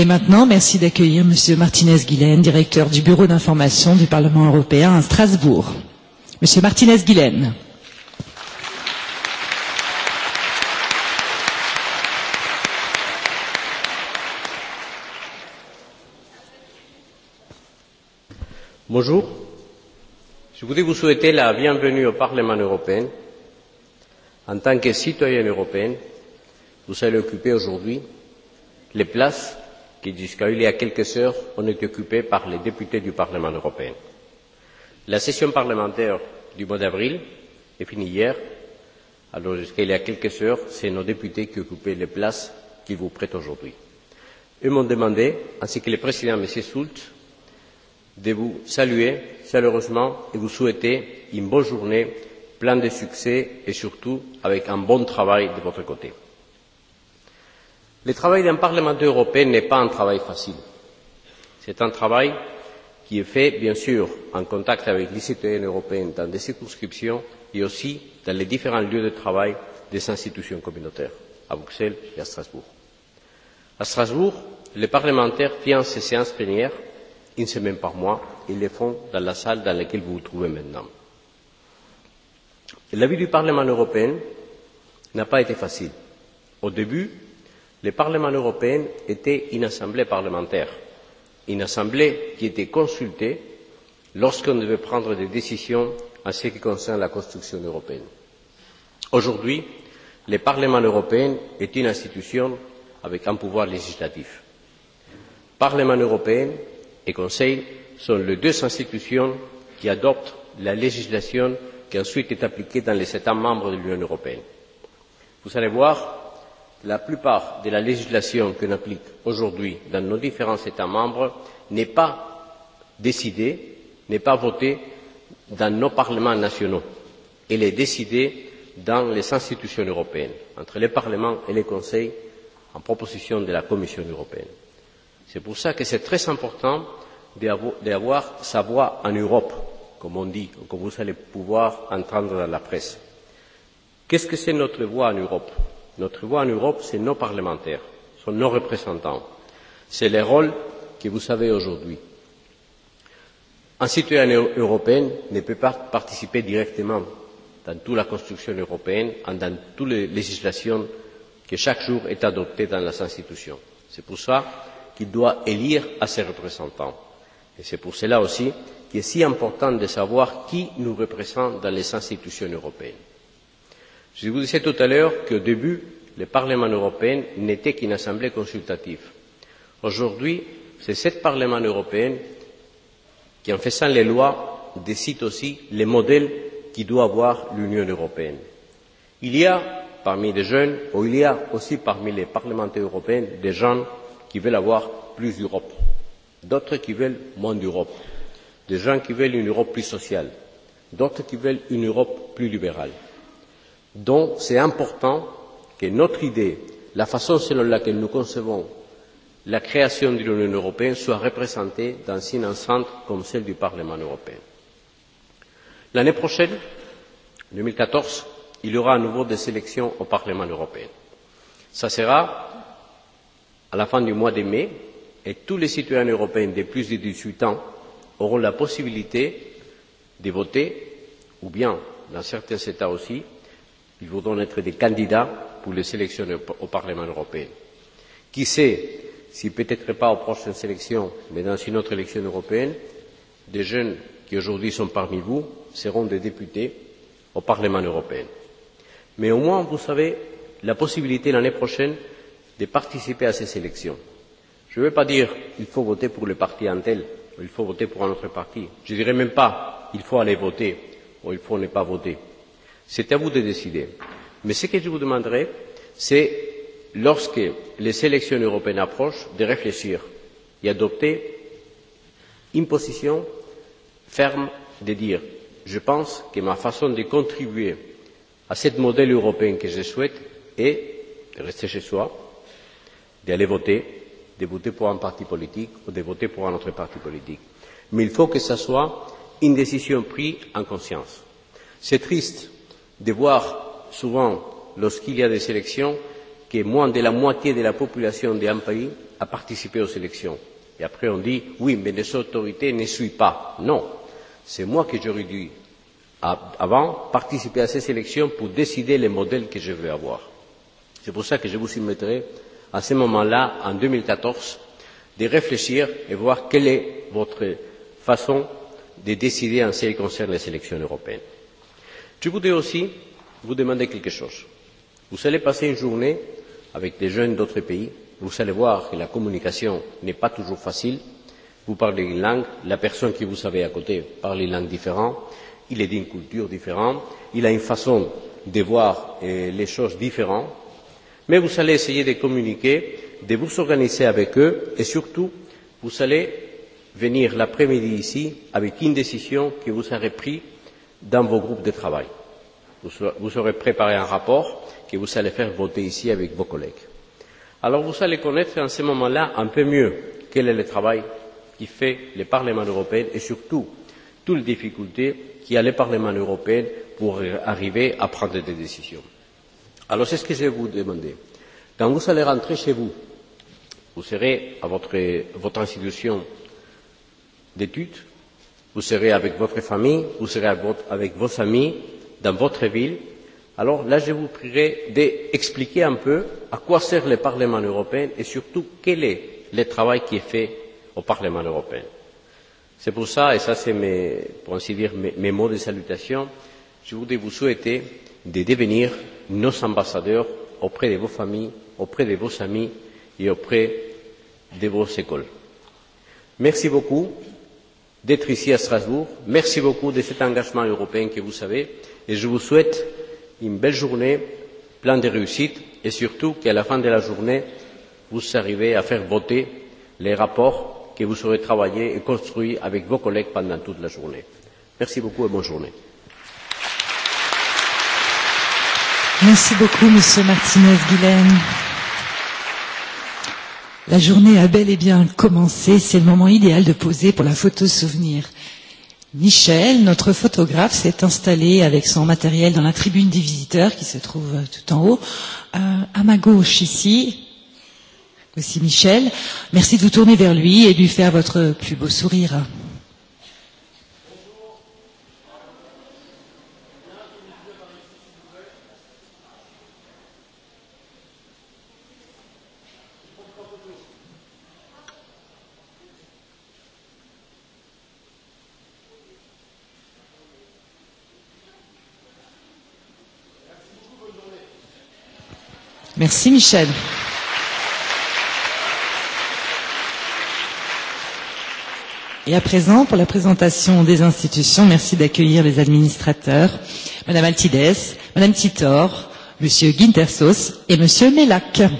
Et maintenant, merci d'accueillir Monsieur Martinez-Guilaine, directeur du Bureau d'information du Parlement européen à Strasbourg. Monsieur Martinez-Guilaine. Bonjour. Je voudrais vous souhaiter la bienvenue au Parlement européen. En tant que citoyen européen, vous allez occuper aujourd'hui les places qui jusqu'à il y a quelques heures ont été occupées par les députés du Parlement européen. La session parlementaire du mois d'avril est finie hier, alors jusqu'à il y a quelques heures, c'est nos députés qui occupaient les places qu'ils vous prêtent aujourd'hui. Ils m'ont demandé, ainsi que le président M. Schulz, de vous saluer chaleureusement et vous souhaiter une bonne journée, pleine de succès et surtout avec un bon travail de votre côté. Le travail d'un Parlement européen n'est pas un travail facile. C'est un travail qui est fait, bien sûr, en contact avec les citoyens européens dans des circonscriptions et aussi dans les différents lieux de travail des institutions communautaires, à Bruxelles et à Strasbourg. À Strasbourg, les parlementaires viennent ces séances plénières une semaine par mois et les font dans la salle dans laquelle vous vous trouvez maintenant. La vie du Parlement européen n'a pas été facile. Au début, le parlement européen était une assemblée parlementaire une assemblée qui était consultée lorsqu'on devait prendre des décisions en ce qui concerne la construction européenne. aujourd'hui le parlement européen est une institution avec un pouvoir législatif. parlement européen et conseil sont les deux institutions qui adoptent la législation qui ensuite est appliquée dans les états membres de l'union européenne. vous allez voir la plupart de la législation que l'on applique aujourd'hui dans nos différents États membres n'est pas décidée, n'est pas votée dans nos parlements nationaux. Elle est décidée dans les institutions européennes, entre les parlements et les conseils, en proposition de la Commission européenne. C'est pour ça que c'est très important d'avoir sa voix en Europe, comme on dit, ou comme vous allez pouvoir entendre dans la presse. Qu'est-ce que c'est notre voix en Europe Notre voix en Europe, c'est nos parlementaires, ce sont nos représentants. C'est le rôle que vous avez aujourd'hui. Un citoyen européen ne peut pas participer directement dans toute la construction européenne, dans toutes les législations que chaque jour est adoptée dans les institutions. C'est pour cela qu'il doit élire à ses représentants. Et c'est pour cela aussi qu'il est si important de savoir qui nous représente dans les institutions européennes. Je vous disais tout à l'heure qu'au début, le Parlement européen n'était qu'une assemblée consultative. Aujourd'hui, c'est ce Parlement européen qui, en faisant les lois, décide aussi les modèles qui doit avoir l'Union européenne. Il y a parmi les jeunes, ou il y a aussi parmi les parlementaires européens des gens qui veulent avoir plus d'Europe, d'autres qui veulent moins d'Europe, des gens qui veulent une Europe plus sociale, d'autres qui veulent une Europe plus libérale dont c'est important que notre idée la façon selon laquelle nous concevons la création de l'union européenne soit représentée dans une enceinte comme celle du parlement européen. l'année prochaine deux mille quatorze il y aura à nouveau des élections au parlement européen. ce sera à la fin du mois de mai et tous les citoyens européens de plus de dix huit ans auront la possibilité de voter ou bien dans certains états aussi Ils voudront être des candidats pour les sélections au Parlement européen. Qui sait si peut-être pas aux prochaines élections, mais dans une autre élection européenne, des jeunes qui aujourd'hui sont parmi vous seront des députés au Parlement européen. Mais au moins, vous avez la possibilité l'année prochaine de participer à ces élections. Je ne veux pas dire il faut voter pour le parti un tel, ou il faut voter pour un autre parti. Je ne dirais même pas il faut aller voter ou il faut ne pas voter. C'est à vous de décider. Mais ce que je vous demanderai, c'est, lorsque les élections européennes approchent, de réfléchir et adopter une position ferme de dire je pense que ma façon de contribuer à ce modèle européen que je souhaite est de rester chez soi, d'aller voter, de voter pour un parti politique ou de voter pour un autre parti politique. Mais il faut que ce soit une décision prise en conscience. C'est triste de voir souvent, lorsqu'il y a des élections, que moins de la moitié de la population d'un pays a participé aux élections. Et après on dit oui, mais les autorités ne suivent pas. Non, c'est moi qui j'aurais dû avant participer à ces élections pour décider le modèle que je veux avoir. C'est pour ça que je vous soumettrai à ce moment-là, en 2014, de réfléchir et voir quelle est votre façon de décider en ce qui concerne les élections européennes. Je voudrais aussi vous demander quelque chose. Vous allez passer une journée avec des jeunes d'autres pays. Vous allez voir que la communication n'est pas toujours facile. Vous parlez une langue, la personne qui vous avez à côté parle une langue différente, il est d'une culture différente, il a une façon de voir euh, les choses différentes. Mais vous allez essayer de communiquer, de vous organiser avec eux et surtout, vous allez venir l'après-midi ici avec une décision que vous aurez prise dans vos groupes de travail. Vous, vous aurez préparé un rapport que vous allez faire voter ici avec vos collègues. Alors vous allez connaître en ce moment-là un peu mieux quel est le travail qui fait le Parlement européen et surtout toutes les difficultés qu'il y a le Parlement européen pour arriver à prendre des décisions. Alors c'est ce que je vais vous demander. Quand vous allez rentrer chez vous, vous serez à votre, votre institution d'études, vous serez avec votre famille, vous serez avec vos amis, dans votre ville. Alors là, je vous prierai d'expliquer un peu à quoi sert le Parlement européen et surtout quel est le travail qui est fait au Parlement européen. C'est pour ça, et ça c'est mes, pour ainsi dire, mes, mes mots de salutation, je voudrais vous souhaiter de devenir nos ambassadeurs auprès de vos familles, auprès de vos amis et auprès de vos écoles. Merci beaucoup d'être ici à Strasbourg. Merci beaucoup de cet engagement européen que vous avez et je vous souhaite une belle journée, plein de réussite et surtout qu'à la fin de la journée, vous arrivez à faire voter les rapports que vous aurez travaillés et construits avec vos collègues pendant toute la journée. Merci beaucoup et bonne journée. Merci beaucoup, Monsieur Martinez-Guilaine. La journée a bel et bien commencé. C'est le moment idéal de poser pour la photo souvenir. Michel, notre photographe, s'est installé avec son matériel dans la tribune des visiteurs qui se trouve tout en haut. Euh, à ma gauche ici, aussi Michel. Merci de vous tourner vers lui et de lui faire votre plus beau sourire. Merci Michel. Et à présent, pour la présentation des institutions, merci d'accueillir les administrateurs, Madame Altides, Madame Titor, Monsieur Guintersos et Monsieur Mélac. Merci.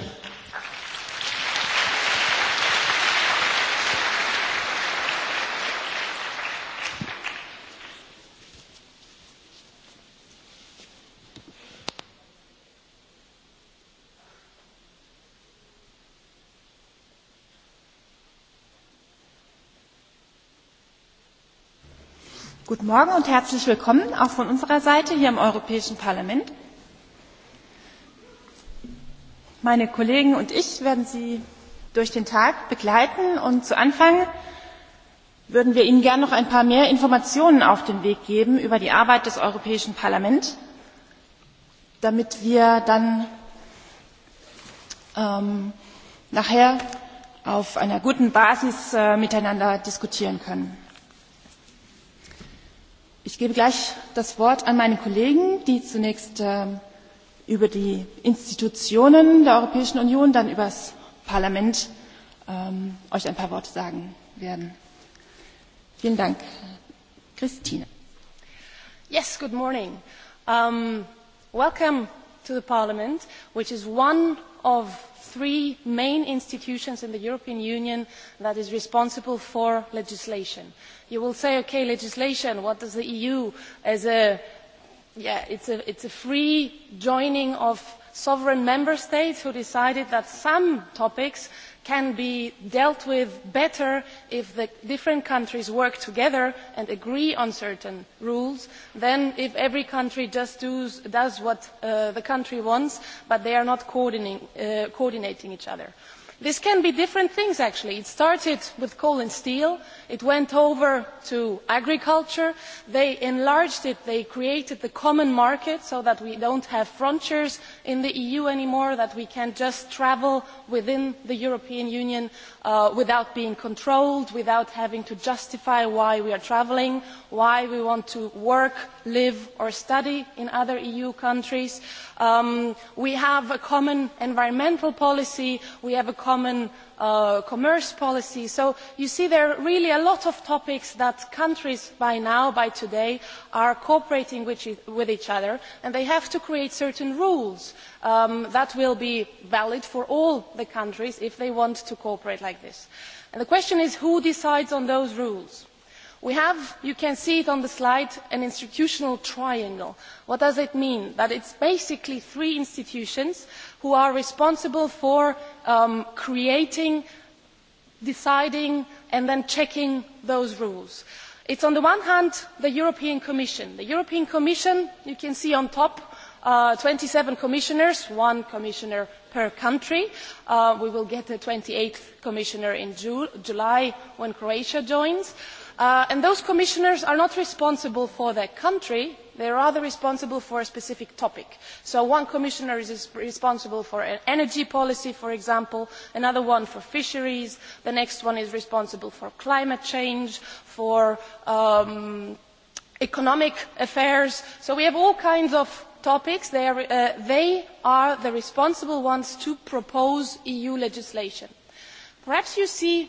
Guten Morgen und herzlich willkommen auch von unserer Seite hier im Europäischen Parlament. Meine Kollegen und ich werden Sie durch den Tag begleiten und zu Anfang würden wir Ihnen gerne noch ein paar mehr Informationen auf den Weg geben über die Arbeit des Europäischen Parlaments, damit wir dann ähm, nachher auf einer guten Basis äh, miteinander diskutieren können. Ich gebe gleich das Wort an meine Kollegen, die zunächst äh, über die Institutionen der Europäischen Union, dann über das Parlament ähm, euch ein paar Worte sagen werden. Vielen Dank. Christine. Yes, good morning. Um, welcome to the Parliament, which is one of three main institutions in the european union that is responsible for legislation. you will say ok legislation what does the eu as a yeah a it's a free joining of sovereign member states who decided that some topics can be dealt with better if the different countries work together and agree on certain rules than if every country just does, does what uh, the country wants but they are not coordinating, uh, coordinating each other this can be different things actually. it started with coal and steel it went over to agriculture they enlarged it they created the common market so that we do not have frontiers in the eu any more that we can just travel within the european union uh, without being controlled without having to justify why we are travelling why we want to work live or study in other eu countries. Um, we have a common environmental policy we have a common uh, commerce policy so you see there are really a lot of topics that countries by now by today are cooperating with, e, with each other and they have to create certain rules um, that will be valid for all the countries if they want to cooperate like this. the question is who decides on those rules? we have you can see it on the slide an institutional triangle. what does it mean? that is basically three institutions which are responsible for um, creating deciding and then checking those rules. it is on the one hand the european commission. the european commission you can see on top uh, twenty seven commissioners one commissioner per country uh, we will get a twenty eighth commissioner in july when croatia joins. Uh, and those commissioners are not responsible for their country they are rather responsible for a specific topic so one commissioner is responsible for energy policy for example another one for fisheries the next one is responsible for climate change for um, economic affairs so we have all kinds of topics they uh, they are the responsible ones to propose eu legislation. perhaps you see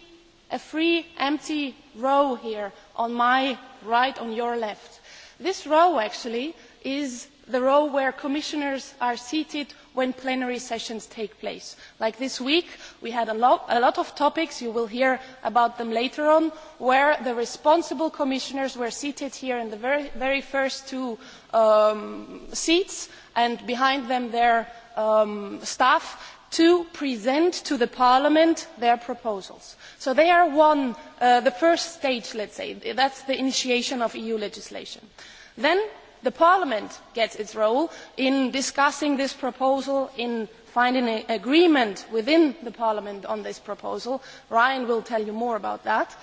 a free empty row here on my right on your left. this row actually is the row where commissioners are seated when plenary sessions take place. like this week we had a lot, a lot of topics you will hear about them later on where the responsible commissioners were seated here in the very, very first two um, seats and behind them their um, staff to present to the parliament their proposals. so they are uh, the first stage let us say that is the initiation of eu legislation. then the parliament gets its role in discussing this proposal in finding an agreement within the parliament on this proposal ryan will tell you more about that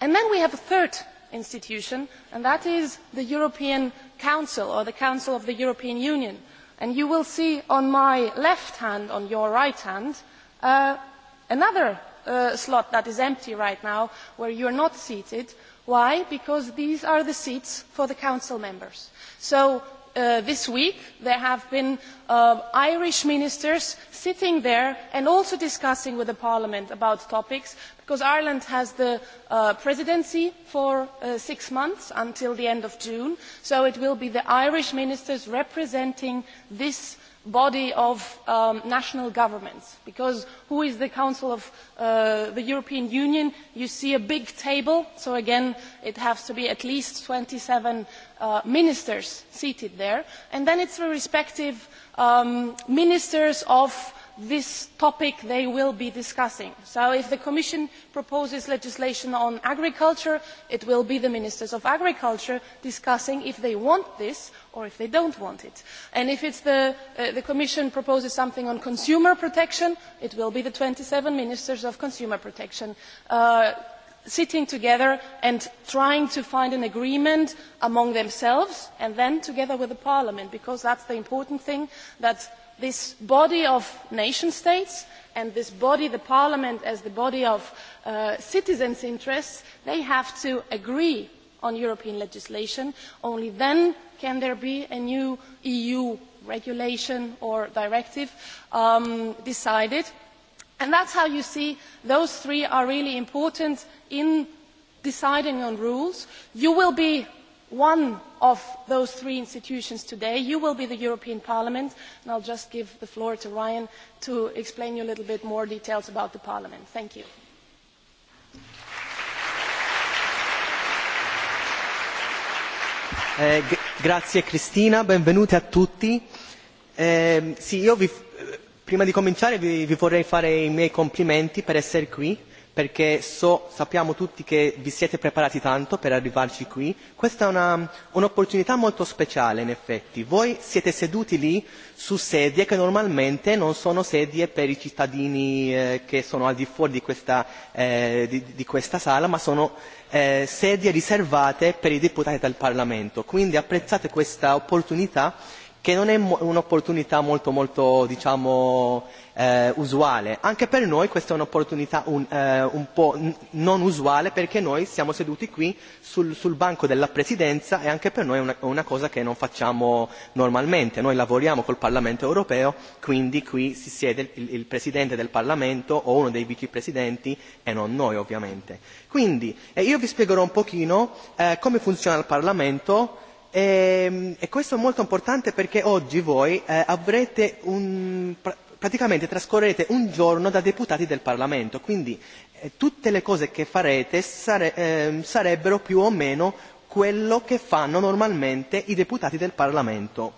and then we have a third institution and that is the european council or the council of the european union. And you will see on my left hand, on your right hand, uh, another uh, slot that is empty right now where you are not seated. Why? Because these are the seats for the council members. Uh, this week there have been um, Irish ministers sitting there and also discussing with parliament about topics because Ireland has the uh, presidency for uh, six months until the end of June so it will be the Irish ministers representing this body of um, national governments because who is the council of uh, the european union you see a big table so again it has to be at least twenty seven uh, ministers seated there and then it's the respective um, ministers of this topic they will be discussing. so if the commission proposes legislation on agriculture it will be the ministers of agriculture discussing if they want this or if they do not want it. And if uh, the, commission proposes something on consumer protection it will be the twenty seven ministers of consumer protection uh, sitting together and trying to find an agreement among themselves and then together with parliament because that is the important thing that this body of nation states and this body the parliament as the body of uh, citizens' interests they have to agree on European legislation. Only then can there be a new EU regulation or directive um, decided. And that's how you see those three are really important in deciding on rules. You will be one of those three institutions today. You will be the European Parliament, and I'll just give the floor to Ryan to explain you a little bit more details about the Parliament. Thank you. Eh, grazie Cristina, benvenuti a tutti. Eh, sì, io vi, prima di cominciare vi, vi vorrei fare i miei complimenti per essere qui perché so, sappiamo tutti che vi siete preparati tanto per arrivarci qui. Questa è un'opportunità molto speciale in effetti. Voi siete seduti lì su sedie che normalmente non sono sedie per i cittadini eh, che sono al di fuori di questa, eh, di, di questa sala, ma sono eh, sedie riservate per i deputati del Parlamento. Quindi apprezzate questa opportunità che non è un'opportunità molto molto diciamo eh, usuale. Anche per noi questa è un'opportunità un, eh, un po' non usuale perché noi siamo seduti qui sul, sul banco della presidenza e anche per noi è una, una cosa che non facciamo normalmente. Noi lavoriamo col Parlamento europeo, quindi qui si siede il, il presidente del Parlamento o uno dei vicepresidenti e non noi ovviamente. Quindi eh, io vi spiegherò un pochino eh, come funziona il Parlamento Ehm, e, questo è molto importante perché oggi voi eh, avrete un, praticamente trascorrerete un giorno da deputati del Parlamento, quindi eh, tutte le cose che farete sare, eh, sarebbero più o meno quello che fanno normalmente i deputati del Parlamento.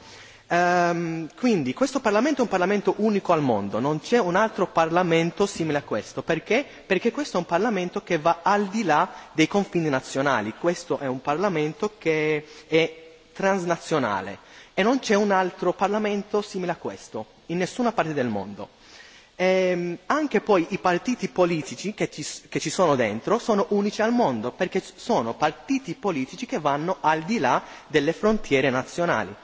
Um, quindi questo Parlamento è un Parlamento unico al mondo, non c'è un altro Parlamento simile a questo. Perché? Perché questo è un Parlamento che va al di là dei confini nazionali, questo è un Parlamento che è transnazionale e non c'è un altro Parlamento simile a questo in nessuna parte del mondo. Ehm, anche poi i partiti politici che ci, che ci sono dentro sono unici al mondo perché sono partiti politici che vanno al di là delle frontiere nazionali.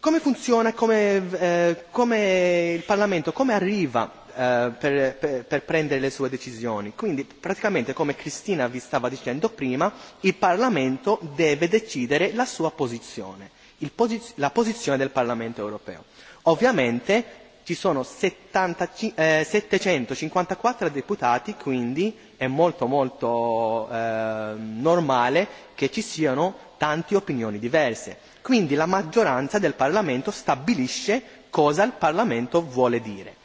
Come funziona, come, eh, come il Parlamento, come arriva Eh, per, per, per prendere le sue decisioni. Quindi praticamente come Cristina vi stava dicendo prima, il Parlamento deve decidere la sua posizione, il posiz- la posizione del Parlamento europeo. Ovviamente ci sono 70, eh, 754 deputati, quindi è molto molto eh, normale che ci siano tante opinioni diverse. Quindi la maggioranza del Parlamento stabilisce cosa il Parlamento vuole dire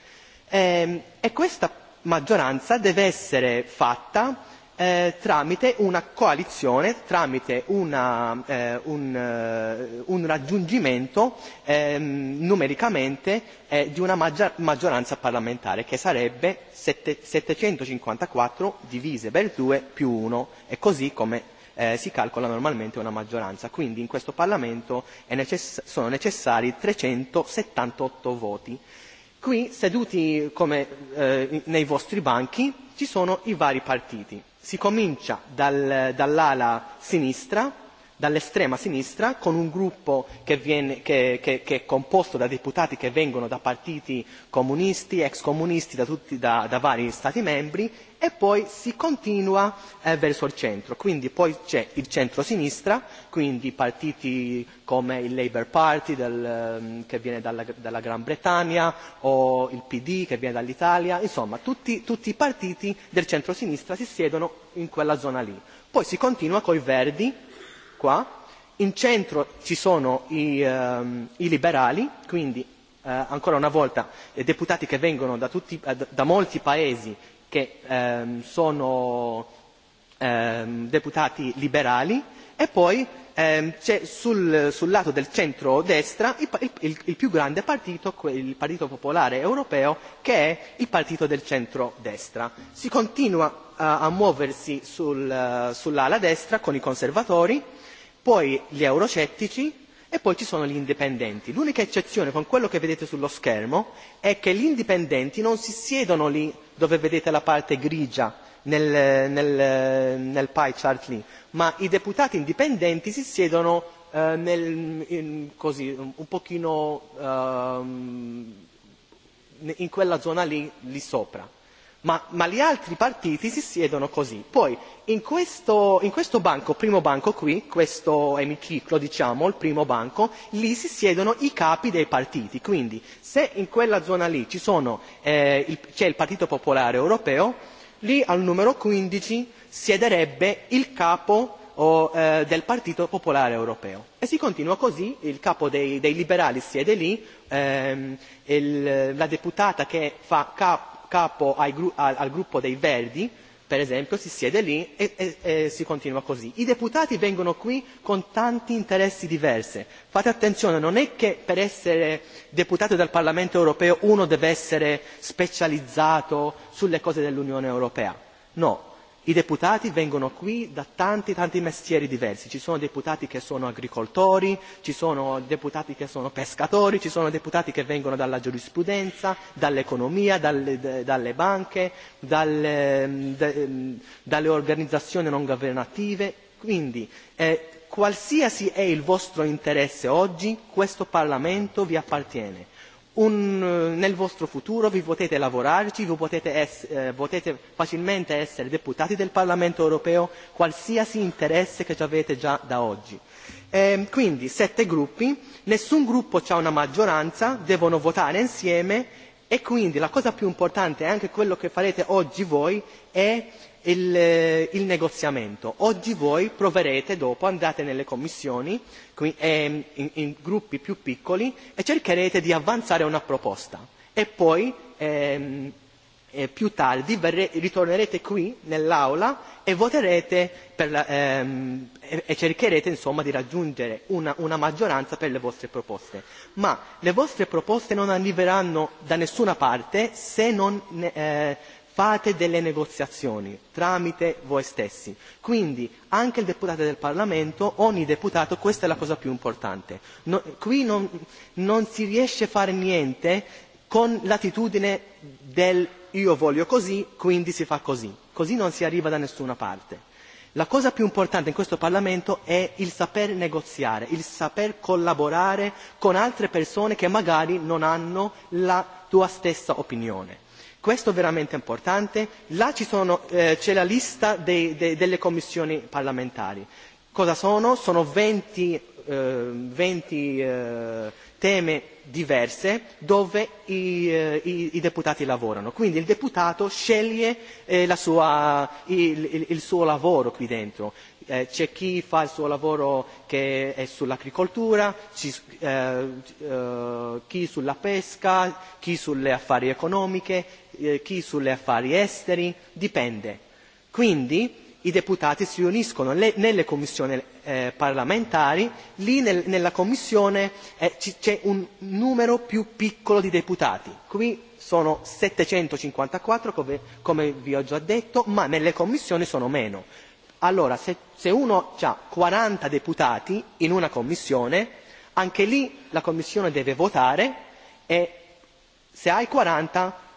Ehm, e questa maggioranza deve essere fatta eh, tramite una coalizione tramite una, eh, un, eh, un raggiungimento eh, numericamente eh, di una maggior- maggioranza parlamentare che sarebbe sette- 754 divise per 2 più 1 è così come eh, si calcola normalmente una maggioranza. Quindi in questo Parlamento è necess- sono necessari 378 voti qui seduti come eh, nei vostri banchi ci sono i vari partiti si comincia dal, dall'ala sinistra dall'estrema sinistra con un gruppo che, viene, che, che, che è composto da deputati che vengono da partiti comunisti, ex comunisti, da, tutti, da, da vari Stati membri e poi si continua eh, verso il centro. Quindi poi c'è il centro-sinistra, quindi partiti come il Labour Party del, ehm, che viene dalla, dalla Gran Bretagna o il PD che viene dall'Italia, insomma tutti, tutti i partiti del centro-sinistra si siedono in quella zona lì. Poi si continua coi Verdi qua in centro ci sono i, ehm, i liberali quindi eh, ancora una volta eh, deputati che vengono da, tutti, eh, da molti paesi che ehm, sono ehm, deputati liberali e poi ehm, c'è sul, sul lato del centro-destra il, il, il più grande partito, il Partito Popolare Europeo, che è il partito del centro-destra. Si continua eh, a muoversi sul, sull'ala destra con i conservatori, poi gli euroscettici e poi ci sono gli indipendenti. L'unica eccezione con quello che vedete sullo schermo è che gli indipendenti non si siedono lì dove vedete la parte grigia nel, nel, nel pie chart lì, ma i deputati indipendenti si siedono eh, nel, in, così, un pochino eh, in quella zona lì, lì sopra ma, ma gli altri partiti si siedono così. Poi in questo, in questo banco, primo banco qui, questo emiciclo diciamo, il primo banco, lì si siedono i capi dei partiti. Quindi se in quella zona lì ci sono, eh, il, c'è il Partito Popolare Europeo, lì al numero 15 siederebbe il capo o, eh, del Partito Popolare Europeo. E si continua così, il capo dei, dei liberali siede lì, ehm, il, la deputata che fa capo capo al gruppo dei verdi per esempio si siede lì e, e, e si continua così. i deputati vengono qui con tanti interessi diversi fate attenzione non è che per essere deputato del parlamento europeo uno deve essere specializzato sulle cose dell'unione europea no! I deputati vengono qui da tanti tanti mestieri diversi, ci sono deputati che sono agricoltori, ci sono deputati che sono pescatori, ci sono deputati che vengono dalla giurisprudenza, dall'economia, dalle, dalle banche, dalle, mm, mm, dalle organizzazioni non governative. Quindi eh, qualsiasi è il vostro interesse oggi, questo Parlamento vi appartiene un, eh, nel vostro futuro vi potete lavorarci, vi potete, ess, eh, potete facilmente essere deputati del Parlamento europeo, qualsiasi interesse che avete già da oggi. Eh, quindi sette gruppi, nessun gruppo ha una maggioranza, devono votare insieme e quindi la cosa più importante, anche quello che farete oggi voi, è il, eh, il negoziamento. Oggi voi proverete, dopo andate nelle commissioni, qui, eh, in, in gruppi più piccoli e cercherete di avanzare una proposta e poi ehm, eh, più tardi verre, ritornerete qui nell'aula e voterete per la, ehm, e, e cercherete insomma di raggiungere una, una maggioranza per le vostre proposte. Ma le vostre proposte non arriveranno da nessuna parte se non, eh, fate delle negoziazioni tramite voi stessi. Quindi anche il deputato del Parlamento, ogni deputato, questa è la cosa più importante. No, qui non, non si riesce a fare niente con l'attitudine del io voglio così, quindi si fa così. Così non si arriva da nessuna parte. La cosa più importante in questo Parlamento è il saper negoziare, il saper collaborare con altre persone che magari non hanno la tua stessa opinione questo è veramente importante là eh, c'è la lista delle commissioni parlamentari cosa sono? sono venti eh, eh, temi diversi dove i deputati lavorano quindi il deputato sceglie il suo lavoro qui dentro eh, c'è chi fa il suo lavoro che è sull'agricoltura, ci, eh, eh, chi sulla pesca, chi sulle affari economiche, eh, chi sulle affari esteri, dipende. Quindi i deputati si riuniscono le, nelle commissioni eh, parlamentari, lì nel, nella commissione eh, c'è un numero più piccolo di deputati. Qui sono 754 come, come vi ho già detto, ma nelle commissioni sono meno allora se, se uno ha 40 deputati in una commissione anche lì la commissione deve votare e se hai 40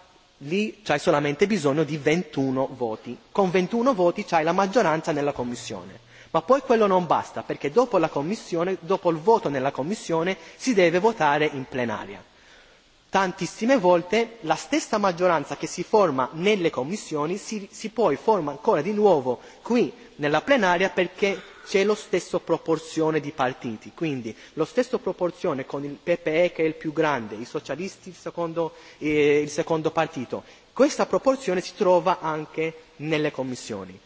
lì c'hai solamente bisogno di 21 voti. Con 21 voti c'hai la maggioranza nella commissione. Ma poi quello non basta perché dopo la commissione, dopo il voto nella commissione si deve votare in plenaria tantissime volte la stessa maggioranza che si forma nelle commissioni si, si poi forma ancora di nuovo qui nella plenaria perché c'è lo stesso proporzione di partiti, quindi lo stesso proporzione con il PPE che è il più grande, i socialisti il secondo, eh, il secondo partito. Questa proporzione si trova anche nelle commissioni.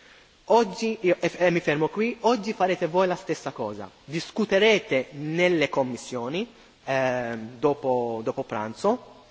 Oggi, io, e, e mi fermo qui, oggi farete voi la stessa cosa, discuterete nelle commissioni, eh, dopo, dopo pranzo,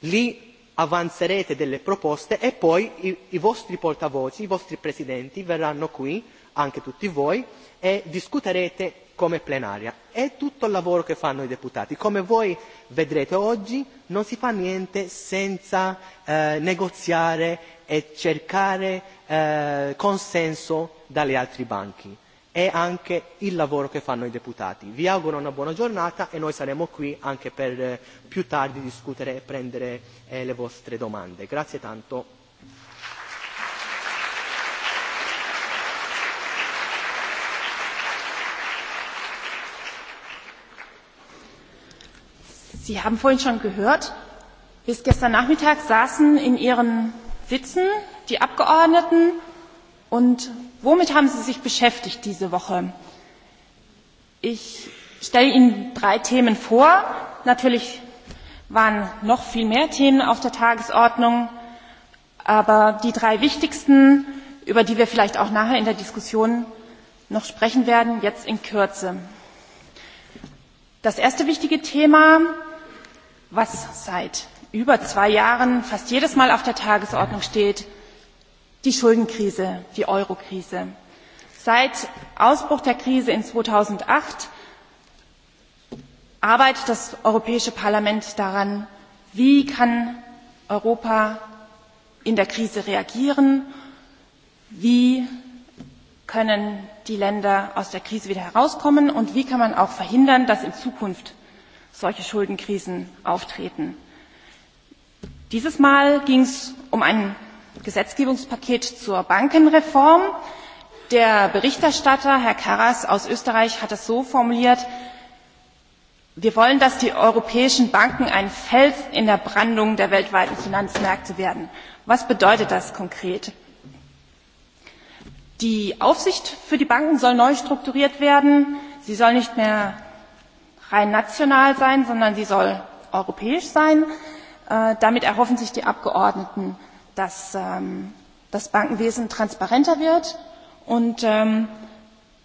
lì avanzerete delle proposte e poi i, i vostri portavoci, i vostri presidenti verranno qui, anche tutti voi, e discuterete come plenaria. È tutto il lavoro che fanno i deputati. Come voi vedrete oggi non si fa niente senza eh, negoziare e cercare eh, consenso dagli altri banchi è anche il lavoro che fanno i deputati. Vi auguro una buona giornata e noi saremo qui anche per eh, più tardi discutere e prendere eh, le vostre domande. Grazie tanto. Sie haben vorhin schon gehört, bis gestern Nachmittag saßen in ihren Sitzen die Abgeordneten Und womit haben Sie sich beschäftigt diese Woche? Ich stelle Ihnen drei Themen vor. Natürlich waren noch viel mehr Themen auf der Tagesordnung, aber die drei wichtigsten, über die wir vielleicht auch nachher in der Diskussion noch sprechen werden, jetzt in Kürze. Das erste wichtige Thema, was seit über zwei Jahren fast jedes Mal auf der Tagesordnung steht, die Schuldenkrise, die Eurokrise. Seit Ausbruch der Krise im jahr zweitausendacht arbeitet das Europäische Parlament daran, wie kann Europa in der Krise reagieren, wie können die Länder aus der Krise wieder herauskommen und wie kann man auch verhindern, dass in Zukunft solche Schuldenkrisen auftreten. Dieses Mal ging es um ein gesetzgebungspaket zur bankenreform. der berichterstatter herr karas aus österreich hat es so formuliert wir wollen dass die europäischen banken ein fels in der brandung der weltweiten finanzmärkte werden. was bedeutet das konkret? die aufsicht für die banken soll neu strukturiert werden sie soll nicht mehr rein national sein sondern sie soll europäisch sein. Äh, damit erhoffen sich die abgeordneten dass ähm, das Bankenwesen transparenter wird und ähm,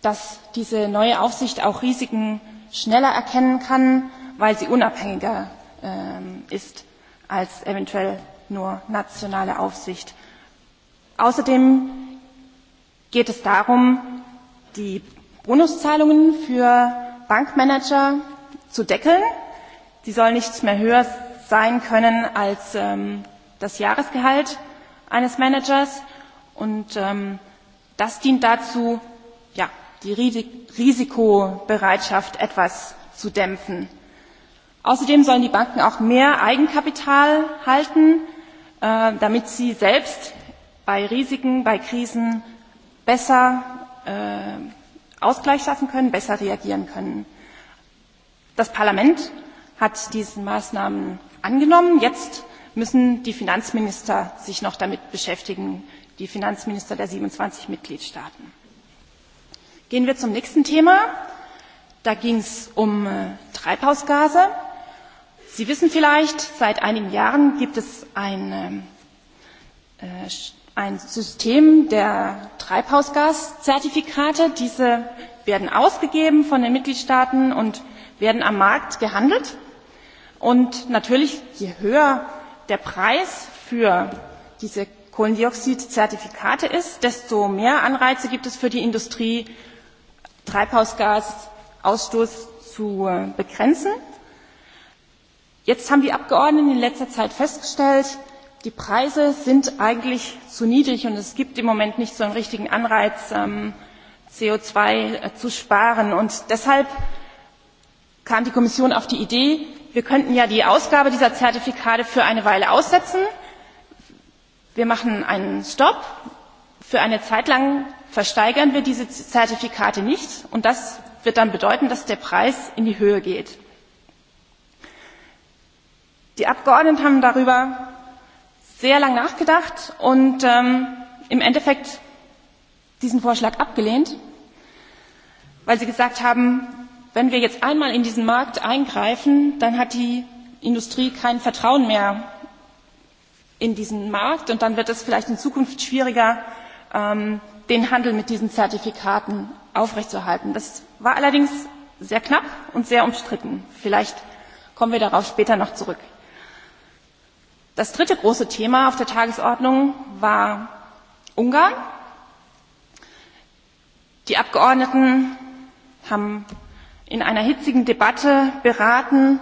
dass diese neue Aufsicht auch Risiken schneller erkennen kann, weil sie unabhängiger ähm, ist als eventuell nur nationale Aufsicht. Außerdem geht es darum, die Bonuszahlungen für Bankmanager zu deckeln. Sie sollen nicht mehr höher sein können als ähm, das Jahresgehalt eines Managers. Und ähm, das dient dazu, ja, die Risikobereitschaft etwas zu dämpfen. Außerdem sollen die Banken auch mehr Eigenkapital halten, äh, damit sie selbst bei Risiken, bei Krisen besser äh, Ausgleich schaffen können, besser reagieren können. Das Parlament hat diese Maßnahmen angenommen. Jetzt müssen die Finanzminister sich noch damit beschäftigen, die Finanzminister der 27 Mitgliedstaaten. Gehen wir zum nächsten Thema. Da ging es um äh, Treibhausgase. Sie wissen vielleicht, seit einigen Jahren gibt es ein, ähm, äh, ein System der Treibhausgaszertifikate. Diese werden ausgegeben von den Mitgliedstaaten und werden am Markt gehandelt. Und natürlich, je höher der Preis für diese Kohlendioxidzertifikate ist, desto mehr Anreize gibt es für die Industrie, Treibhausgasausstoß zu äh, begrenzen. Jetzt haben die Abgeordneten in letzter Zeit festgestellt, die Preise sind eigentlich zu niedrig und es gibt im Moment nicht so einen richtigen Anreiz, ähm, CO2 äh, zu sparen. Und deshalb kam die Kommission auf die Idee, wir könnten ja die Ausgabe dieser Zertifikate für eine Weile aussetzen. Wir machen einen Stopp. Für eine Zeit lang versteigern wir diese Zertifikate nicht. Und das wird dann bedeuten, dass der Preis in die Höhe geht. Die Abgeordneten haben darüber sehr lang nachgedacht und ähm, im Endeffekt diesen Vorschlag abgelehnt, weil sie gesagt haben, wenn wir jetzt einmal in diesen markt eingreifen dann hat die industrie kein vertrauen mehr in diesen markt und dann wird es vielleicht in zukunft schwieriger ähm, den handel mit diesen zertifikaten aufrechtzuerhalten. das war allerdings sehr knapp und sehr umstritten. vielleicht kommen wir darauf später noch zurück. das dritte große thema auf der tagesordnung war ungarn. die abgeordneten haben in einer hitzigen debatte beraten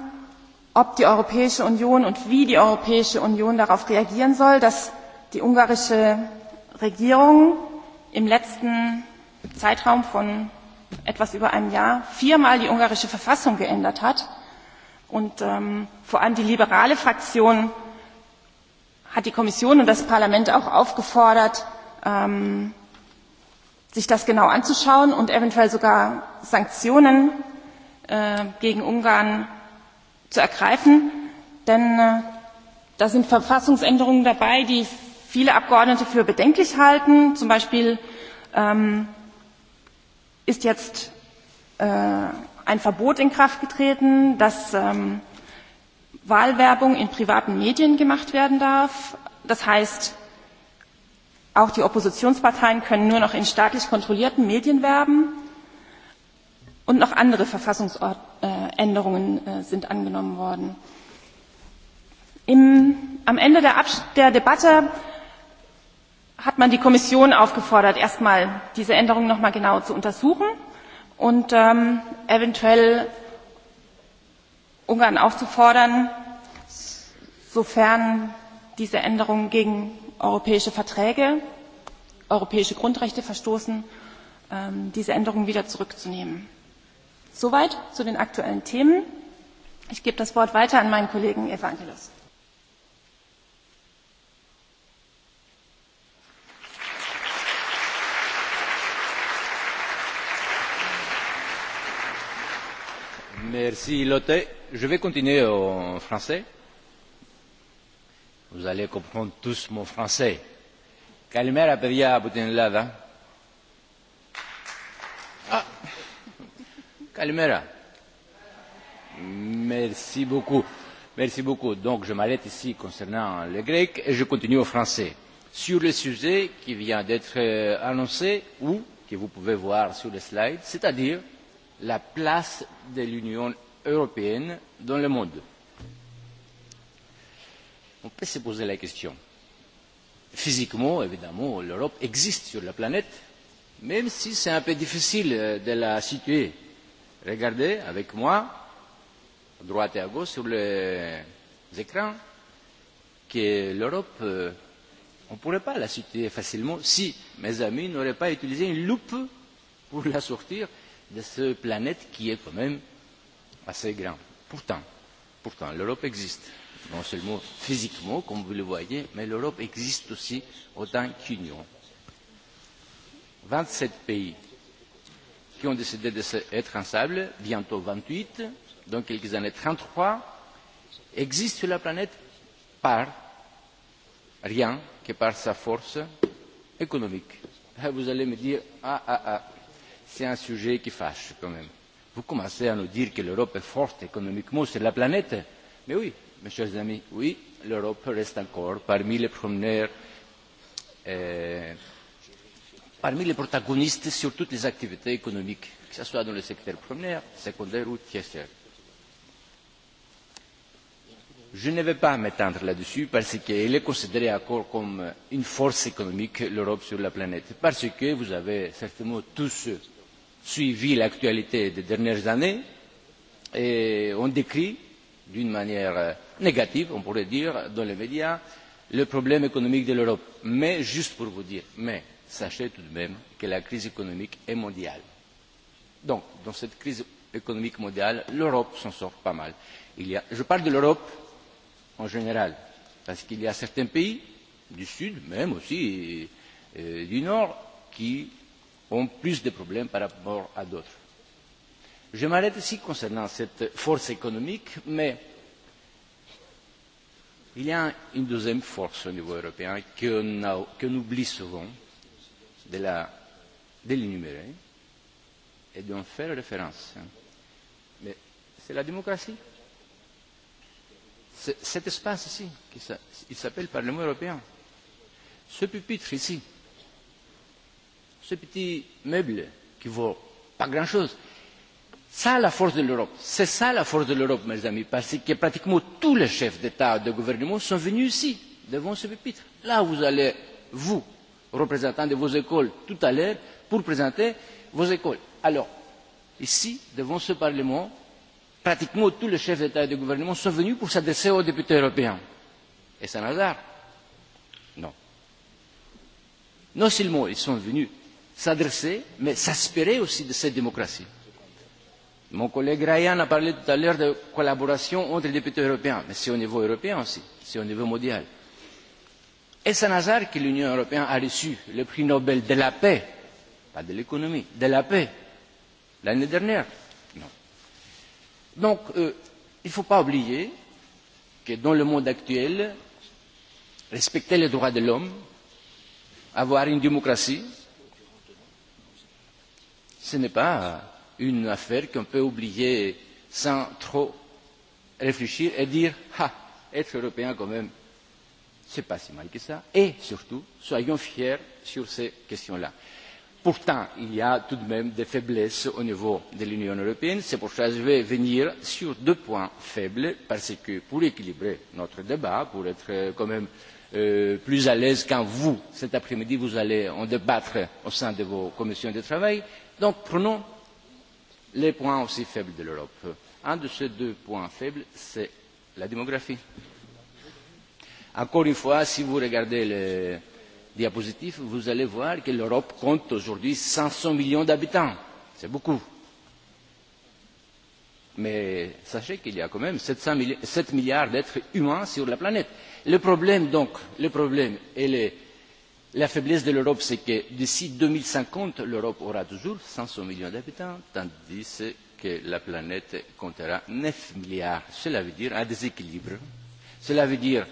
ob die europäische union und wie die europäische union darauf reagieren soll dass die ungarische regierung im letzten zeitraum von etwas über einem jahr viermal die ungarische verfassung geändert hat und ähm, vor allem die liberale fraktion hat die kommission und das parlament auch aufgefordert ähm, sich das genau anzuschauen und eventuell sogar sanktionen Äh, gegen Ungarn zu ergreifen. Denn äh, da sind Verfassungsänderungen dabei, die viele Abgeordnete für bedenklich halten. Zum Beispiel ähm, ist jetzt äh, ein Verbot in Kraft getreten, dass ähm, Wahlwerbung in privaten Medien gemacht werden darf. Das heißt, auch die Oppositionsparteien können nur noch in staatlich kontrollierten Medien werben und noch andere Verfassungsänderungen äh, äh, sind angenommen worden. Im, am Ende der, der Debatte hat man die Kommission aufgefordert, erstmal diese Änderungen noch mal genau zu untersuchen und ähm, eventuell Ungarn aufzufordern, sofern diese Änderungen gegen europäische Verträge, europäische Grundrechte verstoßen, ähm, diese Änderungen wieder zurückzunehmen. Soweit zu den aktuellen Themen. Ich gebe das Wort weiter an meinen Kollegen Evangelos. Merci Lotte. Je vais continuer en français. Vous allez comprendre tous mon français. Καλημέρα παιδιά από την Ελλάδα. Καλημέρα. Merci beaucoup. Merci beaucoup. Donc je m'arrête ici concernant le grec et je continue au français. Sur le sujet qui vient d'être euh, annoncé ou que vous pouvez voir sur les slides, c'est-à-dire la place de l'Union européenne dans le monde. On peut se poser la question. Physiquement, évidemment, l'Europe existe sur la planète, même si c'est un peu difficile euh, de la situer Regardez avec moi, à droite et à gauche sur les écrans, que l'Europe, euh, on ne pourrait pas la citer facilement si mes amis n'auraient pas utilisé une loupe pour la sortir de ce planète qui est quand même assez grand. Pourtant, pourtant l'Europe existe. Non seulement physiquement, comme vous le voyez, mais l'Europe existe aussi autant qu'union. 27 pays qui ont décidé d'être ensemble, bientôt 28, dans quelques années 33, existe sur la planète par rien que par sa force économique. Ah, vous allez me dire, ah ah ah, c'est un sujet qui fâche quand même. Vous commencez à nous dire que l'Europe est forte économiquement sur la planète. Mais oui, mes chers amis, oui, l'Europe reste encore parmi les premières euh, parmi les protagonistes sur toutes les activités économiques, que ce soit dans le secteur primaire, secondaire ou tertiaire. Je ne vais pas m'étendre là-dessus parce qu'elle est considérée encore comme une force économique, l'Europe sur la planète, parce que vous avez certainement tous suivi l'actualité des dernières années et on décrit d'une manière négative, on pourrait dire, dans les médias, le problème économique de l'Europe. Mais, juste pour vous dire, mais, sachez tout de même que la crise économique est mondiale. Donc, dans cette crise économique mondiale, l'Europe s'en sort pas mal. Il y a, je parle de l'Europe en général, parce qu'il y a certains pays, du Sud même aussi, et, euh, et du Nord, qui ont plus de problèmes par rapport à d'autres. Je m'arrête ici concernant cette force économique, mais il y a une deuxième force au niveau européen que, que nous oublions souvent, de la de et d'en faire référence. Mais c'est la démocratie. Cet espace ici, qui ça, il s'appelle Parlement européen. Ce pupitre ici, ce petit meuble qui vaut pas grand-chose, ça la force de l'Europe. C'est ça la force de l'Europe, mes amis, parce que pratiquement tous les chefs d'État et de gouvernement sont venus ici, devant ce pupitre. Là, vous allez, vous, représentants de vos écoles tout à l'heure pour présenter vos écoles. Alors, ici, devant ce Parlement, pratiquement tous les chefs d'État et de gouvernement sont venus pour s'adresser aux députés européens. Est-ce un hasard Non. Non seulement ils sont venus s'adresser, mais s'aspirer aussi de cette démocratie. Mon collègue Ryan a parlé tout à l'heure de collaboration entre les députés européens, mais c'est au niveau européen aussi, c'est au niveau mondial. Est-ce un hasard que l'Union européenne a reçu le prix Nobel de la paix, pas de l'économie, de la paix, l'année dernière Non. Donc, euh, il ne faut pas oublier que dans le monde actuel, respecter les droits de l'homme, avoir une démocratie, ce n'est pas une affaire qu'on peut oublier sans trop réfléchir et dire Ah, être européen quand même, ce n'est pas si mal que ça, et surtout, soyons fiers sur ces questions-là. Pourtant, il y a tout de même des faiblesses au niveau de l'Union européenne. C'est pour ça que je vais venir sur deux points faibles, parce que pour équilibrer notre débat, pour être euh, quand même euh, plus à l'aise quand vous, cet après-midi, vous allez en débattre au sein de vos commissions de travail, donc prenons les points aussi faibles de l'Europe. Un de ces deux points faibles, c'est la démographie. Encore une fois, si vous regardez le diapositive, vous allez voir que l'Europe compte aujourd'hui 500 millions d'habitants. C'est beaucoup. Mais sachez qu'il y a quand même 700 milli 7 milliards d'êtres humains sur la planète. Le problème, donc, le problème et le, la faiblesse de l'Europe, c'est que d'ici 2050, l'Europe aura toujours 500 millions d'habitants, tandis que la planète comptera 9 milliards. Cela veut dire un déséquilibre. Cela veut dire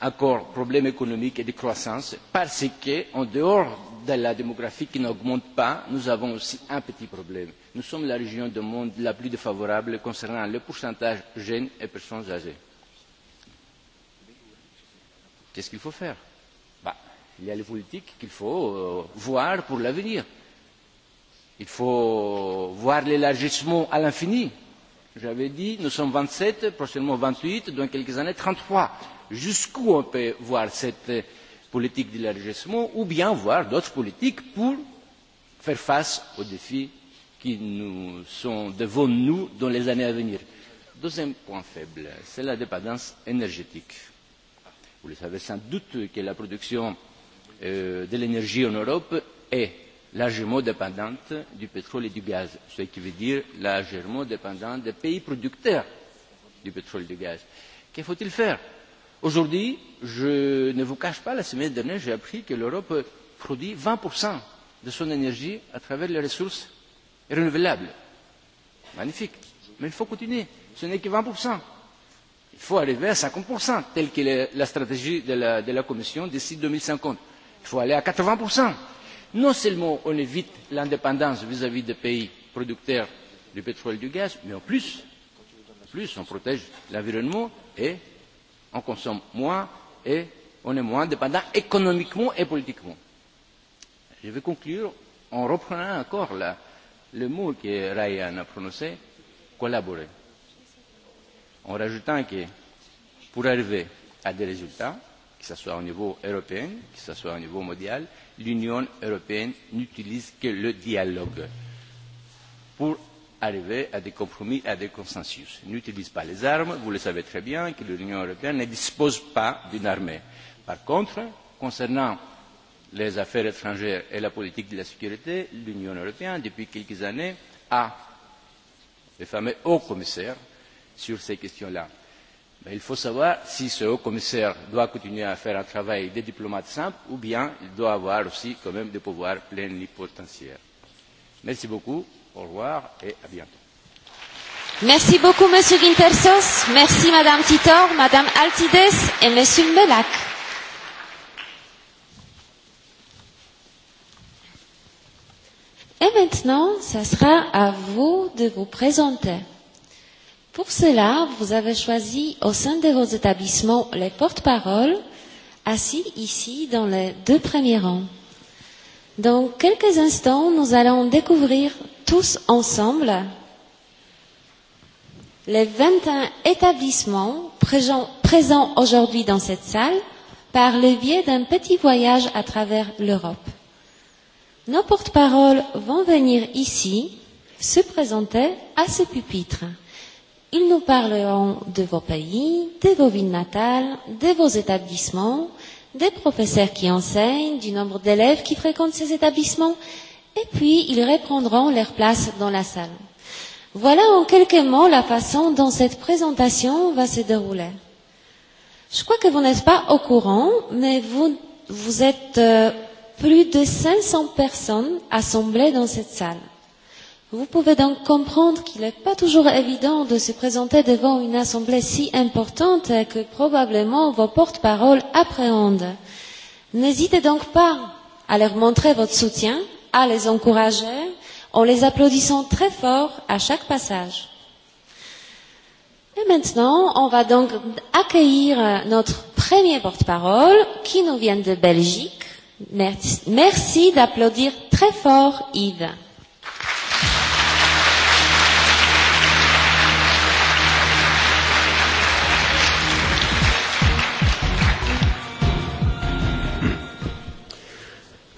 encore problème économique et de croissance parce que en dehors de la démographie qui n'augmente pas, nous avons aussi un petit problème. Nous sommes la région du monde la plus défavorable concernant le pourcentage de jeunes et personnes âgées. Qu'est-ce qu'il faut faire bah, Il y a les politiques qu'il faut euh, voir pour l'avenir. Il faut voir l'élargissement à l'infini J'avais dit, nous sommes 27, prochainement 28, dans quelques années 33. Jusqu'où on peut voir cette euh, politique d'élargissement ou bien voir d'autres politiques pour faire face aux défis qui nous sont devant nous dans les années à venir. Deuxième point faible, c'est la dépendance énergétique. Vous le savez sans doute que la production euh, de l'énergie en Europe est largement dépendante du pétrole et du gaz, ce qui veut dire largement dépendante des pays producteurs du pétrole et du gaz. Que faut-il faire Aujourd'hui, je ne vous cache pas, la semaine dernière, j'ai appris que l'Europe produit 20% de son énergie à travers les ressources renouvelables. Magnifique. Mais il faut continuer. Ce n'est que 20%. Il faut arriver à 50%, telle que la stratégie de la, de la Commission d'ici 2050. Il faut aller à 80% non seulement on évite l'indépendance vis à vis des pays producteurs de pétrole et de gaz mais en plus, plus on protège l'environnement et on consomme moins et on est moins dépendant économiquement et politiquement. Je vais conclure en reprenant encore la, le mot que Ryan a prononcé, collaborer. En rajoutant que pour arriver à des résultats, que ce soit au niveau européen, que ce soit au niveau mondial, l'Union européenne n'utilise que le dialogue pour arriver à des compromis, à des consensus. N'utilise pas les armes, vous le savez très bien que l'Union européenne ne dispose pas d'une armée. Par contre, concernant les affaires étrangères et la politique de la sécurité, l'Union européenne, depuis quelques années, a le fameux haut commissaire sur ces questions-là Mais il faut savoir si ce haut commissaire doit continuer à faire un travail de diplomate simple ou bien il doit avoir aussi quand même des pouvoirs plénipotentiaires. Merci beaucoup, au revoir et à bientôt. Merci beaucoup Monsieur Guintersos, merci Madame Titor, Madame Altides et Monsieur Melac. Et maintenant, ce sera à vous de vous présenter. Pour cela, vous avez choisi au sein de vos établissements les porte-paroles assis ici dans les deux premiers rangs. Dans quelques instants, nous allons découvrir tous ensemble les 21 établissements présents, présents aujourd'hui dans cette salle par le biais d'un petit voyage à travers l'Europe. Nos porte-paroles vont venir ici se présenter à ce pupitre. Ils nous parleront de vos pays, de vos villes natales, de vos établissements, des professeurs qui enseignent, du nombre d'élèves qui fréquentent ces établissements, et puis ils reprendront leur place dans la salle. Voilà en quelques mots la façon dont cette présentation va se dérouler. Je crois que vous n'êtes pas au courant, mais vous, vous êtes euh, plus de 500 personnes assemblées dans cette salle. Vous pouvez donc comprendre qu'il n'est pas toujours évident de se présenter devant une assemblée si importante que probablement vos porte-paroles appréhendent. N'hésitez donc pas à leur montrer votre soutien, à les encourager en les applaudissant très fort à chaque passage. Et maintenant, on va donc accueillir notre premier porte-parole qui nous vient de Belgique. Merci, d'applaudir très fort Yves.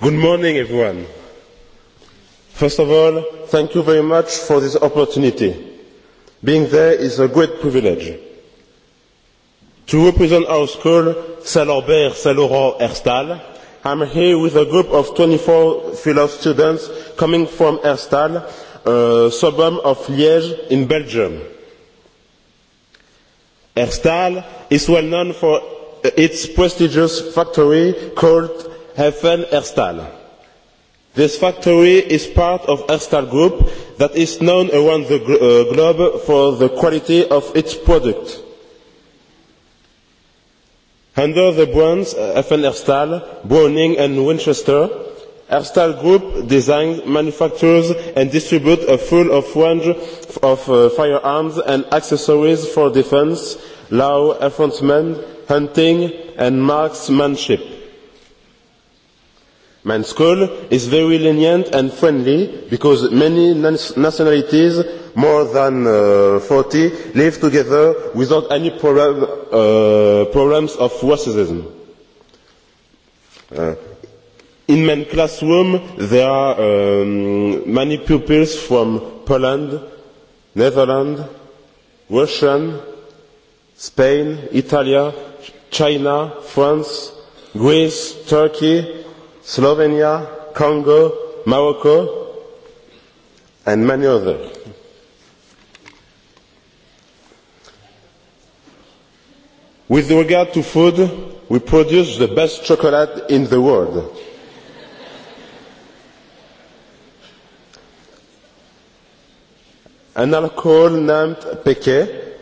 Good morning, everyone. First of all, thank you very much for this opportunity. Being there is a great privilege. To represent our school, Saint-Lambert, Saint-Laurent, Herstal, I'm here with a group of 24 fellow students coming from Herstal, a suburb of Liège in Belgium. Herstal is well known for its prestigious factory called Hefen Erstal. This factory is part of Erstal Group that is known around the uh, globe for the quality of its product. Under the brands uh, Hefen Erstal, Browning and Winchester, Erstal Group designs, manufactures and distributes a full of range of uh, firearms and accessories for defense, law enforcement, hunting and marksmanship. My school is very lenient and friendly because many nationalities, more than uh, 40, live together without any problem, uh, problems of racism. Uh, in my classroom, there are um, many pupils from Poland, Netherlands, Russia, Spain, Italy, China, France, Greece, Turkey, Slovenia, Congo, Morocco, and many others. With regard to food, we produce the best chocolate in the world. an alcohol named Péquet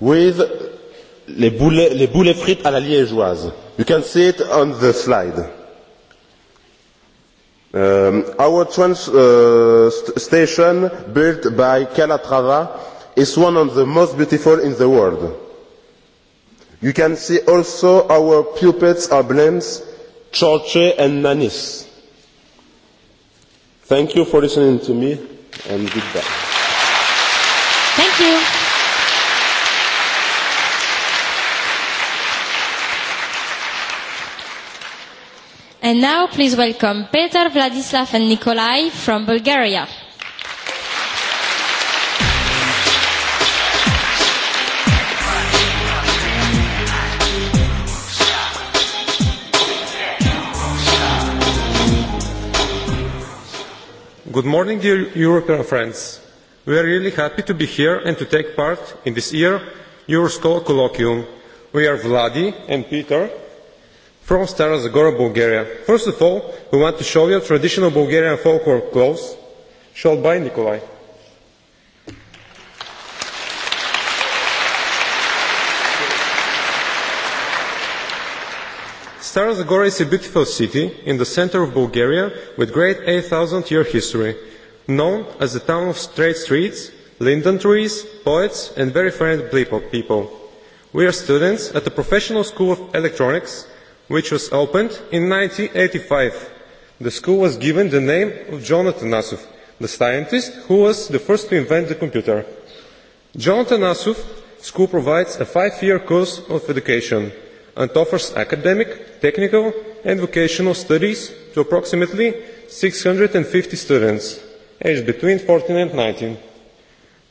with les boulets, les boulets frites à la liégeoise. You can see it on the slide. Um, our trans uh, station built by Calatrava is one of the most beautiful in the world. You can see also our puppets emblems, Chorche and Nanis. Thank you for listening to me and goodbye. Thank you. And now please welcome Peter, Vladislav and Nikolai from Bulgaria. Good morning, dear European friends. We are really happy to be here and to take part in this year Euroschool colloquium. We are Vladi and Peter From Stara Zagora, Bulgaria. First of all, we want to show you traditional Bulgarian folklore clothes shown by Nikolai. Stara Zagora is a beautiful city in the center of Bulgaria with great 8,000 year history, known as the town of straight streets, linden trees, poets, and very friendly people. We are students at the Professional School of Electronics which was opened in 1985. The school was given the name of Jonathan Asuf, the scientist who was the first to invent the computer. Jonathan Asuf School provides a five-year course of education and offers academic, technical and vocational studies to approximately 650 students, aged between 14 and 19.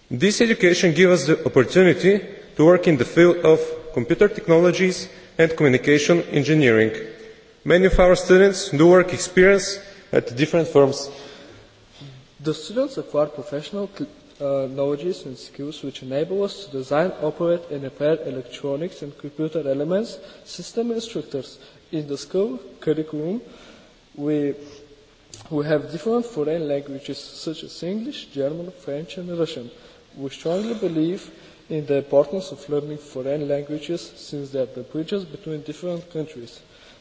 This education gives us the opportunity to work in the field of computer technologies and communication engineering. Many of our students do work experience at different firms. The students acquire professional uh, knowledges and skills which enable us to design, operate and repair electronics and computer elements, system instructors In the school curriculum, we, we have different foreign languages such as English, German, French and Russian. We strongly believe in the importance of learning foreign languages since there are the bridges between different countries.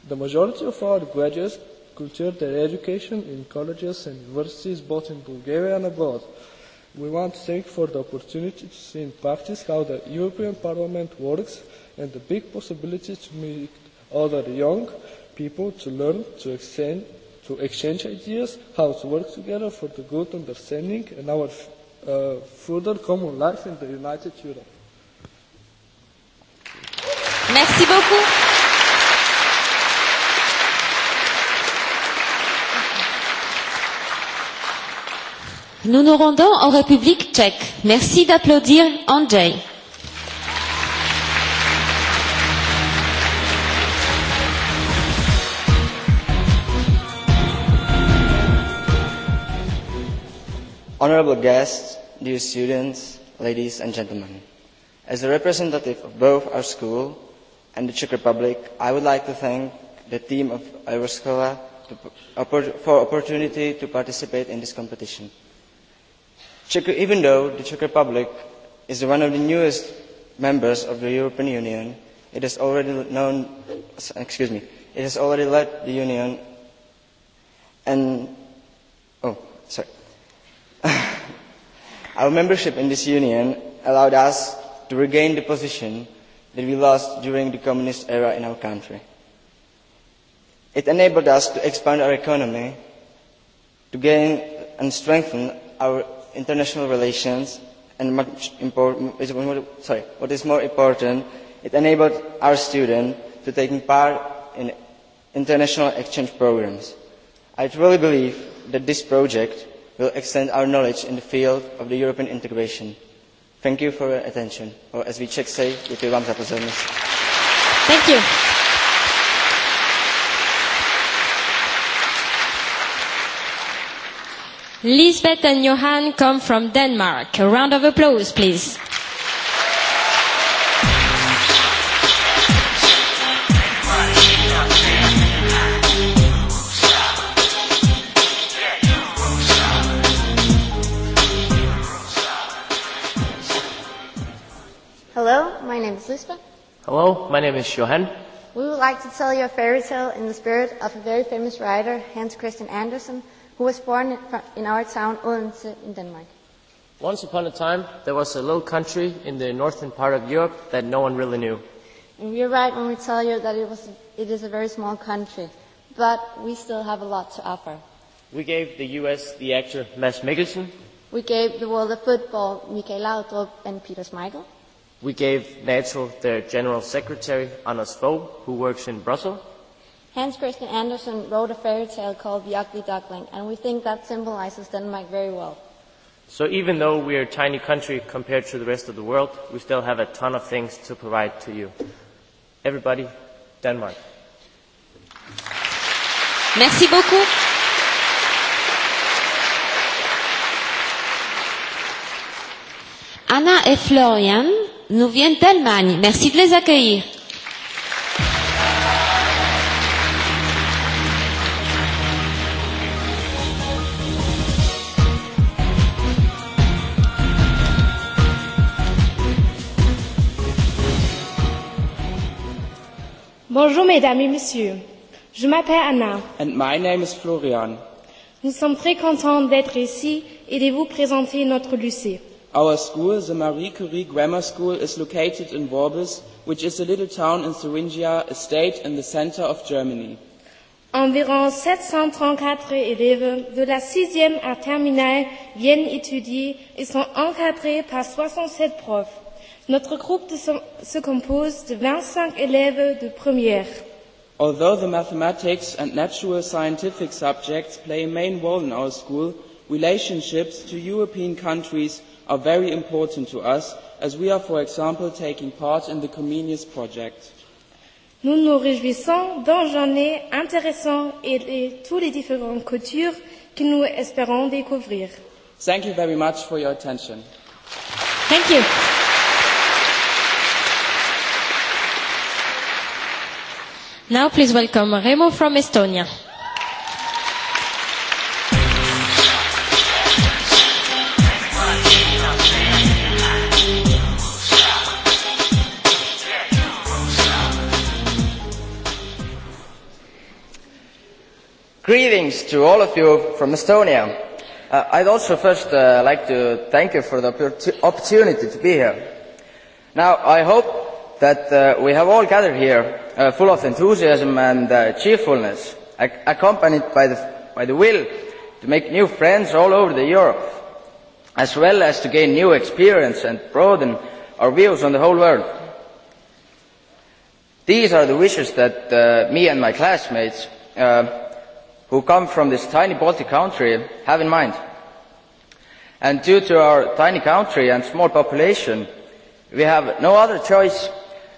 The majority of our graduates continue their education in colleges and universities both in Bulgaria and abroad. We want to thank for the opportunity to see in practice how the European Parliament works and the big possibility to meet other young people to learn, to exchange, to exchange ideas, how to work together for the good understanding and our Eh, further common life in the United Europe. Merci beaucoup. Nous nous rendons en République tchèque. Merci d'applaudir Andrzej. honourable guests, dear students, ladies and gentlemen. As a representative of both our school and the Czech Republic, I would like to thank the team of euroskola for opportunity to participate in this competition. Czech, even though the Czech Republic is one of the newest members of the European Union, it has already known, excuse me, it has already led the Union and Our membership in this union allowed us to regain the position that we lost during the communist era in our country. It enabled us to expand our economy, to gain and strengthen our international relations, and much important, sorry, what is more important, it enabled our students to take part in international exchange programs. I truly believe that this project will extend our knowledge in the field of european integration. thank you for your attention or as we czechs say děkuji vám za pozornost. Thank you. Lisbeth and Johan come from Denmark. A round of applause, please. Lisbon. Hello, my name is Johan. We would like to tell you a fairy tale in the spirit of a very famous writer, Hans Christian Andersen, who was born in our town Odense in Denmark. Once upon a time, there was a little country in the northern part of Europe that no one really knew. And you're are right when we tell you that it, was, it is a very small country, but we still have a lot to offer. We gave the U.S. the actor Mads Mikkelsen. We gave the world of football Mikael Laudrup and Peter Schmeichel. We gave NATO their General Secretary, Anders Fogh, who works in Brussels. Hans Christian Andersen wrote a fairy tale called The Ugly Duckling, and we think that symbolizes Denmark very well. So even though we are a tiny country compared to the rest of the world, we still have a ton of things to provide to you. Everybody, Denmark. Merci beaucoup. Anna et Florian nous viennent d'Allemagne. Merci de les accueillir. Bonjour mesdames et messieurs, je m'appelle Anna. And my name is Florian. Nous sommes très contents d'être ici et de vous présenter notre lycée. Our school, the Marie Curie Grammar School, is located in Worbis, which is a little town in Thuringia, a state in the center of Germany. Environ 734 élèves de la 6e à terminale viennent étudier et sont encadrés par 67 profs. Notre groupe de, se compose de 25 élèves de première. Although the mathematics and natural scientific subjects play a main role in our school, relationships to European countries are very important to us as we are, for example, taking part in the Comenius project. Nous nous réjouissons d'enjeuner intéressant et de toutes les différentes cultures que nous espérons découvrir. Thank you very much for your attention. Thank you. Now please welcome Remo from Estonia. Greetings to all of you from Estonia. Uh, I'd also first uh, like to thank you for the opportunity to be here. Now, I hope that uh, we have all gathered here uh, full of enthusiasm and uh, cheerfulness, ac accompanied by the, by the will to make new friends all over the Europe, as well as to gain new experience and broaden our views on the whole world. These are the wishes that uh, me and my classmates uh, who come from this tiny Baltic country have in mind. And due to our tiny country and small population, we have no other choice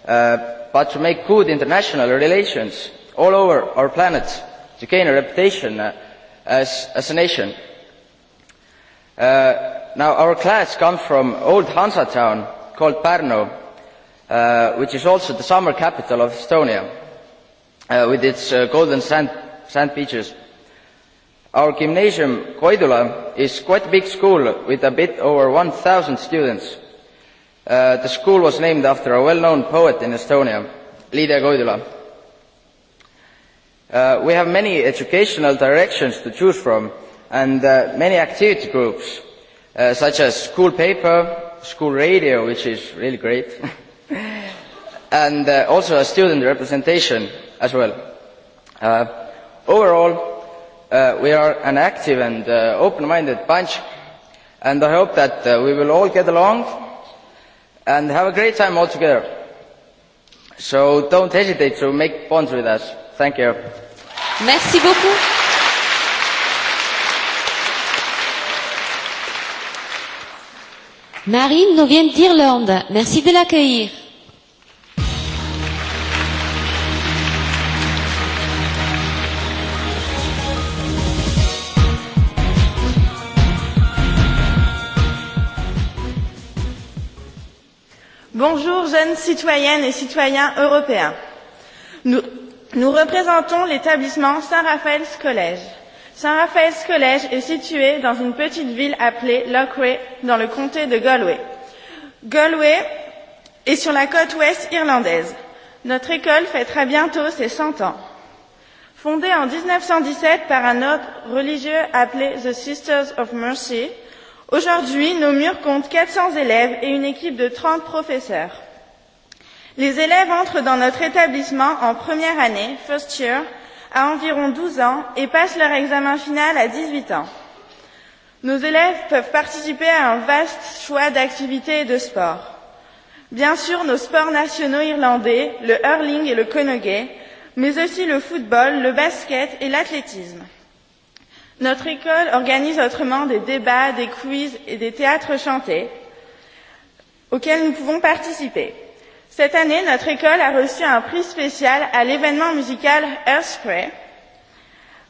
uh, but to make good international relations all over our planet to gain a reputation uh, as, as a nation. Uh, now, our class comes from old Hansa town called Pärnu, uh, which is also the summer capital of Estonia, uh, with its uh, golden sand, sand beaches. Our gymnasium, Koidula, is quite a big school with a bit over 1,000 students. Uh, the school was named after a well-known poet in Estonia, Lydia Koidula. Uh, we have many educational directions to choose from and uh, many activity groups, uh, such as school paper, school radio, which is really great, and uh, also a student representation as well. Uh, overall, Uh, we are an active and uh, open-minded bunch, and I hope that uh, we will all get along and have a great time all together. So don't hesitate to make bonds with us. Thank you. Merci beaucoup. Marine nous vient d'Irlande. Merci de l'accueillir. Bonjour jeunes citoyennes et citoyens européens. Nous, nous représentons l'établissement Saint-Raphaël's College. Saint-Raphaël's College est situé dans une petite ville appelée Lockray, dans le comté de Galway. Galway est sur la côte ouest irlandaise. Notre école fêtera bientôt ses 100 ans. Fondée en 1917 par un ordre religieux appelé The Sisters of Mercy, Aujourd'hui, nos murs comptent 400 élèves et une équipe de 30 professeurs. Les élèves entrent dans notre établissement en première année, first year, à environ 12 ans et passent leur examen final à 18 ans. Nos élèves peuvent participer à un vaste choix d'activités et de sports. Bien sûr, nos sports nationaux irlandais, le hurling et le conogay, mais aussi le football, le basket et l'athlétisme. Notre école organise autrement des débats, des quiz et des théâtres chantés auxquels nous pouvons participer. Cette année, notre école a reçu un prix spécial à l'événement musical Earthquake.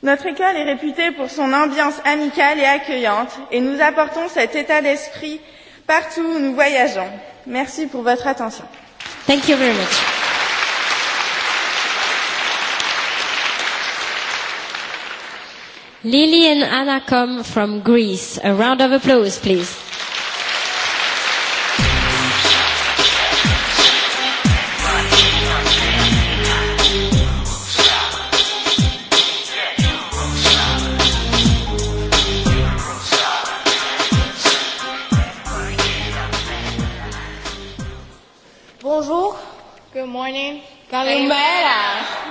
Notre école est réputée pour son ambiance amicale et accueillante et nous apportons cet état d'esprit partout où nous voyageons. Merci pour votre attention. Thank you very much. Lily and Anna come from Greece. A round of applause, please. Bonjour. Good morning. Kalumbera. Hey.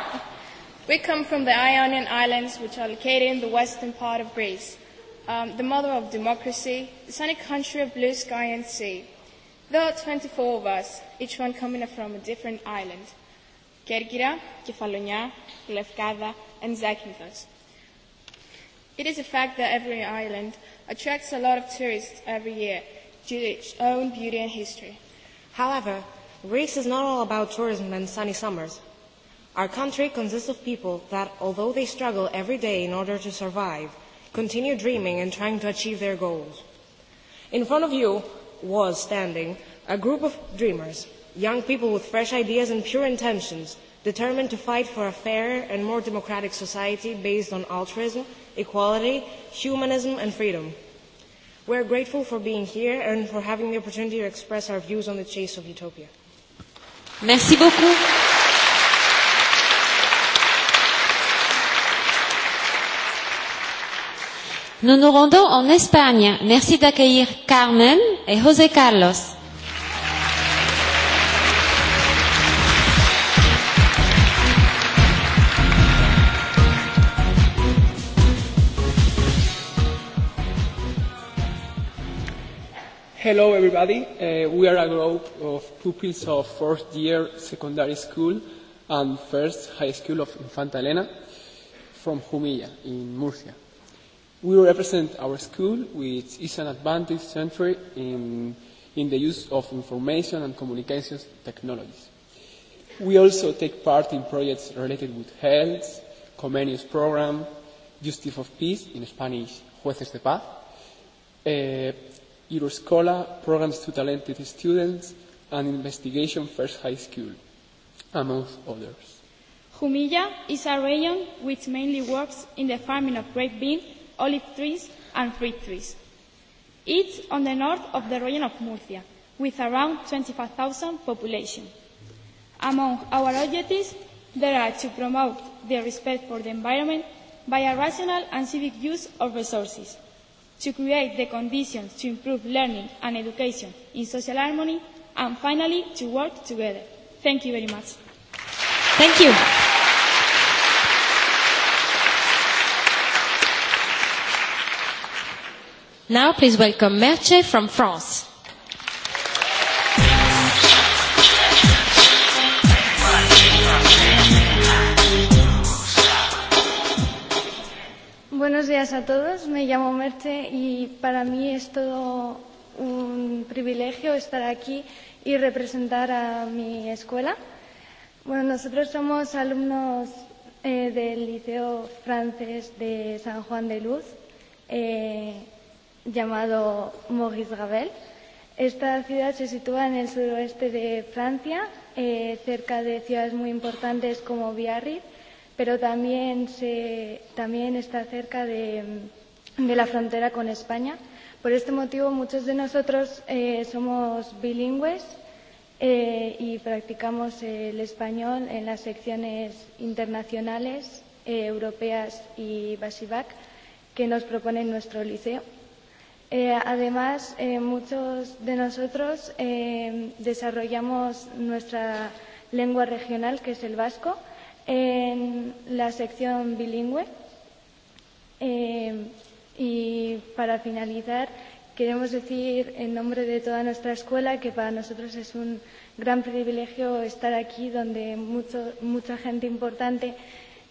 We come from the Ionian Islands, which are located in the western part of Greece, um, the mother of democracy, the sunny country of blue sky and sea. There are 24 of us, each one coming from a different island. Kerkira, Kefalonia, Lefkada, and Zakynthos. It is a fact that every island attracts a lot of tourists every year due to its own beauty and history. However, Greece is not all about tourism and sunny summers. Our country consists of people that, although they struggle every day in order to survive, continue dreaming and trying to achieve their goals. In front of you was standing a group of dreamers, young people with fresh ideas and pure intentions, determined to fight for a fairer and more democratic society based on altruism, equality, humanism, and freedom. We are grateful for being here and for having the opportunity to express our views on the chase of utopia. Merci beaucoup. Nous nous rendons en Espagne. Merci d'accueillir Carmen et José Carlos. Hello, everybody. Uh, we are a group of pupils of fourth year secondary school and first high school of Infanta Elena from Jumilla in Murcia. We represent our school, which is an advantage century in, in the use of information and communications technologies. We also take part in projects related with health, Comenius program, Justice of Peace, in Spanish, Jueces de Paz, uh, Euroscola, programs to talented students, and Investigation First High School, among others. Jumilla is a region which mainly works in the farming of grape beans olive trees and fruit trees. It's on the north of the region of Murcia, with around 25,000 population. Among our objectives, there are to promote the respect for the environment by a rational and civic use of resources, to create the conditions to improve learning and education in social harmony, and finally, to work together. Thank you very much. Thank you. Now please welcome Merche from France. Buenos días a todos, me llamo Merche y para mí es todo un privilegio estar aquí y representar a mi escuela. Bueno, nosotros somos alumnos eh, del Liceo Francés de San Juan de Luz. Eh, llamado Maurice Ravel. Esta ciudad se sitúa en el suroeste de Francia, eh, cerca de ciudades muy importantes como Biarritz, pero también, se, también está cerca de, de la frontera con España. Por este motivo, muchos de nosotros eh, somos bilingües eh, y practicamos el español en las secciones internacionales, eh, europeas y Basivac que nos proponen nuestro liceo. Eh, además, eh, muchos de nosotros eh, desarrollamos nuestra lengua regional, que es el vasco, en la sección bilingüe. Eh, y para finalizar, queremos decir en nombre de toda nuestra escuela que para nosotros es un gran privilegio estar aquí donde mucho, mucha gente importante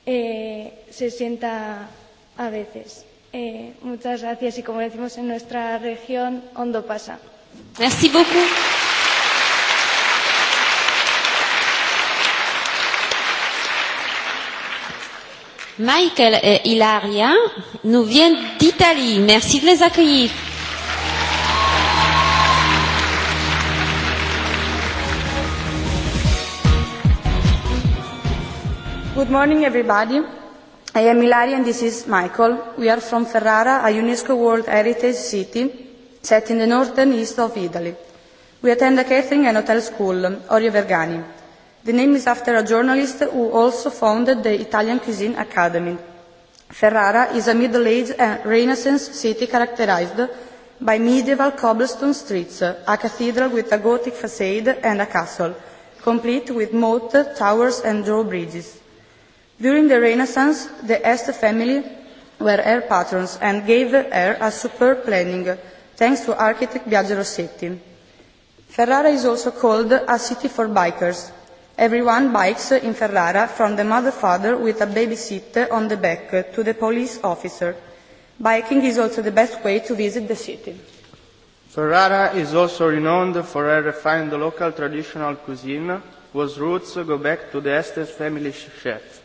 eh, se sienta a veces. Eh, muchas gracias y como decimos en nuestra región, hondo pasa. Merci beaucoup. Michael et Ilaria nous viennent d'Italie. Merci de les accueillir. Good morning, everybody. I am Ilaria and this is Michael. We are from Ferrara, a UNESCO World Heritage City set in the northern east of Italy. We attend a catering and hotel school, Orio Vergani. The name is after a journalist who also founded the Italian Cuisine Academy. Ferrara is a middle age and Renaissance city characterized by medieval cobblestone streets, a cathedral with a Gothic facade and a castle, complete with moat, towers and drawbridges. During the Renaissance, the Este family were air patrons and gave the air a superb planning, thanks to architect Biagio Rossetti. Ferrara is also called a city for bikers. Everyone bikes in Ferrara from the mother-father with a baby seat on the back to the police officer. Biking is also the best way to visit the city. Ferrara is also renowned for her refined local traditional cuisine, whose roots go back to the Estes family chef.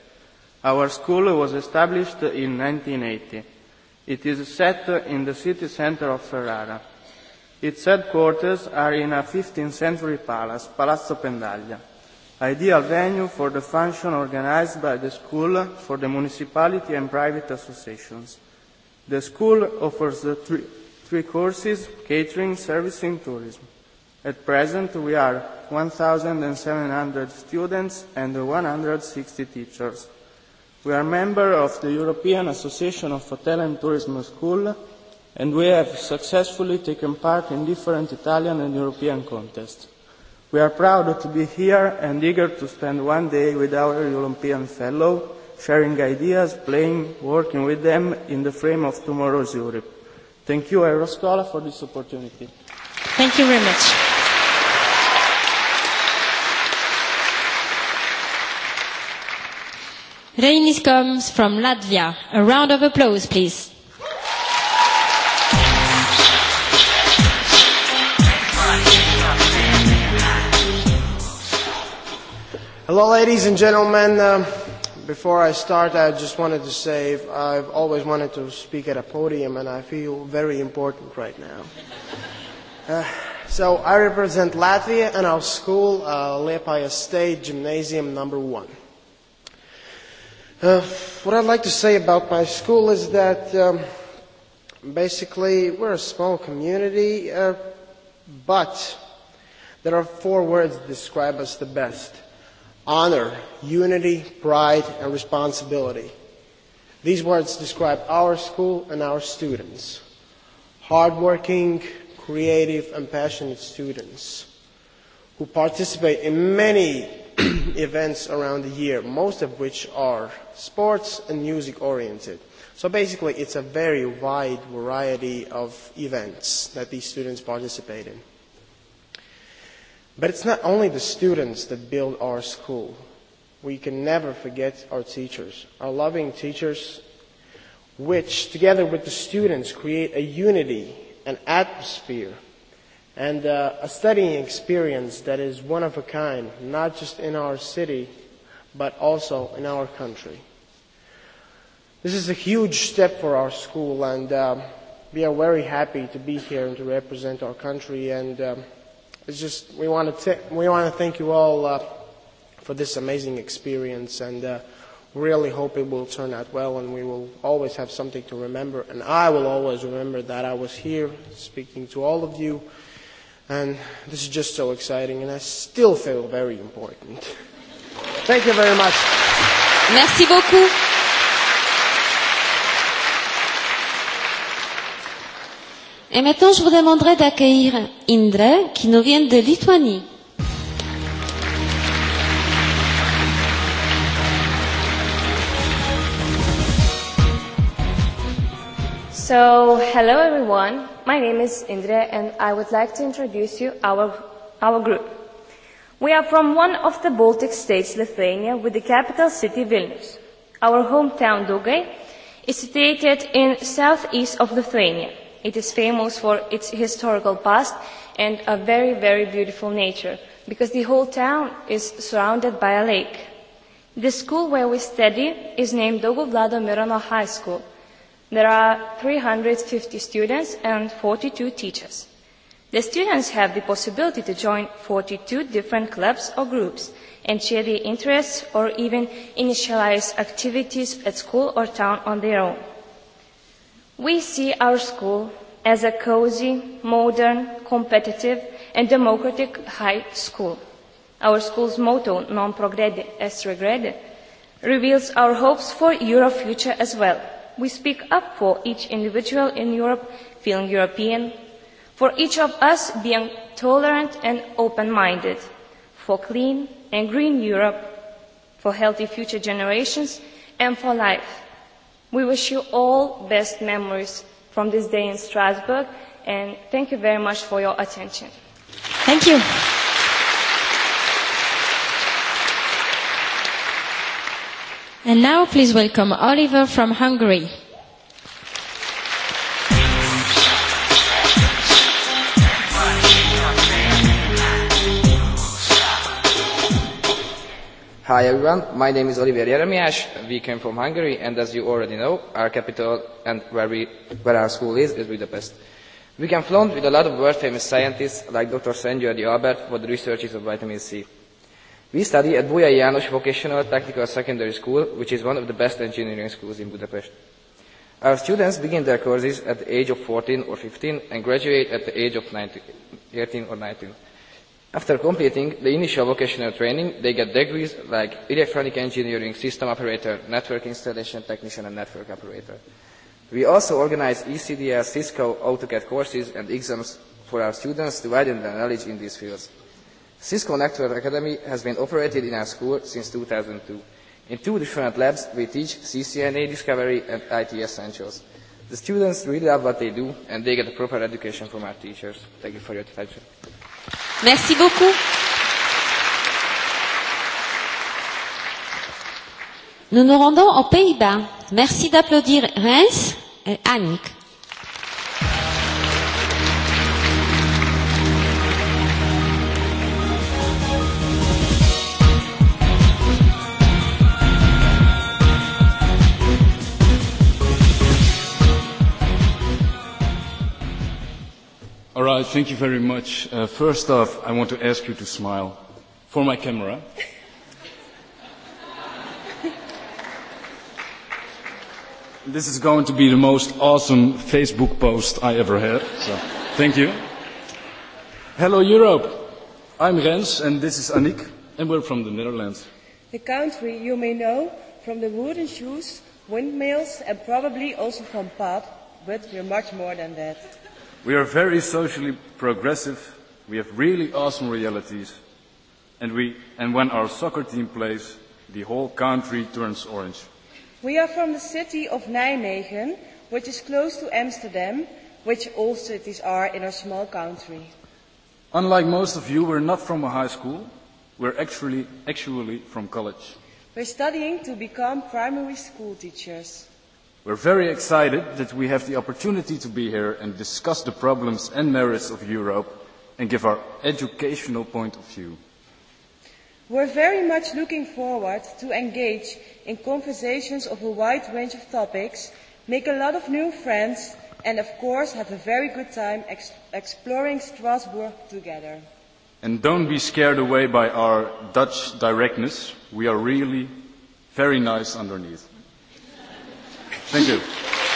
Our school was established in 1980. It is set in the city center of Ferrara. Its headquarters are in a 15th century palace, Palazzo Pendaglia, ideal venue for the function organized by the school for the municipality and private associations. The school offers the three, three courses, catering, servicing, tourism. At present, we are 1,700 students and 160 teachers. We are members of the European Association of Hotel and Tourism schools and we have successfully taken part in different Italian and European contests. We are proud to be here and eager to spend one day with our European fellows sharing ideas, playing, working with them in the frame of tomorrow's Europe. Thank you, Euroscola, for this opportunity. Thank you very much. Reinis comes from Latvia. A round of applause, please. Hello, ladies and gentlemen. Uh, before I start, I just wanted to say I've always wanted to speak at a podium, and I feel very important right now. Uh, so I represent Latvia and our school, uh, Liepaja State Gymnasium number one. Uh, what I'd like to say about my school is that um, basically we're a small community, uh, but there are four words that describe us the best honor, unity, pride, and responsibility. These words describe our school and our students. Hardworking, creative, and passionate students who participate in many events around the year, most of which are sports and music oriented. So basically, it's a very wide variety of events that these students participate in. But it's not only the students that build our school. We can never forget our teachers, our loving teachers, which, together with the students, create a unity, an atmosphere and uh, a studying experience that is one of a kind, not just in our city, but also in our country. This is a huge step for our school, and uh, we are very happy to be here and to represent our country. And um, it's just we want to we want to thank you all uh, for this amazing experience, and uh, really hope it will turn out well, and we will always have something to remember. And I will always remember that I was here speaking to all of you And this is just so exciting, and I still feel very important. Thank you very much. Merci beaucoup. Et maintenant, je vous demanderai d'accueillir Indre, qui nous vient de Lituanie. So, hello everyone. My name is Indre and I would like to introduce you our, our group. We are from one of the Baltic states, Lithuania, with the capital city Vilnius. Our hometown Dugai is situated in southeast of Lithuania. It is famous for its historical past and a very, very beautiful nature because the whole town is surrounded by a lake. The school where we study is named Dogo Vlado Mirono High School – There are 350 students and 42 teachers. The students have the possibility to join 42 different clubs or groups and share their interests or even initialize activities at school or town on their own. We see our school as a cozy, modern, competitive and democratic high school. Our school's motto, non progrede est regrede, reveals our hopes for your future as well we speak up for each individual in Europe feeling European, for each of us being tolerant and open-minded, for clean and green Europe, for healthy future generations, and for life. We wish you all best memories from this day in Strasbourg, and thank you very much for your attention. Thank you. And now please welcome Oliver from Hungary. Hi everyone, my name is Oliver Jeremias. We came from Hungary and as you already know, our capital and where, we, where our school is, is Budapest. We can flaunt with a lot of world famous scientists like Dr. Sanjay Albert for the researches of vitamin C. We study at Buja János Vocational Technical Secondary School, which is one of the best engineering schools in Budapest. Our students begin their courses at the age of 14 or 15 and graduate at the age of 19, 18 or 19. After completing the initial vocational training, they get degrees like electronic engineering, system operator, network installation technician, and network operator. We also organize ECDL, Cisco, AutoCAD courses and exams for our students to widen their knowledge in these fields. Cisco Network Academy has been operated in our school since 2002. In two different labs, we teach CCNA discovery and IT essentials. The students really love what they do and they get a proper education from our teachers. Thank you for your attention. Merci beaucoup. Nous nous rendons aux Pays-Bas. Merci d'applaudir Reims et Annick. Uh, thank you very much. Uh, first off, I want to ask you to smile for my camera. this is going to be the most awesome Facebook post I ever had, so thank you. Hello Europe. I'm Rens and this is Annick and we're from the Netherlands. The country you may know from the wooden shoes, windmills and probably also from pub, but we're much more than that. We are very socially progressive, we have really awesome realities, and, we, and when our soccer team plays, the whole country turns orange. We are from the city of Nijmegen, which is close to Amsterdam, which all cities are in our small country. Unlike most of you, we're not from a high school. We're actually, actually from college. We're studying to become primary school teachers. We are very excited that we have the opportunity to be here and discuss the problems and merits of Europe and give our educational point of view. We are very much looking forward to engage in conversations of a wide range of topics, make a lot of new friends, and of course have a very good time ex exploring Strasbourg together. And don't be scared away by our Dutch directness. We are really very nice underneath. Thank you.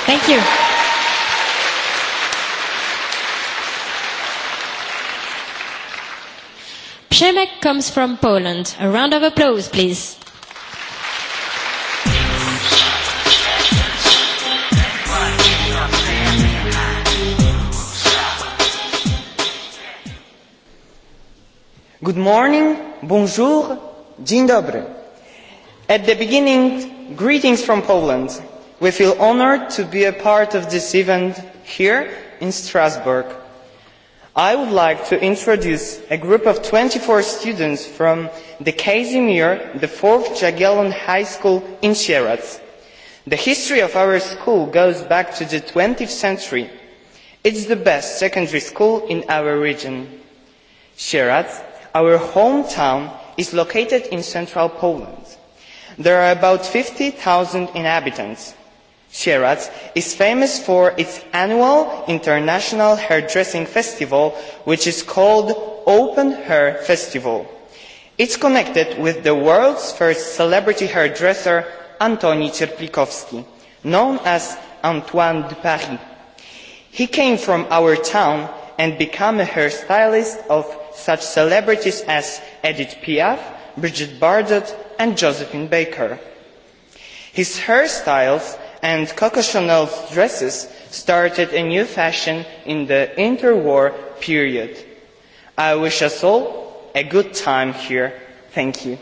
Thank you. Przemek comes from Poland. A round of applause, please. Good morning, bonjour, dzień dobry. At the beginning, greetings from Poland we feel honoured to be a part of this event here in strasbourg. i would like to introduce a group of twenty four students from the kazimir iv jagiellon high school in sieradz. the history of our school goes back to the twentieth century. it is the best secondary school in our region. sieradz our hometown is located in central poland. there are about fifty zero inhabitants. Sieradz is famous for its annual international hairdressing festival, which is called Open Hair Festival. It's connected with the world's first celebrity hairdresser, Antoni Cierplikowski, known as Antoine de Paris. He came from our town and became a hairstylist of such celebrities as Edith Piaf, Brigitte Bardot, and Josephine Baker. His hairstyles and coco chanel's dresses started a new fashion in the interwar period. i wish us all a good time here. thank you.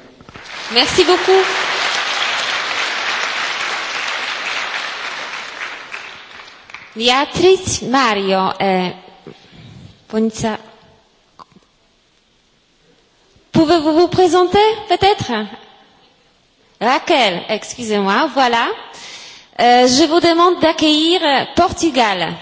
Merci beaucoup. Beatrice Mario eh, Ponza. Pouvez-vous vous présenter peut-être Raquel, excusez-moi, voilà. Euh, Euh, je vous demande d'accueillir Portugal.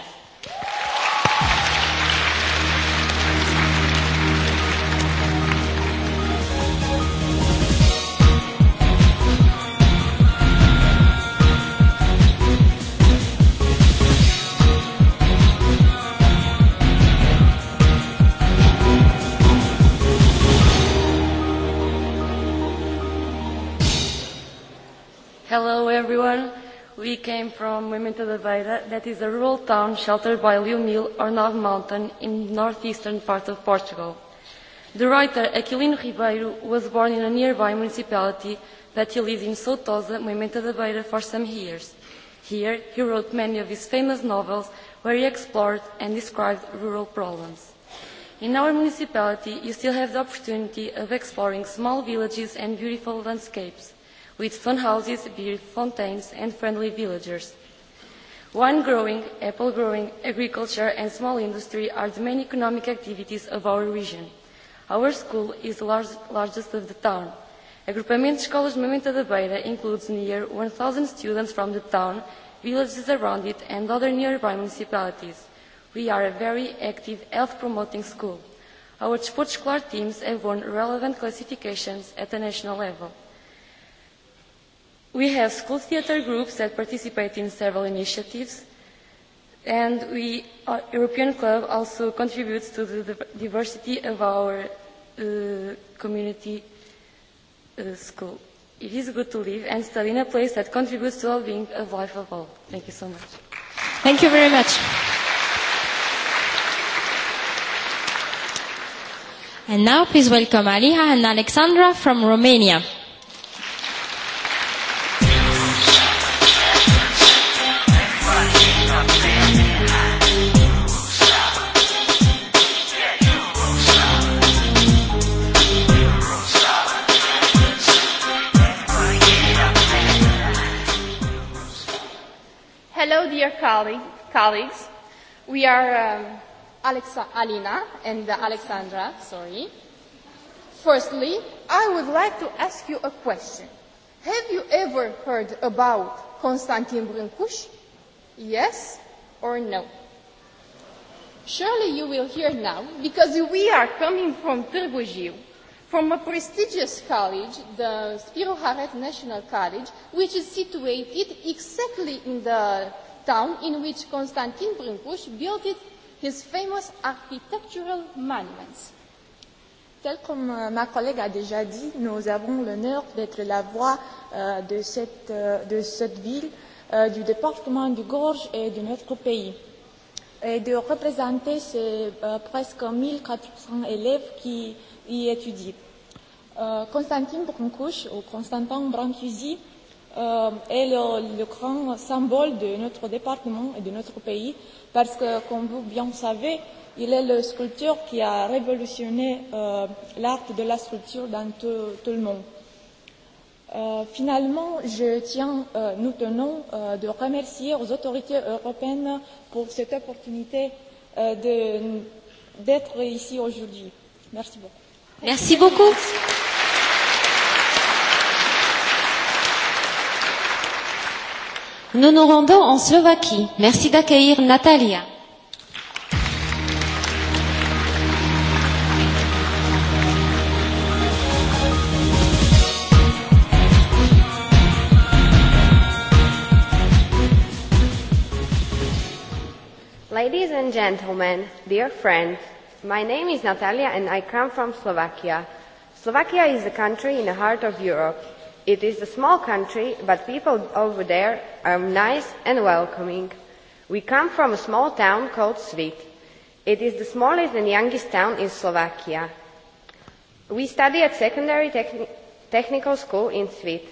Hello everyone we came from Beira, that is a rural town sheltered by Leonil Nav Mountain in the northeastern part of Portugal. The writer Aquilino Ribeiro was born in a nearby municipality, but he lived in da Beira, for some years. Here, he wrote many of his famous novels where he explored and described rural problems. In our municipality, you still have the opportunity of exploring small villages and beautiful landscapes with fun houses, beer fountains, and friendly villagers. Wine growing, apple growing, agriculture, and small industry are the main economic activities of our region. Our school is the large, largest of the town. Agrupamento de Escolas Mamenta da Beira includes near 1,000 students from the town, villages around it, and other nearby municipalities. We are a very active health-promoting school. Our sports club teams have won relevant classifications at the national level. We have school theatre groups that participate in several initiatives, and we, our uh, European Club also contributes to the diversity of our uh, community uh, school. It is good to live and study in a place that contributes to well-being of life of all. Thank you so much. Thank you very much. And now please welcome Aliha and Alexandra from Romania. colleague, colleagues, we are um, Alexa, Alina and uh, Alexandra, sorry. Firstly, I would like to ask you a question. Have you ever heard about Konstantin Brâncuș? Yes or no? Surely you will hear now, because we are coming from Târgu from a prestigious college, the Spiro Haret National College, which is situated exactly in the town in which Constantin Brincuș built his famous architectural monuments. Tel comme euh, ma collègue a déjà dit, nous avons l'honneur d'être la voix euh, de, cette, euh, de cette ville, euh, du département du Gorge et de notre pays et de représenter ces euh, presque 1400 élèves qui y étudient. Euh, Constantin Brancusi, ou Constantin Brancusi, euh, est euh, le, le grand symbole de notre département et de notre pays, parce que, comme vous bien savez, il est le sculpteur qui a révolutionné euh, l'art de la sculpture dans tout, tout le monde. Euh, finalement, je tiens, euh, nous tenons euh, de remercier aux autorités européennes pour cette opportunité euh, d'être ici aujourd'hui. Merci beaucoup. Merci beaucoup. Merci. Nous nous rendons en Slovaquie. Merci d'accueillir Natalia. Ladies and gentlemen, dear friends, my name is Natalia and I come from Slovakia. Slovakia is a country in the heart of Europe. It is a small country, but people over there are nice and welcoming. We come from a small town called Svit. It is the smallest and youngest town in Slovakia. We study at secondary techni- technical school in Svit.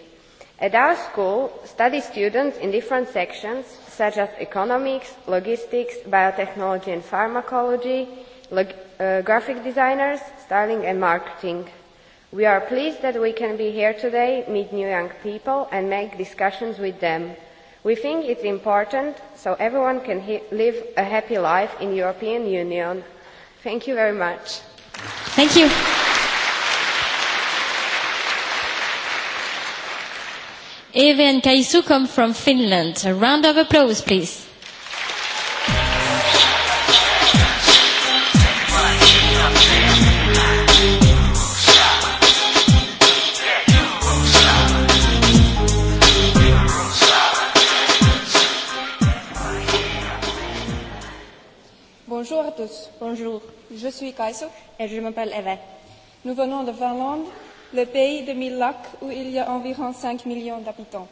At our school, study students in different sections such as economics, logistics, biotechnology and pharmacology, log- uh, graphic designers, styling and marketing. We are pleased that we can be here today, meet new young people, and make discussions with them. We think it's important so everyone can he- live a happy life in European Union. Thank you very much. Thank you. Eve and Kaisu come from Finland. A round of applause, please. tous, bonjour. Je suis Kaiso et je m'appelle Eva. Nous venons de Finlande, le pays de mille lacs où il y a environ 5 millions d'habitants.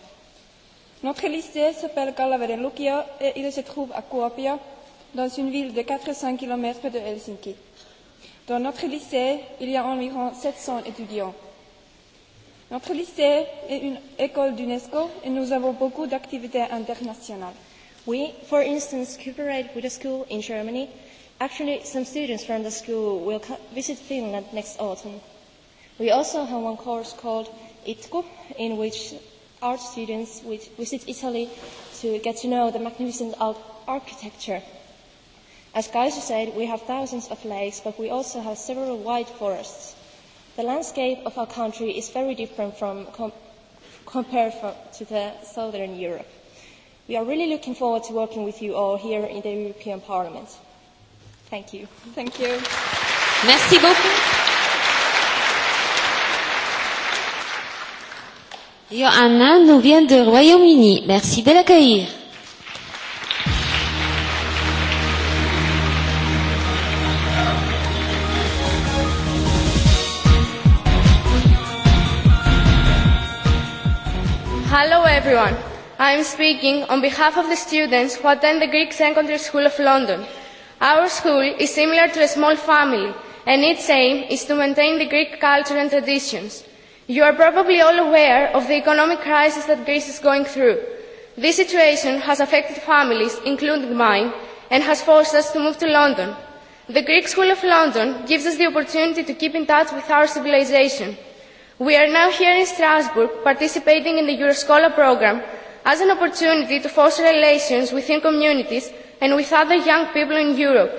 Notre lycée s'appelle Kallaveden Lukio et il se trouve à Kuopio, dans une ville de 400 km de Helsinki. Dans notre lycée, il y a environ 700 étudiants. Notre lycée est une école d'UNESCO et nous avons beaucoup d'activités internationales. We, for instance, cooperate with a school in Germany Actually, some students from the school will visit Finland next autumn. We also have one course called ITKU, in which art students visit Italy to get to know the magnificent architecture. As Kaiser said, we have thousands of lakes, but we also have several wide forests. The landscape of our country is very different from com- compared from, to the southern Europe. We are really looking forward to working with you all here in the European Parliament. Thank you. Thank you. Merci beaucoup. Johanna nous vient du Royaume-Uni. Merci de l'accueillir. Hello everyone. I am speaking on behalf of the students who attend the Greek Secondary School of London. Our school is similar to a small family, and its aim is to maintain the Greek culture and traditions. You are probably all aware of the economic crisis that Greece is going through. This situation has affected families, including mine, and has forced us to move to London. The Greek School of London gives us the opportunity to keep in touch with our civilization. We are now here in Strasbourg participating in the Euroscola programme as an opportunity to foster relations within communities and with other young people in Europe.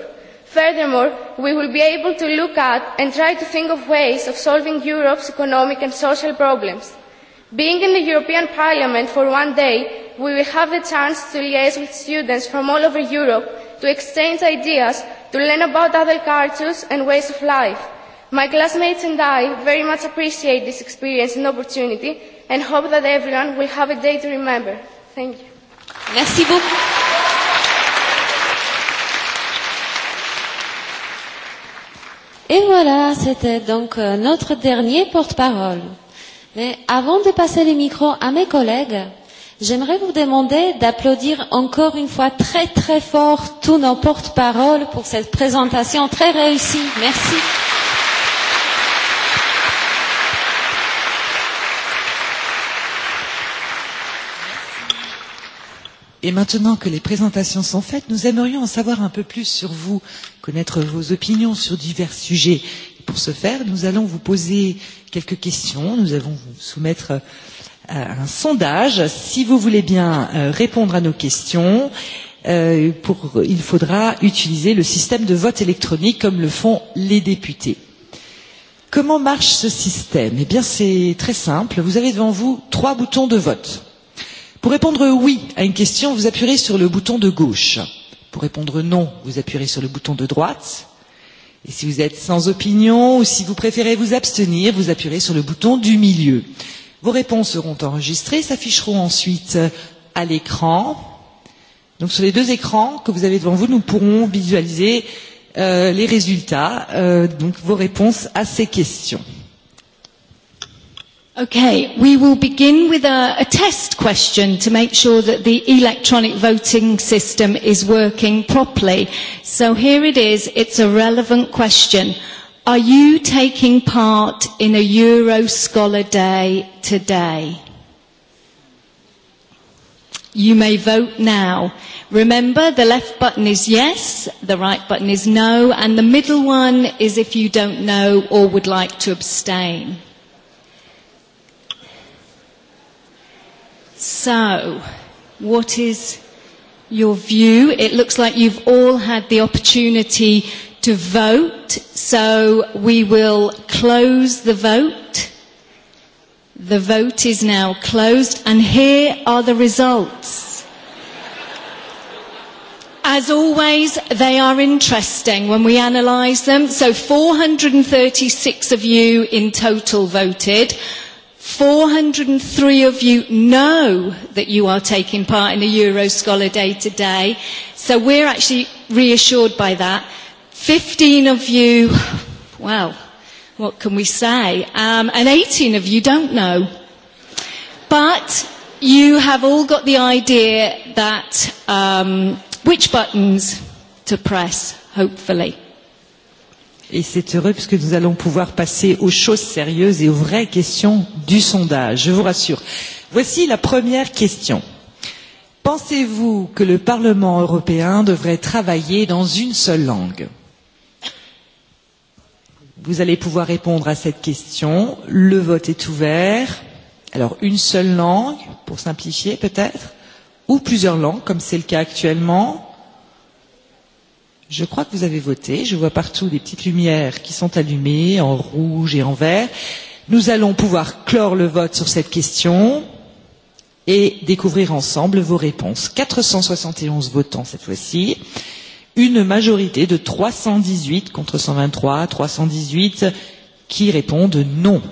Furthermore, we will be able to look at and try to think of ways of solving Europe's economic and social problems. Being in the European Parliament for one day, we will have the chance to liaise with students from all over Europe, to exchange ideas, to learn about other cultures and ways of life. My classmates and I very much appreciate this experience and opportunity and hope that everyone will have a day to remember. Thank you. Merci beaucoup. Et voilà, c'était donc euh, notre dernier porte-parole. Mais avant de passer les micros à mes collègues, j'aimerais vous demander d'applaudir encore une fois très très fort tous nos porte-paroles pour cette présentation très réussie. Merci. Applaudissements Et maintenant que les présentations sont faites, nous aimerions en savoir un peu plus sur vous, connaître vos opinions sur divers sujets. Et pour ce faire, nous allons vous poser quelques questions. Nous allons vous soumettre à euh, un sondage. Si vous voulez bien euh, répondre à nos questions, euh, pour, il faudra utiliser le système de vote électronique comme le font les députés. Comment marche ce système Eh bien, c'est très simple. Vous avez devant vous trois boutons de vote Pour répondre oui à une question, vous appuyez sur le bouton de gauche. Pour répondre non, vous appuyez sur le bouton de droite. Et si vous êtes sans opinion ou si vous préférez vous abstenir, vous appuyez sur le bouton du milieu. Vos réponses seront enregistrées, s'afficheront ensuite à l'écran. Donc sur les deux écrans que vous avez devant vous, nous pourrons visualiser euh, les résultats, euh, donc vos réponses à ces questions. Okay, we will begin with a, a test question to make sure that the electronic voting system is working properly. So here it is, it's a relevant question. Are you taking part in a Euro Scholar Day today? You may vote now. Remember, the left button is yes, the right button is no, and the middle one is if you don't know or would like to abstain. So, what is your view? It looks like you've all had the opportunity to vote, so we will close the vote. The vote is now closed, and here are the results. As always, they are interesting when we analyse them. So 436 of you in total voted. 403 of you know that you are taking part in a Euro Scholar Day today. So we're actually reassured by that. 15 of you, well, what can we say? Um, and 18 of you don't know. But you have all got the idea that um, which buttons to press, hopefully. Et c'est heureux puisque nous allons pouvoir passer aux choses sérieuses et aux vraies questions du sondage, je vous rassure. Voici la première question. Pensez-vous que le Parlement européen devrait travailler dans une seule langue Vous allez pouvoir répondre à cette question. Le vote est ouvert. Alors une seule langue, pour simplifier peut-être, ou plusieurs langues, comme c'est le cas actuellement. Je crois que vous avez voté. Je vois partout des petites lumières qui sont allumées en rouge et en vert. Nous allons pouvoir clore le vote sur cette question et découvrir ensemble vos réponses. 471 votants cette fois-ci, une majorité de 318 contre 123, 318 qui répondent non.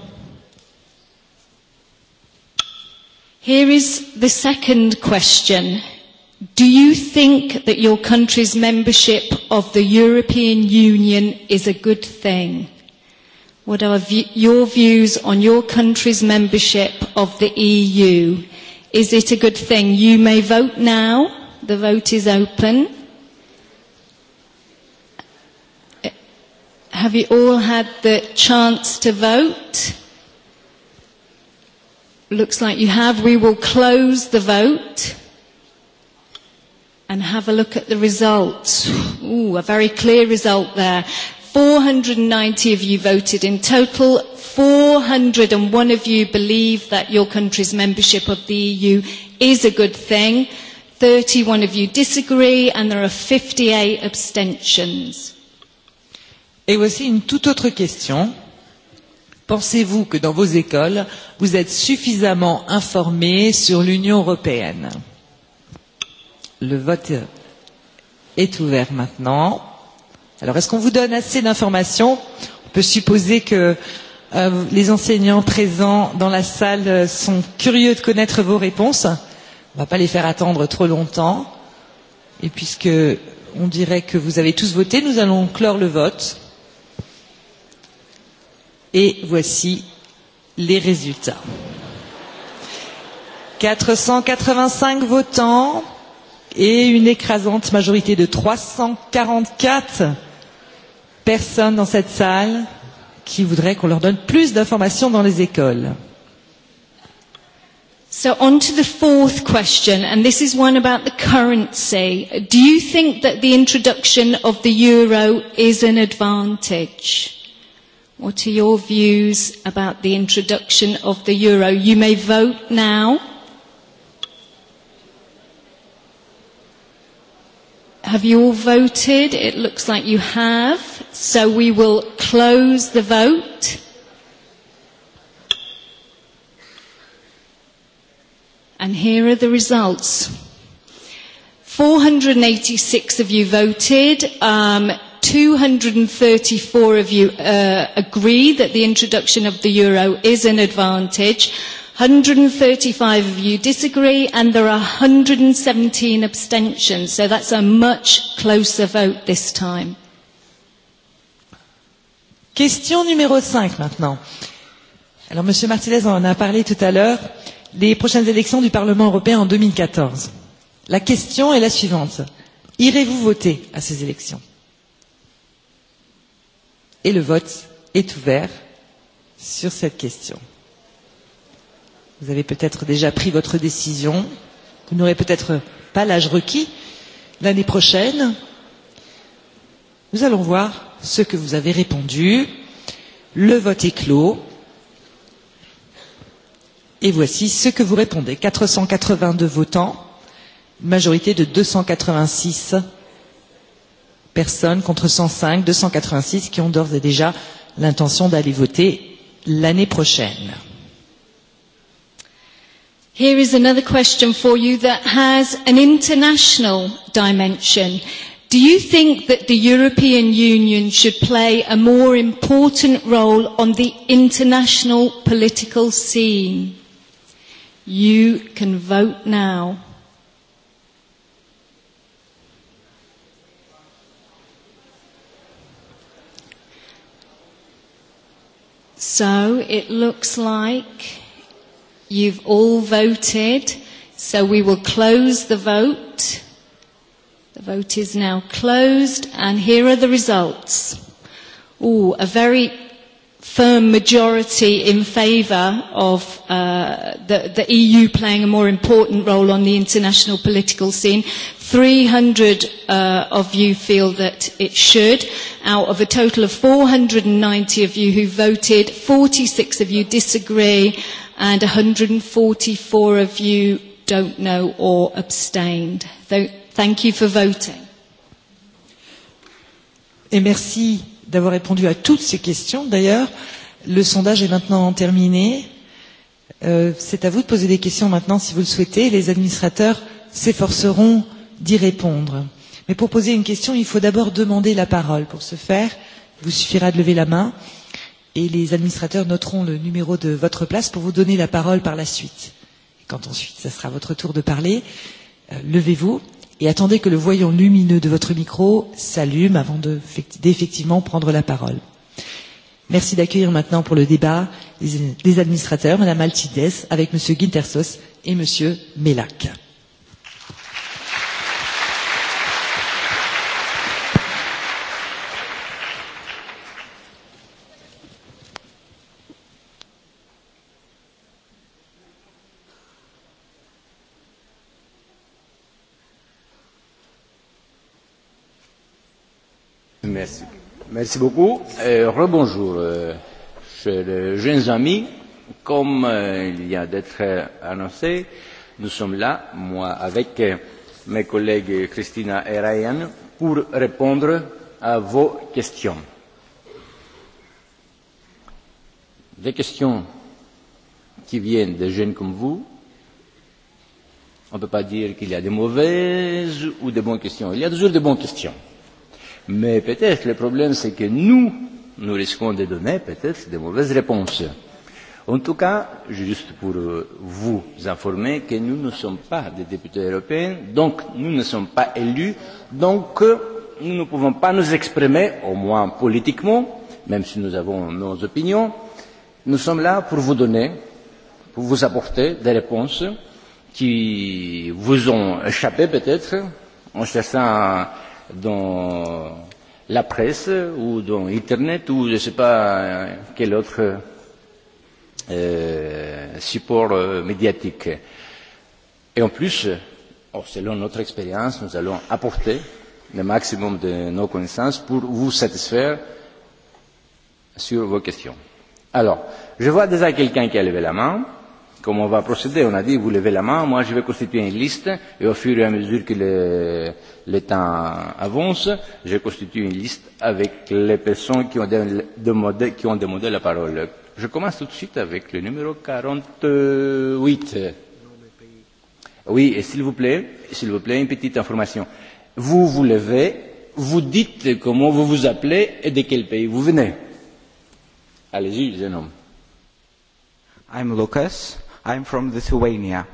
Here is the second question. Do you think that your country's membership of the European Union is a good thing? What are your views on your country's membership of the EU? Is it a good thing? You may vote now. The vote is open. Have you all had the chance to vote? Looks like you have. We will close the vote and have a look at the results. Ooh, a very clear result there. 490 of you voted in total. 401 of you believe that your country's membership of the EU is a good thing. 31 of you disagree and there are 58 abstentions. Et voici une toute autre question. Pensez-vous que dans vos écoles, vous êtes suffisamment informés sur l'Union européenne Le vote est ouvert maintenant. Alors, est-ce qu'on vous donne assez d'informations On peut supposer que euh, les enseignants présents dans la salle sont curieux de connaître vos réponses. On ne va pas les faire attendre trop longtemps. Et puisque on dirait que vous avez tous voté, nous allons clore le vote. Et voici les résultats. 485 votants, et une écrasante majorité de 344 personnes dans cette salle qui voudraient qu'on leur donne plus d'informations dans les écoles. So on to the fourth question, and this is one about the currency. Do you think that the introduction of the euro is an advantage? What are your views about the introduction of the euro? You may vote now. Have you all voted? It looks like you have. So we will close the vote. And here are the results. 486 of you voted. Um, 234 of you uh, agree that the introduction of the euro is an advantage. 135 of you disagree, and there are 117 abstentions. So that's a much closer vote this time. Question numéro 5 maintenant. Alors, Monsieur Martinez en a parlé tout à l'heure, les prochaines élections du Parlement européen en 2014. La question est la suivante. Irez-vous voter à ces élections Et le vote est ouvert sur cette question. Vous avez peut-être déjà pris votre décision. Vous n'aurez peut-être pas l'âge requis l'année prochaine. Nous allons voir ce que vous avez répondu. Le vote est clos. Et voici ce que vous répondez. 482 votants, majorité de 286 personnes contre 105, 286 qui ont d'ores et déjà l'intention d'aller voter l'année prochaine. Here is another question for you that has an international dimension. Do you think that the European Union should play a more important role on the international political scene? You can vote now. So it looks like You've all voted, so we will close the vote. The vote is now closed, and here are the results. Ooh, a very firm majority in favour of uh, the, the EU playing a more important role on the international political scene. 300 uh, of you feel that it should. Out of a total of 490 of you who voted, 46 of you disagree, and 144 of you don't know or abstained. Thank you for voting. Et merci d'avoir répondu à toutes ces questions. D'ailleurs, le sondage est maintenant terminé. Euh, C'est à vous de poser des questions maintenant si vous le souhaitez. Les administrateurs s'efforceront d'y répondre. Mais pour poser une question, il faut d'abord demander la parole. Pour ce faire, il vous suffira de lever la main. Euh, et les administrateurs noteront le numéro de votre place pour vous donner la parole par la suite. Et quand ensuite ce sera votre tour de parler, euh, levez-vous et attendez que le voyant lumineux de votre micro s'allume avant d'effectivement de, prendre la parole. Merci d'accueillir maintenant pour le débat les, les administrateurs, Madame Altides, avec Monsieur Guintersos et Monsieur Mellac. Merci beaucoup. Et rebonjour, euh, chers euh, jeunes amis. Comme euh, il vient d'être annoncé, nous sommes là, moi avec euh, mes collègues Christina et Ryan, pour répondre à vos questions. Des questions qui viennent de jeunes comme vous. On ne peut pas dire qu'il y a des mauvaises ou des bonnes questions. Il y a toujours des bonnes questions Mais peut-être le problème, c'est que nous, nous risquons de donner peut-être de mauvaises réponses. En tout cas, juste pour euh, vous informer que nous ne sommes pas des députés européens, donc nous ne sommes pas élus, donc euh, nous ne pouvons pas nous exprimer, au moins politiquement, même si nous avons nos opinions. Nous sommes là pour vous donner, pour vous apporter des réponses qui vous ont échappé peut-être en cherchant dans la presse ou dans Internet ou je ne sais pas quel autre euh, support euh, médiatique. Et en plus, oh, selon notre expérience, nous allons apporter le maximum de nos connaissances pour vous satisfaire sur vos questions. Alors, je vois déjà quelqu'un qui a levé la main comment on va procéder. On a dit, vous levez la main, moi je vais constituer une liste, et au fur et à mesure que le, le temps avance, je constitue une liste avec les personnes qui ont de, de demandé, qui ont demandé la parole. Je commence tout de suite avec le numéro 48. Oui, et s'il vous plaît, s'il vous plaît, une petite information. Vous vous levez, vous dites comment vous vous appelez et de quel pays vous venez. Allez-y, jeune homme. I'm Lucas i am from lithuania.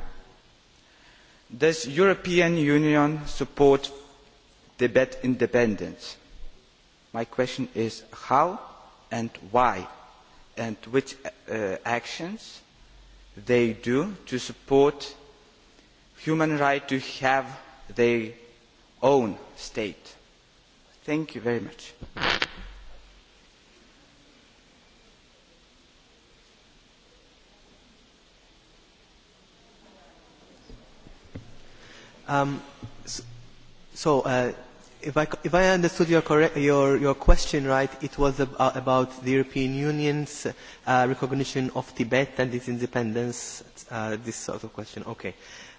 does the european union support tibet independence? my question is how and why and which uh, actions they do to support human right to have their own state. Thank you very much. Um, so, uh, if I, if I understood your, correct, your, your question right, it was ab uh, about the European Union's uh, recognition of Tibet and its independence, uh, this sort of question. Okay.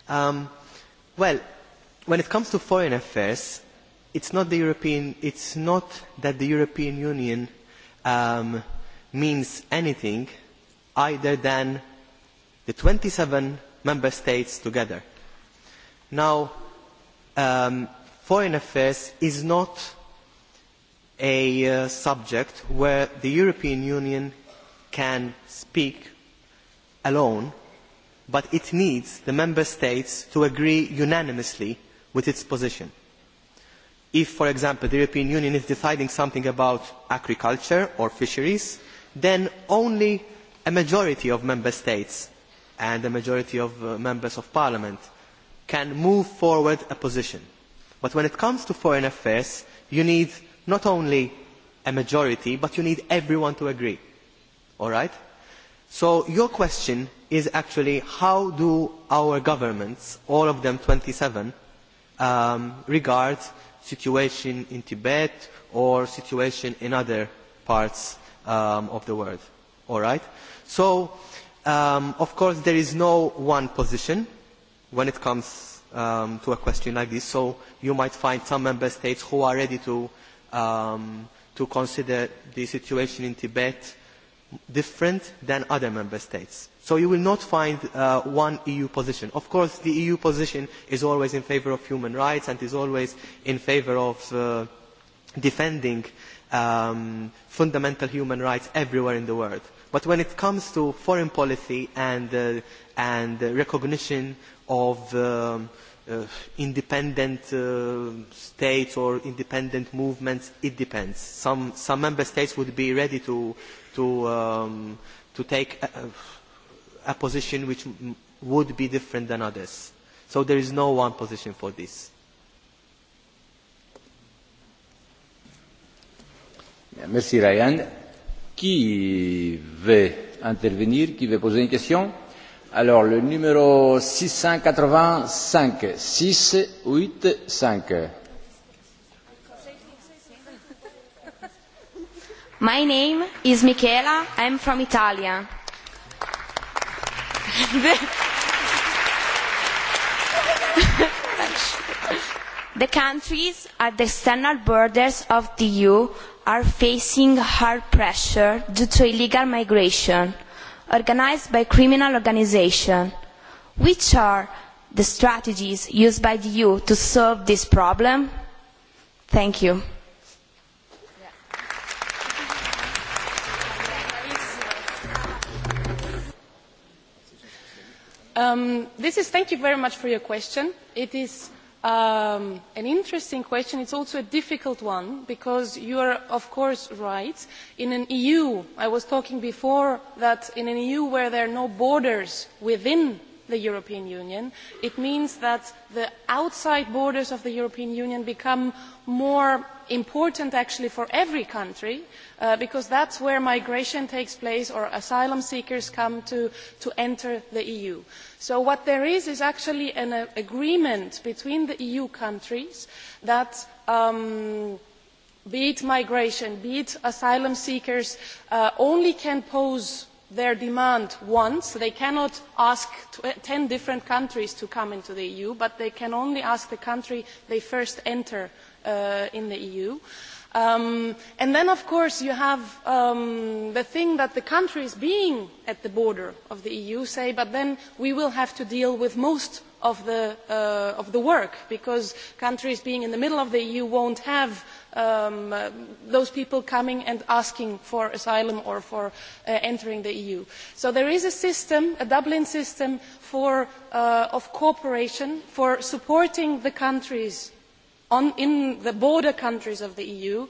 Um, well, when it comes to foreign affairs, it's not, the European, it's not that the European Union um, means anything either than the 27 member states together Now, um, foreign affairs is not a uh, subject where the European Union can speak alone, but it needs the Member States to agree unanimously with its position. If, for example, the European Union is deciding something about agriculture or fisheries, then only a majority of Member States and a majority of uh, Members of Parliament can move forward a position but when it comes to foreign affairs you need not only a majority but you need everyone to agree. so your question is actually how do our governments all of them twenty seven um, regard the situation in tibet or the situation in other parts um, of the world? so um, of course there is no one position when it comes um, to a question like this. So you might find some member states who are ready to, um, to consider the situation in Tibet different than other member states. So you will not find uh, one EU position. Of course, the EU position is always in favour of human rights and is always in favour of uh, defending um, fundamental human rights everywhere in the world but when it comes to foreign policy and, the uh, recognition of um, uh, independent uh, states or independent movements, it depends. Some, member states would be ready to, um, take a, position which would be different than others. So there is no one position for this. Qui veut intervenir Qui veut poser une question Alors, le numéro 685. My name is Michela. I'm from Italia. the countries at the external borders of the EU are facing hard pressure due to illegal migration organised by criminal organisations. Which are the strategies used by the EU to solve this problem? Thank you. Um, this is thank you very much for your question. It is um, an interesting question. It's also a difficult one because you are, of course, right. In an EU, I was talking before that in an EU where there are no borders within the European Union, it means that the outside borders of the European Union become more important actually for every country uh, because that is where migration takes place or asylum seekers come to, enter the eu. so what there is is actually an uh, agreement between the eu countries that um, be it migration be it asylum seekers uh, only can pose their demand once they cannot ask ten different countries to come into the eu but they can only ask the country they first enter Uh, in the EU. Um, and then, of course, you have um, the thing that the countries being at the border of the EU say, but then we will have to deal with most of the, uh, of the work because countries being in the middle of the EU won't have um, uh, those people coming and asking for asylum or for uh, entering the EU. So there is a system, a Dublin system for, uh, of cooperation, for supporting the countries in the border countries of the eu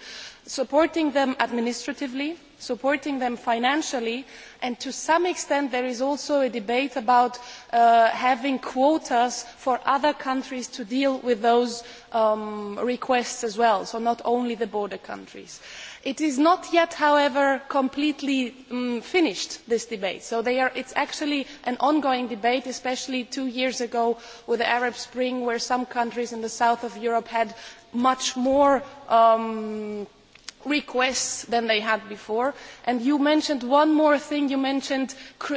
supporting them administratively supporting them financially and to some extent there is also a debate about uh, having quotas for other countries to deal with those um, requests as well so not only the border countries it is not yet however completely mm, finished this debate so it is actually an ongoing debate especially two years ago with the arab spring where some countries in the south of europe had much more um, requests than they had before you mentioned one more thing you mentioned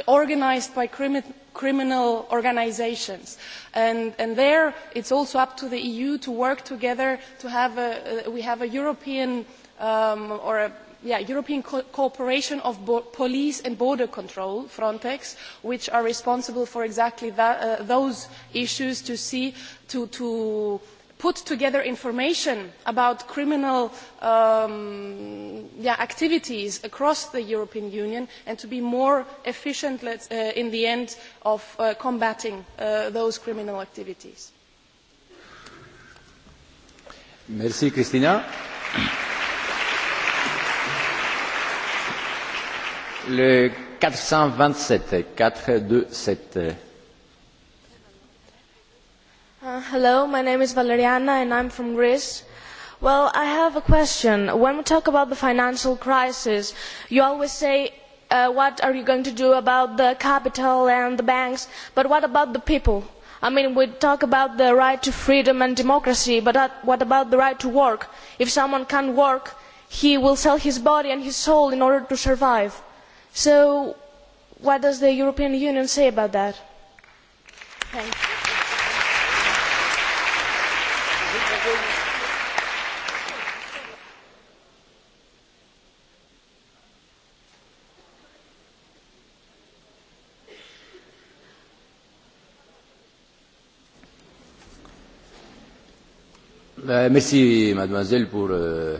organised by criminal organisations and, there it is also up to the eu to work together to have a, european um, or a yeah, European co cooperation of police and border control, Frontex, which are responsible for exactly that, uh, those issues to see, to, to put together information about criminal um, yeah, activities across the European Union and to be more efficient uh, in the end of uh, combating uh, those criminal activities. Merci, Christina. 427, uh, hello, my name is Valeriana and I'm from Greece. Well, I have a question. When we talk about the financial crisis, you always say, uh, what are you going to do about the capital and the banks? But what about the people? I mean, we talk about the right to freedom and democracy, but what about the right to work? If someone can't work, he will sell his body and his soul in order to survive So what does the European Union say about that? Euh, merci mademoiselle pour euh,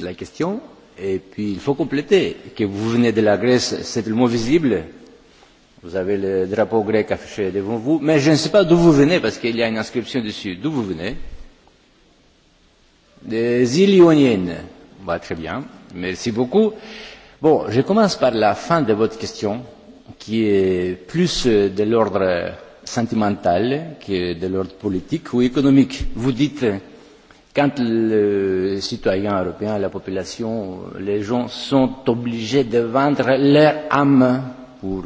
la question. Et puis, il faut compléter que vous venez de la Grèce, c'est le tellement visible. Vous avez le drapeau grec affiché devant vous, mais je ne sais pas d'où vous venez parce qu'il y a une inscription dessus. D'où vous venez Des îles Ioniennes. Bah, très bien, merci beaucoup. Bon, je commence par la fin de votre question, qui est plus de l'ordre sentimental que de l'ordre politique ou économique. Vous dites quand le citoyen européen, la population, les gens sont obligés de vendre leur âme pour.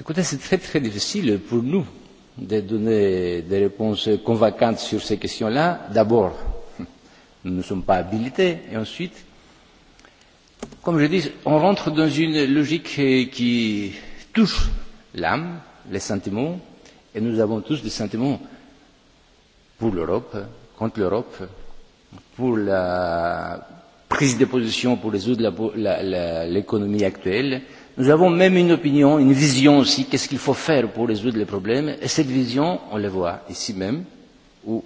Écoutez, c'est très très difficile pour nous de donner des réponses convaincantes sur ces questions-là. D'abord, nous ne sommes pas habilités, et ensuite, comme je dis, on rentre dans une logique qui touche l'âme, les sentiments, et nous avons tous des sentiments pour l'Europe, contre l'Europe, pour la prise de position pour résoudre l'économie actuelle. Nous avons même une opinion, une vision aussi, qu'est-ce qu'il faut faire pour résoudre les problèmes. Et cette vision, on la voit ici même, ou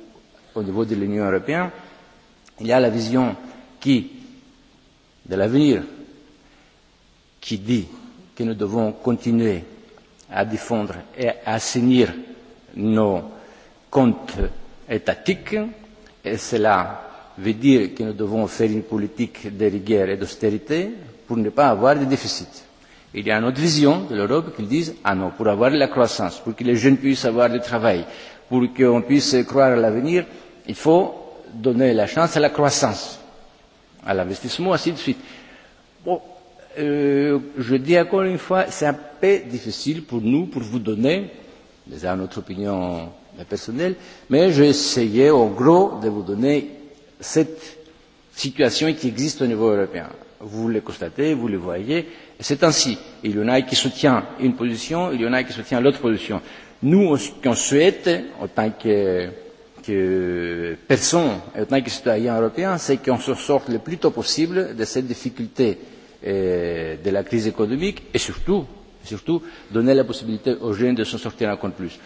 au niveau de l'Union européenne, il y a la vision qui, de l'avenir, qui dit que nous devons continuer à défendre et à assainir nos comptes étatique et cela veut dire que nous devons faire une politique de rigueur et d'austérité pour ne pas avoir de déficit. Il y a une autre vision de l'Europe qui dit Ah non, pour avoir de la croissance, pour que les jeunes puissent avoir du travail, pour qu'on puisse croire à l'avenir, il faut donner la chance à la croissance, à l'investissement, ainsi de suite. Bon, euh, je dis encore une fois, c'est un peu difficile pour nous, pour vous donner, déjà notre opinion mais personnelle, mais j'ai essayé en gros de vous donner cette situation qui existe au niveau européen. Vous le constatez, vous le voyez, et c'est ainsi. Il y en a qui soutient une position, il y en a qui soutient l'autre position. Nous, ce qu'on souhaite, en tant que, que personne, en tant que citoyen européen, c'est qu'on se sorte le plus tôt possible de cette difficulté euh, de la crise économique et surtout, surtout donner la possibilité aux jeunes de s'en sortir encore plus.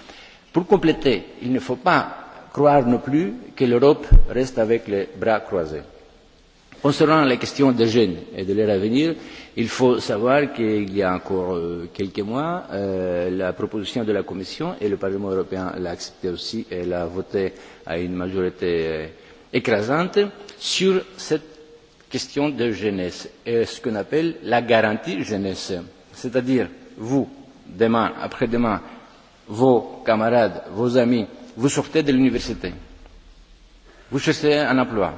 Pour compléter, il ne faut pas croire non plus que l'Europe reste avec les bras croisés. Concernant la question des jeunes et de leur avenir, il faut savoir qu'il y a encore euh, quelques mois, euh, la proposition de la Commission et le Parlement européen l'a acceptée aussi et l'a votée à une majorité euh, écrasante sur cette question de jeunesse et ce qu'on appelle la garantie jeunesse. C'est-à-dire, vous, demain, après-demain, vos camarades, vos amis, vous sortez de l'université, vous cherchez un emploi,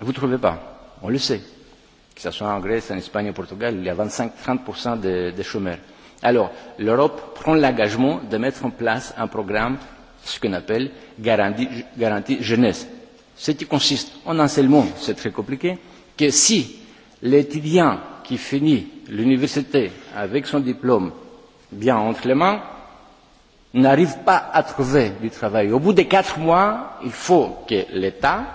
vous ne trouvez pas, on le sait, que ce soit en Grèce, en Espagne, au Portugal, il y a 25-30% de, de chômeurs. Alors, l'Europe prend l'engagement de mettre en place un programme, ce qu'on appelle garantie, garantie jeunesse. Ce qui consiste en un seul mot, c'est très compliqué, que si l'étudiant qui finit l'université avec son diplôme bien entre les mains, n'arrivent pas à trouver du travail. Au bout de quatre mois, il faut que l'État,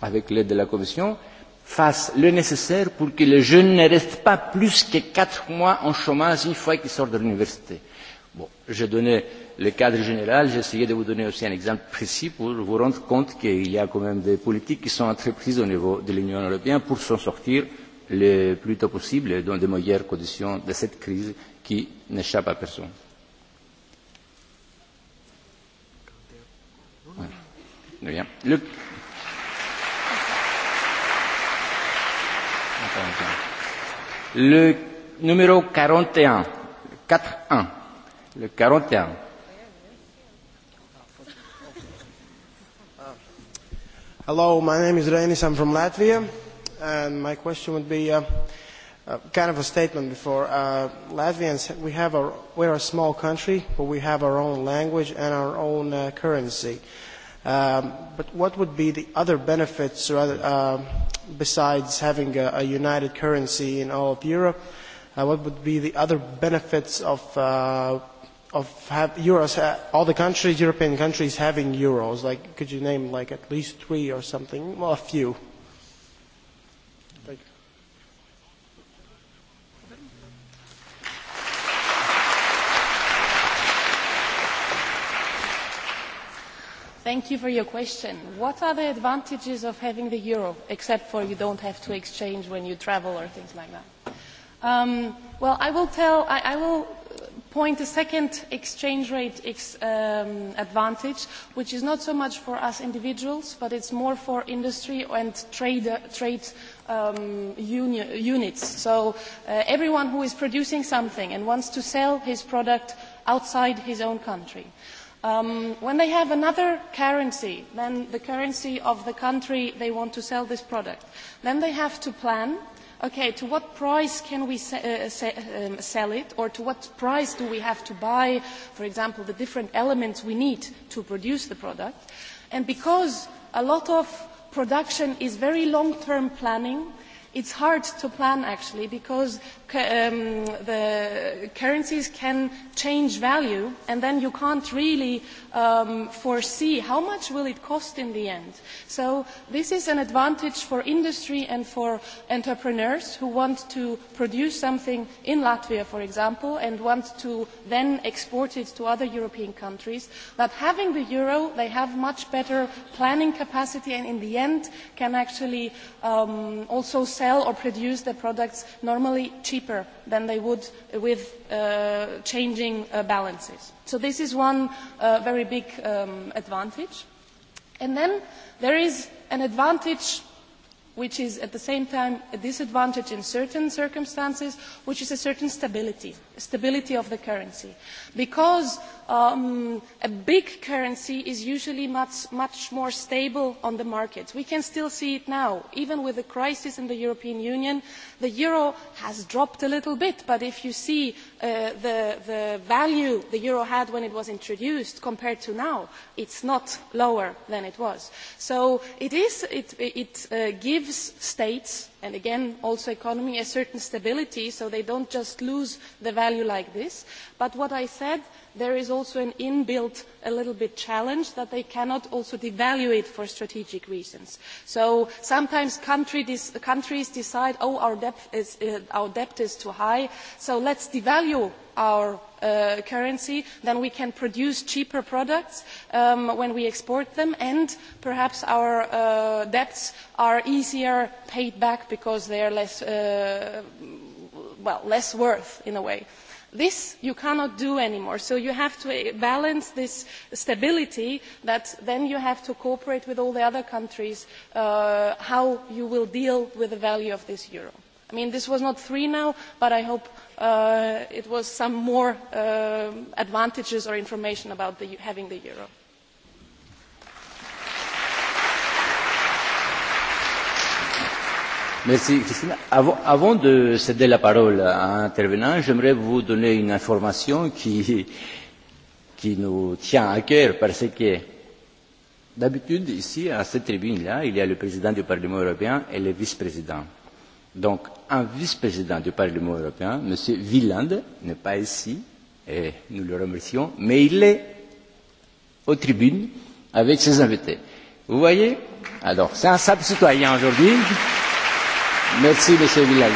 avec l'aide de la Commission, fasse le nécessaire pour que les jeunes ne restent pas plus que quatre mois en chômage une fois qu'ils sortent de l'université. Bon, j'ai donné le cadre général, j'ai essayé de vous donner aussi un exemple précis pour vous rendre compte qu'il y a quand même des politiques qui sont entreprises au niveau de l'Union européenne pour s'en sortir le plus tôt possible dans de meilleures conditions de cette crise qui n'échappe à personne. Oui. Le... le numéro 41, 4-1, le 41. Hello, my name is Renis, I'm from Latvia, and my question would be, uh, Uh, kind of a statement before. Uh, Latvians, we have our, we're a small country, but we have our own language and our own uh, currency. Um, but what would be the other benefits rather, uh, besides having a, a united currency in all of Europe? Uh, what would be the other benefits of, uh, of have euros, uh, all the countries, European countries having euros? Like, could you name like at least three or something? Well, a few. Thank you for your question. What are the advantages of having the euro, except for you don't have to exchange when you travel or things like that? Um, well, I will tell. I, I will point a second exchange rate ex, um, advantage, which is not so much for us individuals, but it's more for industry and trade, trade um, union, units. So uh, everyone who is producing something and wants to sell his product outside his own country. Um, when they have another currency than the currency of the country they want to sell this product, then they have to plan, okay, to what price can we uh, um, sell it, or to what price do we have to buy, for example, the different elements we need to produce the product. And because a lot of production is very long-term planning, it's hard to plan actually because um, the currencies can change value, and then you can't really um, foresee how much will it cost in the end. So this is an advantage for industry and for entrepreneurs who want to produce something in Latvia, for example, and want to then export it to other European countries. That having the euro, they have much better planning capacity, and in the end can actually um, also sell or produce the products normally cheaper cheaper than they would with uh, changing uh, balances. So this is one uh, very big um, advantage. And then there is an advantage which is at the same time a disadvantage in certain circumstances, which is a certain stability, stability of the currency. Because Um, a big currency is usually much, more stable on the market. We can still see it now. Even with the crisis in the European Union, the euro has dropped a little bit, but if you see uh, the, value the euro had when it was introduced compared to now, it is not lower than it was. So it, uh, gives states and again also the economy a certain stability so they do not just lose their value like this but as i said there is also an inbuilt a little bit challenge that they cannot also devalue it for strategic reasons. So sometimes countries decide, oh, our debt is, uh, too high, so let us devalue our uh, currency, then we can produce cheaper products um, when we export them, and perhaps our uh, debts are easier paid back because they are less, uh, well, less worth in a way. This you cannot do anymore, so you have to uh, balance this stability that then you have to cooperate with all the other countries uh, how you will deal with the value of this euro. I mean, this was not three now, but I hope uh, it was some more uh, advantages or information about the, having the euro. Merci Christine. Avant, avant de céder la parole à un intervenant, j'aimerais vous donner une information qui, qui nous tient à cœur parce que d'habitude ici, à cette tribune-là, il y a le président du Parlement européen et le vice-président. Donc, un vice-président du Parlement européen, M. Wieland, n'est pas ici, et nous le remercions, mais il est aux tribunes avec ses invités. Vous voyez Alors, c'est un simple citoyen aujourd'hui. Merci, M. Wieland.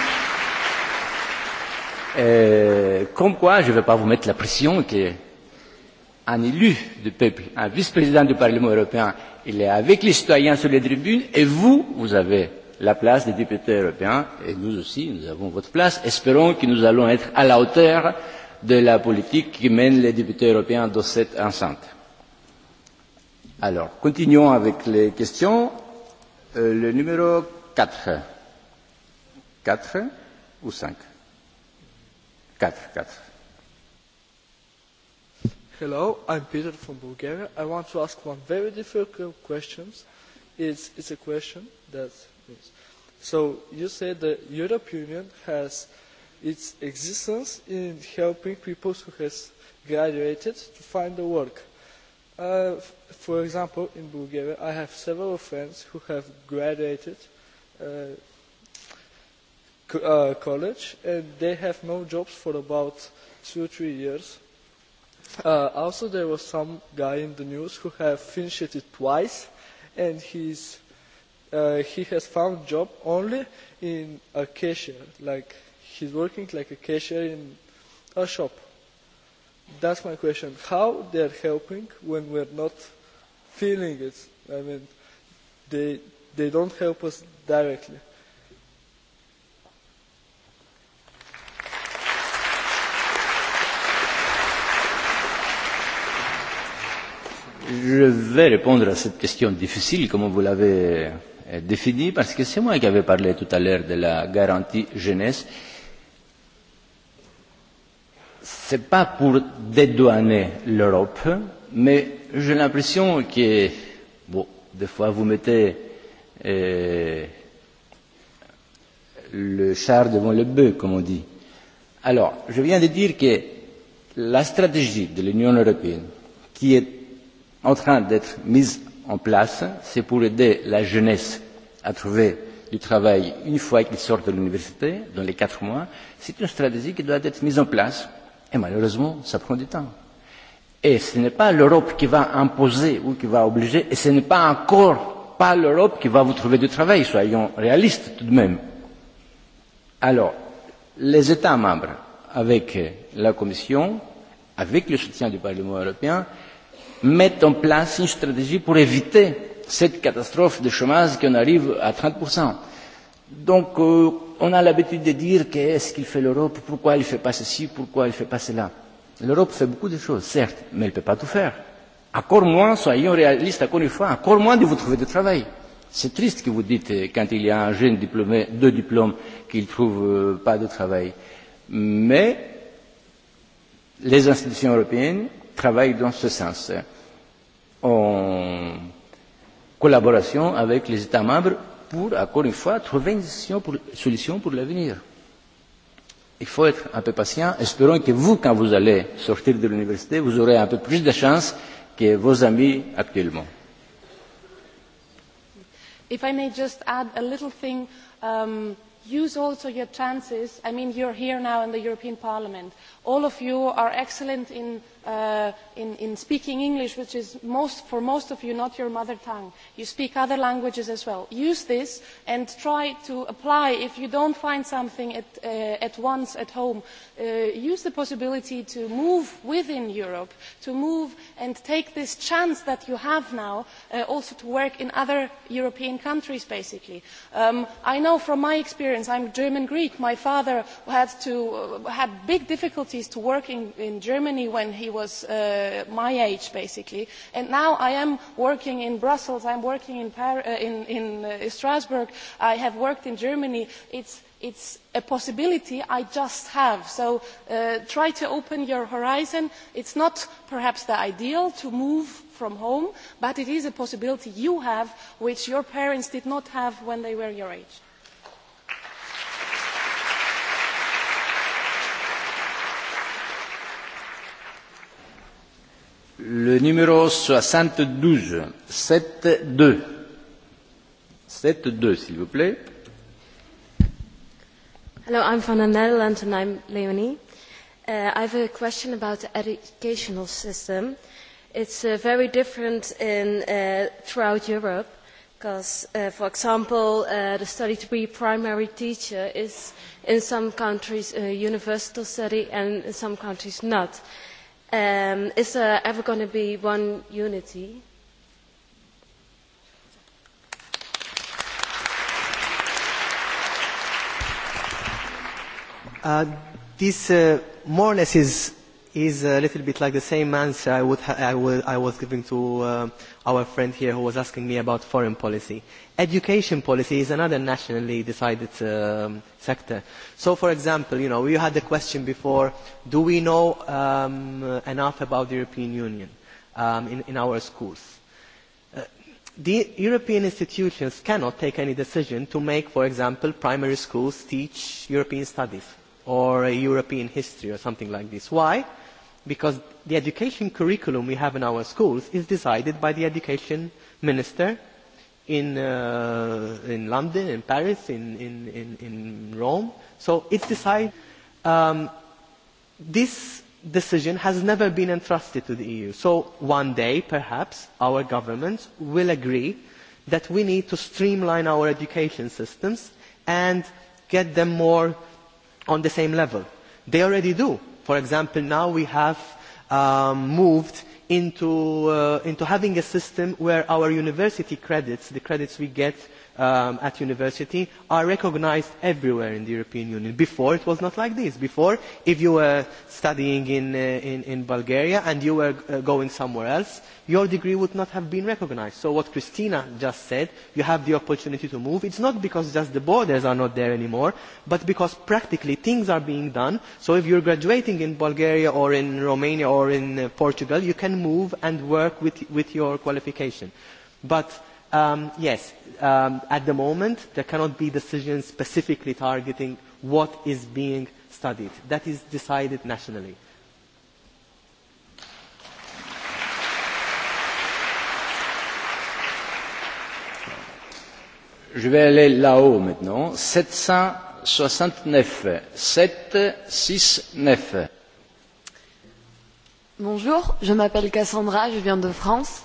Euh, comme quoi, je ne vais pas vous mettre la pression qu'un élu du peuple, un vice-président du Parlement européen, il est avec les citoyens sur les tribunes, et vous, vous avez la place des députés européens et nous aussi, nous avons votre place. Espérons que nous allons être à la hauteur de la politique qui mènent les députés européens dans cette enceinte. Alors, continuons avec les questions. Euh, le numéro 4. 4 ou 5 4, 4. Hello, I'm Peter from Bulgaria. I want to ask one very difficult question. It's, it's a question that So you say the European Union has its existence in helping people who has graduated to find a work. Uh, for example, in Bulgaria, I have several friends who have graduated uh, uh, college and they have no jobs for about two or three years. Uh, also, there was some guy in the news who have finished it twice and he's uh, he has found job only in a cashier, like he's working like a cashier in a shop. That's my question. How they're helping when we're not feeling it? I mean, they they don't help us directly. Je vais répondre à cette question difficile, comme vous l'avez défini parce que c'est moi qui avais parlé tout à l'heure de la garantie jeunesse. Ce n'est pas pour dédouaner l'Europe, mais j'ai l'impression que, bon, des fois vous mettez euh, le char devant le bœuf, comme on dit. Alors, je viens de dire que la stratégie de l'Union européenne, qui est en train d'être mise en place, c'est pour aider la jeunesse à trouver du travail une fois qu'ils sortent de l'université, dans les quatre mois, c'est une stratégie qui doit être mise en place. Et malheureusement, ça prend du temps. Et ce n'est pas l'Europe qui va imposer ou qui va obliger, et ce n'est pas encore pas l'Europe qui va vous trouver du travail, soyons réalistes tout de même. Alors, les États membres, avec la Commission, avec le soutien du Parlement européen, mettent en place une stratégie pour éviter cette catastrophe de chômage qu'on arrive à 30%. Donc, euh, on a l'habitude de dire qu'est-ce qu'il fait l'Europe, pourquoi elle ne fait pas ceci, pourquoi elle ne fait pas cela. L'Europe fait beaucoup de choses, certes, mais elle ne peut pas tout faire. Encore moins, soyons réalistes encore une fois, encore moins de vous trouver du travail. C'est triste que vous dites, euh, quand il y a un jeune diplômé, deux diplômes, qu'il ne trouve euh, pas de travail. Mais les institutions européennes travaille dans ce sens, en collaboration avec les États membres pour, encore une fois, trouver une solution pour, solution pour l'avenir. Il faut être un peu patient. Espérons que vous, quand vous allez sortir de l'université, vous aurez un peu plus de chance que vos amis actuellement. If I may just add a little thing, um, use also your chances. I mean, you're here now in the European Parliament all of you are excellent in, uh, speaking english which is for most of you not your mother tongue. you speak other languages as well. use this and try to apply if you do not find something uh, at, once at home. Uh, use the possibility to move within europe to move and take this chance that you have now also to work in other european countries basically. Um, i know from my experience i am german greek my father had big difficulties opportunities to work in, Germany when he was uh, my age, basically. And now I am working in Brussels, i am working in, uh, uh, Strasbourg, I have worked in Germany. it is a possibility I just have. So try to open your horizon. it is not perhaps the ideal to move from home, but it is a possibility you have which your parents did not have when they were your age. le numéro 72, 7-2. 7-2, s'il vous plaît. Hello, I'm from the Netherlands and I'm Leonie. Uh, I have a question about the educational system. It's uh, very different in, uh, throughout Europe because, uh, for example, uh, the study to be primary teacher is in some countries a universal study and in some countries not. Uh, Um, is there ever going to be one unity? Uh, this uh, more or less is, is a little bit like the same answer I, would ha- I, w- I was giving to uh, our friend here who was asking me about foreign policy. Education policy is another nationally decided um, sector. So, for example, you know, we had the question before, do we know um, enough about the European Union um, in, in our schools? Uh, the European institutions cannot take any decision to make, for example, primary schools teach European studies or European history or something like this. Why? because the education curriculum we have in our schools is decided by the education minister in, uh, in London, in Paris, in, in, in, in Rome. So it's decided. Um, this decision has never been entrusted to the EU. So one day, perhaps, our governments will agree that we need to streamline our education systems and get them more on the same level. They already do For example, now we have um, moved into, uh, into having a system where our university credits, the credits we get um, at university are recognised everywhere in the European Union. Before it was not like this. Before, if you were studying in, uh, in, in Bulgaria and you were uh, going somewhere else, your degree would not have been recognised. So what Christina just said, you have the opportunity to move. It's not because just the borders are not there anymore, but because practically things are being done. So if you're graduating in Bulgaria or in Romania or in uh, Portugal, you can move and work with, with your qualification. But Um, yes, um, at the moment there cannot be decisions specifically targeting what is being studied. That is decided nationally. Je vais aller là-haut maintenant. 769. 769. Bonjour, je m'appelle Cassandra, je viens de France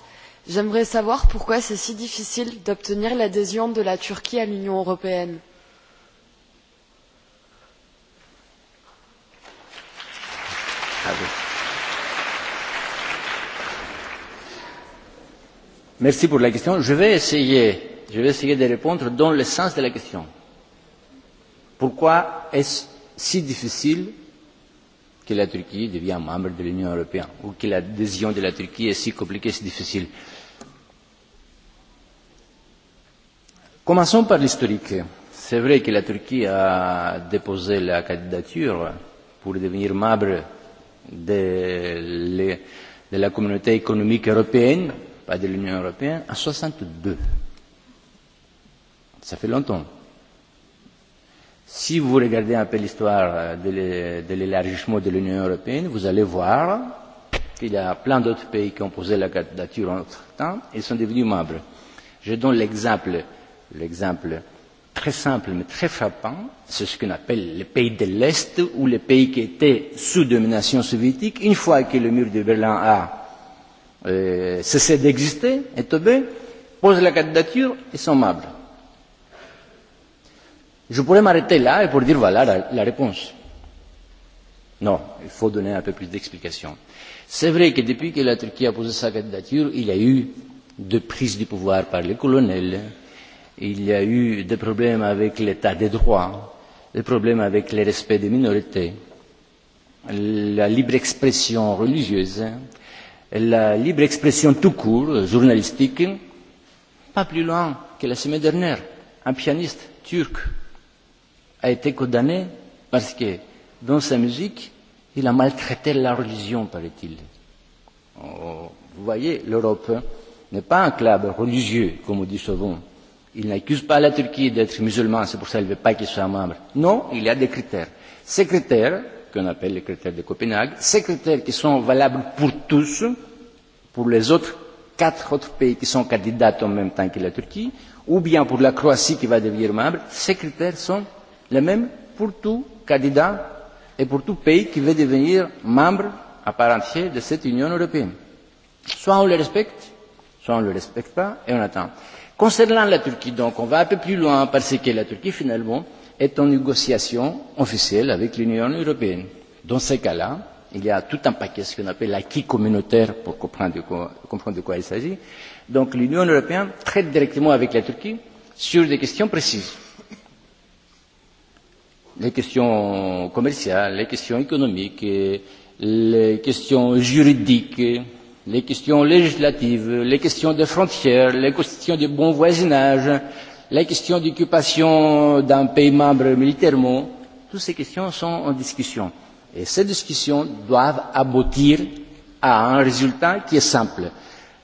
j'aimerais savoir pourquoi c'est si difficile d'obtenir l'adhésion de la turquie à l'union européenne. Ah merci pour la question. je vais essayer, je vais essayer de répondre dans le sens de la question. pourquoi est ce si difficile que la Turquie devienne membre de l'Union européenne ou que l'adhésion de la Turquie est si compliquée, et si difficile. Commençons par l'historique. C'est vrai que la Turquie a déposé la candidature pour devenir membre de, de la communauté économique européenne, pas de l'Union européenne, en 62. Ça fait longtemps. Si vous regardez un peu l'histoire de l'élargissement de l'Union européenne, vous allez voir qu'il y a plein d'autres pays qui ont posé la candidature entre-temps et sont devenus membres. Je donne l'exemple euh, L'exemple très simple mais très frappant, c'est ce qu'on appelle les pays de l'Est ou les pays qui étaient sous domination soviétique. Une fois que le mur de Berlin a euh, cessé d'exister, est tombé, pose la candidature et sont membres. Je pourrais m'arrêter là et pour dire voilà la, la réponse. Non, il faut donner un peu plus d'explications. C'est vrai que depuis que la Turquie a posé sa candidature, il y a eu de prises du pouvoir par les colonels, il y a eu des problèmes avec l'état des droits, des problèmes avec le respect des minorités, la libre expression religieuse, la libre expression tout court, journalistique, pas plus loin que la semaine dernière, un pianiste turc a été condamné parce que dans sa musique, il a maltraité la religion, paraît-il. Oh, vous voyez, l'Europe n'est pas un club religieux, comme on dit souvent Il n'accuse pas la Turquie d'être musulmane, c'est pour ça qu'il ne veut pas qu'il soit membre. Non, il y a des critères. Ces critères, qu'on appelle les critères de Copenhague, ces critères qui sont valables pour tous, pour les autres quatre autres pays qui sont candidats en même temps que la Turquie, ou bien pour la Croatie qui va devenir membre, ces critères sont les mêmes pour tout candidat et pour tout pays qui veut devenir membre à part entière de cette Union européenne. Soit on le respecte, soit on ne le respecte pas et on attend. Concernant la Turquie, donc, on va un peu plus loin parce que la Turquie, finalement, est en négociation officielle avec l'Union européenne. Dans ces cas-là, il y a tout un paquet, ce qu'on appelle l'acquis communautaire, pour comprendre de quoi, comprendre de quoi il s'agit. Donc l'Union européenne traite directement avec la Turquie sur des questions précises. Les questions commerciales, les questions économiques, les questions juridiques, les questions législatives, les questions des frontières, les questions du bon voisinage, les questions d'occupation d'un pays membre militairement, toutes ces questions sont en discussion. Et ces discussions doivent aboutir à un résultat qui est simple.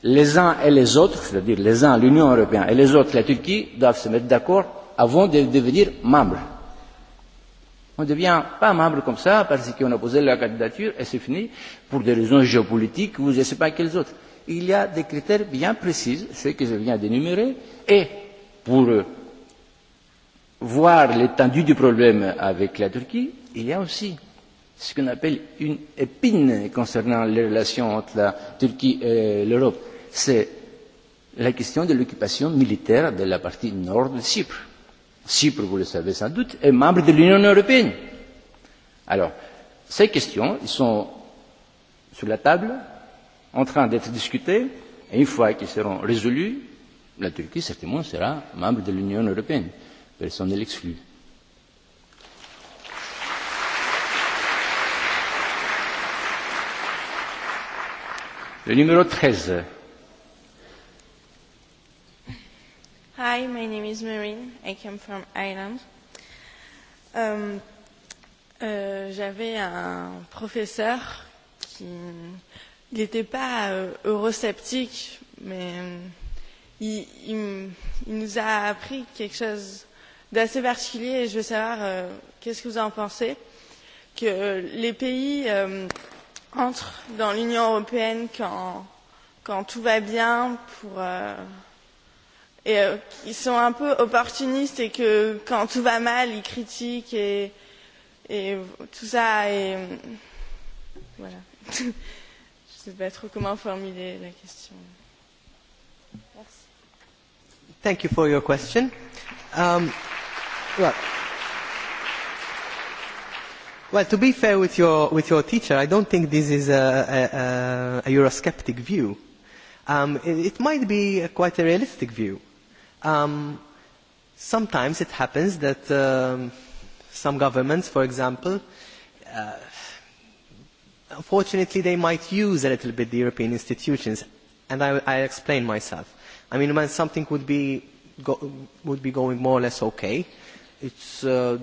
Les uns et les autres, c'est-à-dire les uns l'Union européenne et les autres la Turquie, doivent se mettre d'accord avant de devenir membres. On devient pas membre comme ça parce qu'on a posé la candidature et c'est fini pour des raisons géopolitiques ou je ne sais pas quelles autres. Il y a des critères bien précis, ceux que je viens d'énumérer, et pour euh, voir l'étendue du problème avec la Turquie, il y a aussi ce qu'on appelle une épine concernant les relations entre la Turquie et l'Europe. C'est la question de l'occupation militaire de la partie nord de Chypre Chypre, vous le savez sans doute, est membre de l'Union européenne. Alors, ces questions ils sont sur la table, en train d'être discutées, et une fois qu'elles seront résolues, la Turquie certainement sera membre de l'Union européenne. Personne ne l'exclut. Le numéro 13. Hi, my name is Marine. I come from Ireland. Um, euh, J'avais un professeur qui n'était pas euh, eurosceptique, mais euh, il, il, il nous a appris quelque chose d'assez particulier et je veux savoir euh, qu'est-ce que vous en pensez que les pays euh, entrent dans l'Union européenne quand, quand tout va bien pour. Euh, et euh, qui sont un peu opportunistes et que quand tout va mal, ils critiquent et, et tout ça. Et voilà. Je ne sais pas trop comment formuler la question. Merci. Thank you for your question. Um, well, well, to be fair with your, with your teacher, I don't think this is a, a, a Eurosceptic view. Um, it, it might be a quite a realistic view Um, sometimes it happens that um, some governments, for example, uh, unfortunately they might use a little bit the European institutions, and I, I explain myself. I mean, when something would be, go, would be going more or less okay, it's, uh,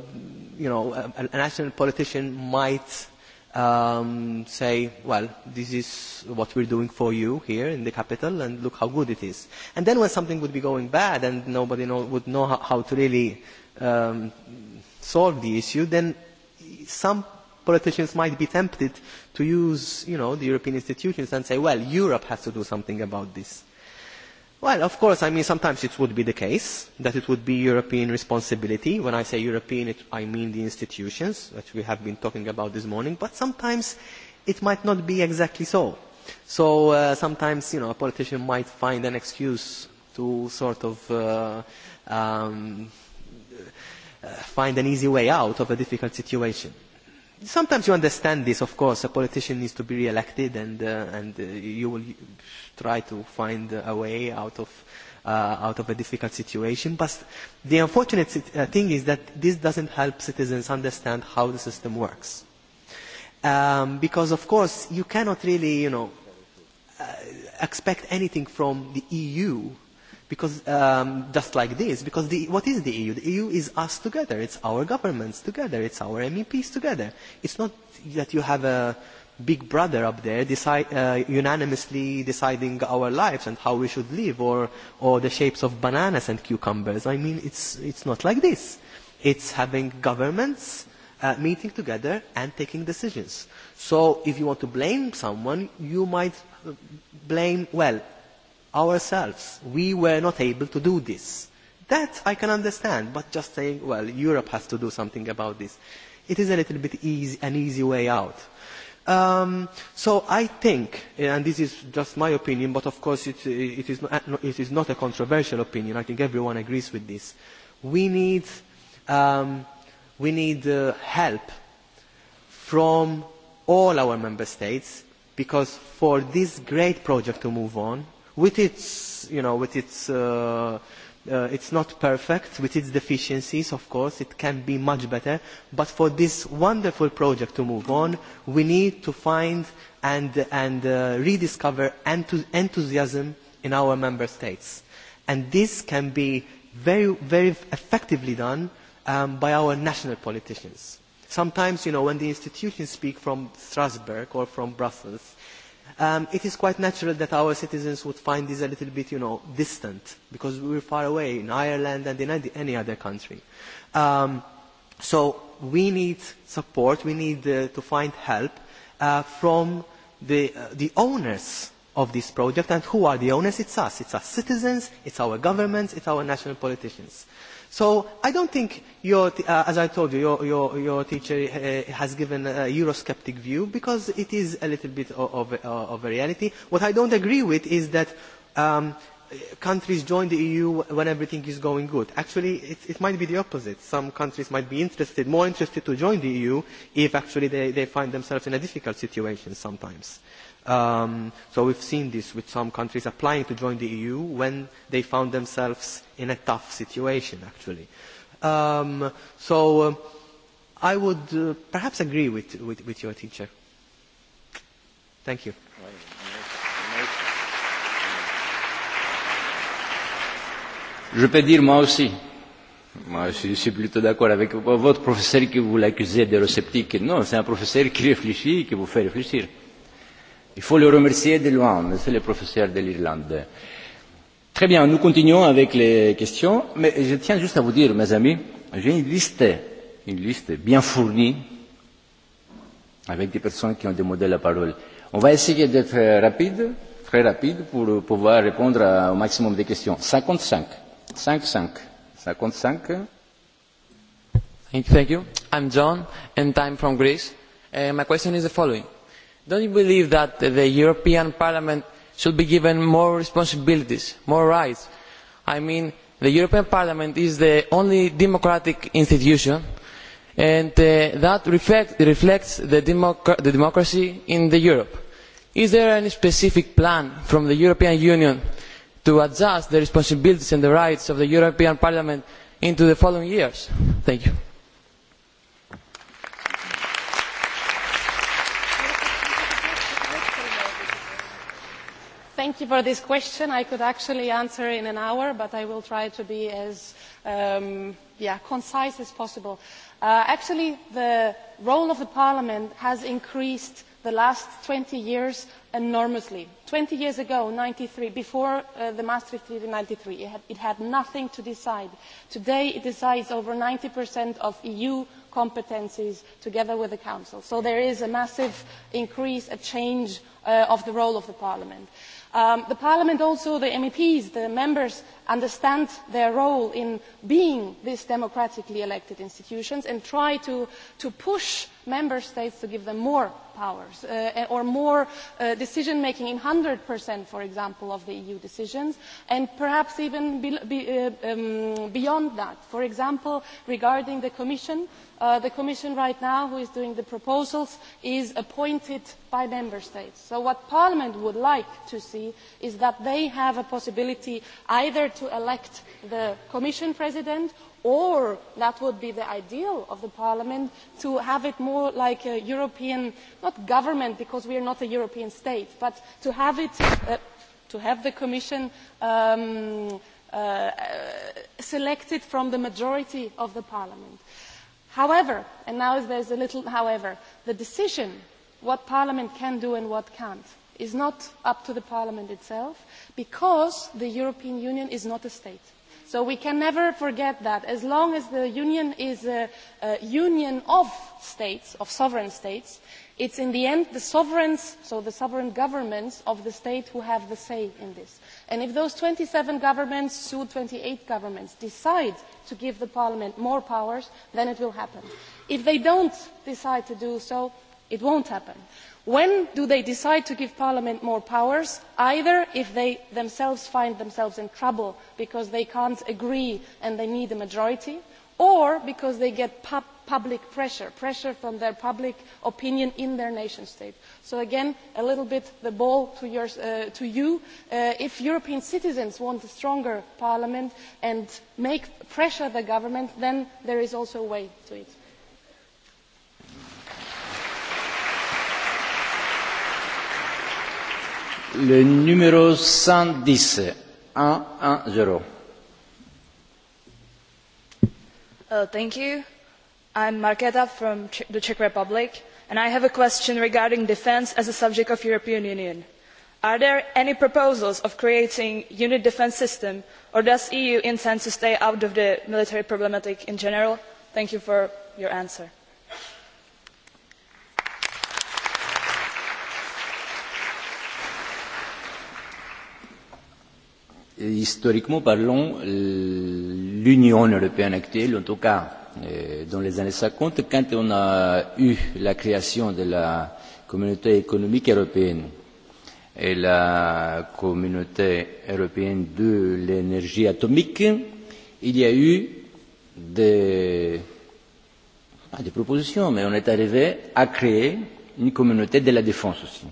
you know, a, a national politician might um, say, well, this is what we're doing for you here in the capital, and look how good it is. And then when something would be going bad and nobody know, would know how, how to really um, solve the issue, then some politicians might be tempted to use, you know, the European institutions and say, well, Europe has to do something about this Well, of course, I mean, sometimes it would be the case that it would be European responsibility. When I say European, it, I mean the institutions that we have been talking about this morning, but sometimes it might not be exactly so. So uh, sometimes, you know, a politician might find an excuse to sort of uh, um, uh, find an easy way out of a difficult situation sometimes you understand this, of course. A politician needs to be re-elected, and uh, and uh, you will try to find a way out of uh, out of a difficult situation. But the unfortunate uh, thing is that this doesn't help citizens understand how the system works, um, because of course you cannot really, you know, uh, expect anything from the EU because um, just like this, because the, what is the EU? The EU is us together. It's our governments together. It's our MEPs together. It's not that you have a big brother up there decide, uh, unanimously deciding our lives and how we should live or, or the shapes of bananas and cucumbers. I mean, it's, it's not like this. It's having governments uh, meeting together and taking decisions. So if you want to blame someone, you might uh, blame, well, ourselves. We were not able to do this. That I can understand, but just saying, well, Europe has to do something about this. It is a little bit easy, an easy way out. Um, so I think, and this is just my opinion, but of course it, it, is not, uh, no, it is not a controversial opinion. I think everyone agrees with this. We need, um, we need uh, help from all our member states because for this great project to move on, with its, you know, with its, uh, uh, it's not perfect, with its deficiencies, of course, it can be much better. But for this wonderful project to move on, we need to find and, and uh, rediscover enthusiasm in our member states. And this can be very, very effectively done um, by our national politicians. Sometimes, you know, when the institutions speak from Strasbourg or from Brussels, Um, it is quite natural that our citizens would find this a little bit, you know, distant because we are far away in Ireland and in any other country. Um, so we need support, we need uh, to find help uh, from the, uh, the owners of this project. And who are the owners? It's us. It's our citizens, it's our governments, it's our national politicians. So I don't think, your, uh, as I told you, your, your, your teacher uh, has given a Eurosceptic view because it is a little bit of, of, of a reality. What I don't agree with is that um, countries join the EU when everything is going good. Actually, it, it might be the opposite. Some countries might be interested, more interested to join the EU if actually they, they find themselves in a difficult situation sometimes. Uh, Um, so we've seen this with some countries applying to join the EU when they found themselves in a tough situation, actually. Um, so um, I would uh, perhaps agree with, with, with your teacher. Thank you. Je peux dire moi aussi. Moi, je suis plutôt d'accord avec votre professeur que vous l'accusez d'héérosceptique. Non, c'est un professeur qui réfléchit, et qui vous fait réfléchir. Il faut le remercier de loin, monsieur le professeur de l'Irlande. Très bien, nous continuons avec les questions, mais je tiens juste à vous dire, mes amis, j'ai une liste, une liste bien fournie avec des personnes qui ont demandé la parole. On va essayer d'être rapide, très rapide, pour pouvoir répondre à, au maximum des questions. 55. 55. 55. Thank you. I'm John, and I'm from Greece. Uh, my question is the following do you believe that the european parliament should be given more responsibilities more rights? i mean the european parliament is the only democratic institution and uh, that reflects the, democracy in europe. is there any specific plan from the european union to adjust the responsibilities and the rights of the european parliament in the following years? thank you for this question. I could actually answer in an hour, but I will try to be as um, yeah, concise as possible. Uh, actually, the role of the Parliament has increased the last 20 years enormously. 20 years ago, 93, before uh, the Maastricht Treaty 93, it had, it had nothing to decide. Today, it decides over 90% of EU competencies together with the council. so there is a massive increase a change uh, of the role of the parliament. Um, the parliament also the meps the members understand their role in being these democratically elected institutions and try to, to push member states to give them more powers uh, or more uh, decision making in 100% for example of the EU decisions and perhaps even be, be, uh, um, beyond that for example regarding the commission uh, the commission right now who is doing the proposals is appointed by member states so what parliament would like to see is that they have a possibility either to elect the commission president or that would be the ideal of the parliament to have it more like a european not government because we are not a european state but to have it uh, to have the commission um, uh, selected from the majority of the parliament however and now there is a little however the decision what parliament can do and what can't is not up to the parliament itself because the European Union is not a state. So we can never forget that. As long as the Union is a, union of states, of sovereign states, it is in the end the sovereigns, so the sovereign governments of the state who have the say in this. And if those twenty seven governments, twenty eight governments, decide to give the parliament more powers, then it will happen. If they do not decide to do so, it will not happen when do they decide to give parliament more powers? either if they themselves find themselves in trouble because they cannot agree and they need a majority or because they get public pressure pressure from their public opinion in their nation state. so again a little bit the ball to, your, uh, you uh, if european citizens want a stronger parliament and make pressure the government then there is also a way to it. le numéro 110. 1, Uh, thank you. I'm Marketa from Ch the Czech Republic, and I have a question regarding defense as a subject of European Union. Are there any proposals of creating unit defense system, or does EU intend to stay out of the military problematic in general? Thank you for your answer. Historiquement parlant, l'Union européenne actuelle, en tout cas euh, dans les années 50, quand on a eu la création de la communauté économique européenne et la communauté européenne de l'énergie atomique, il y a eu des, pas des propositions, mais on est arrivé à créer une communauté de la défense aussi,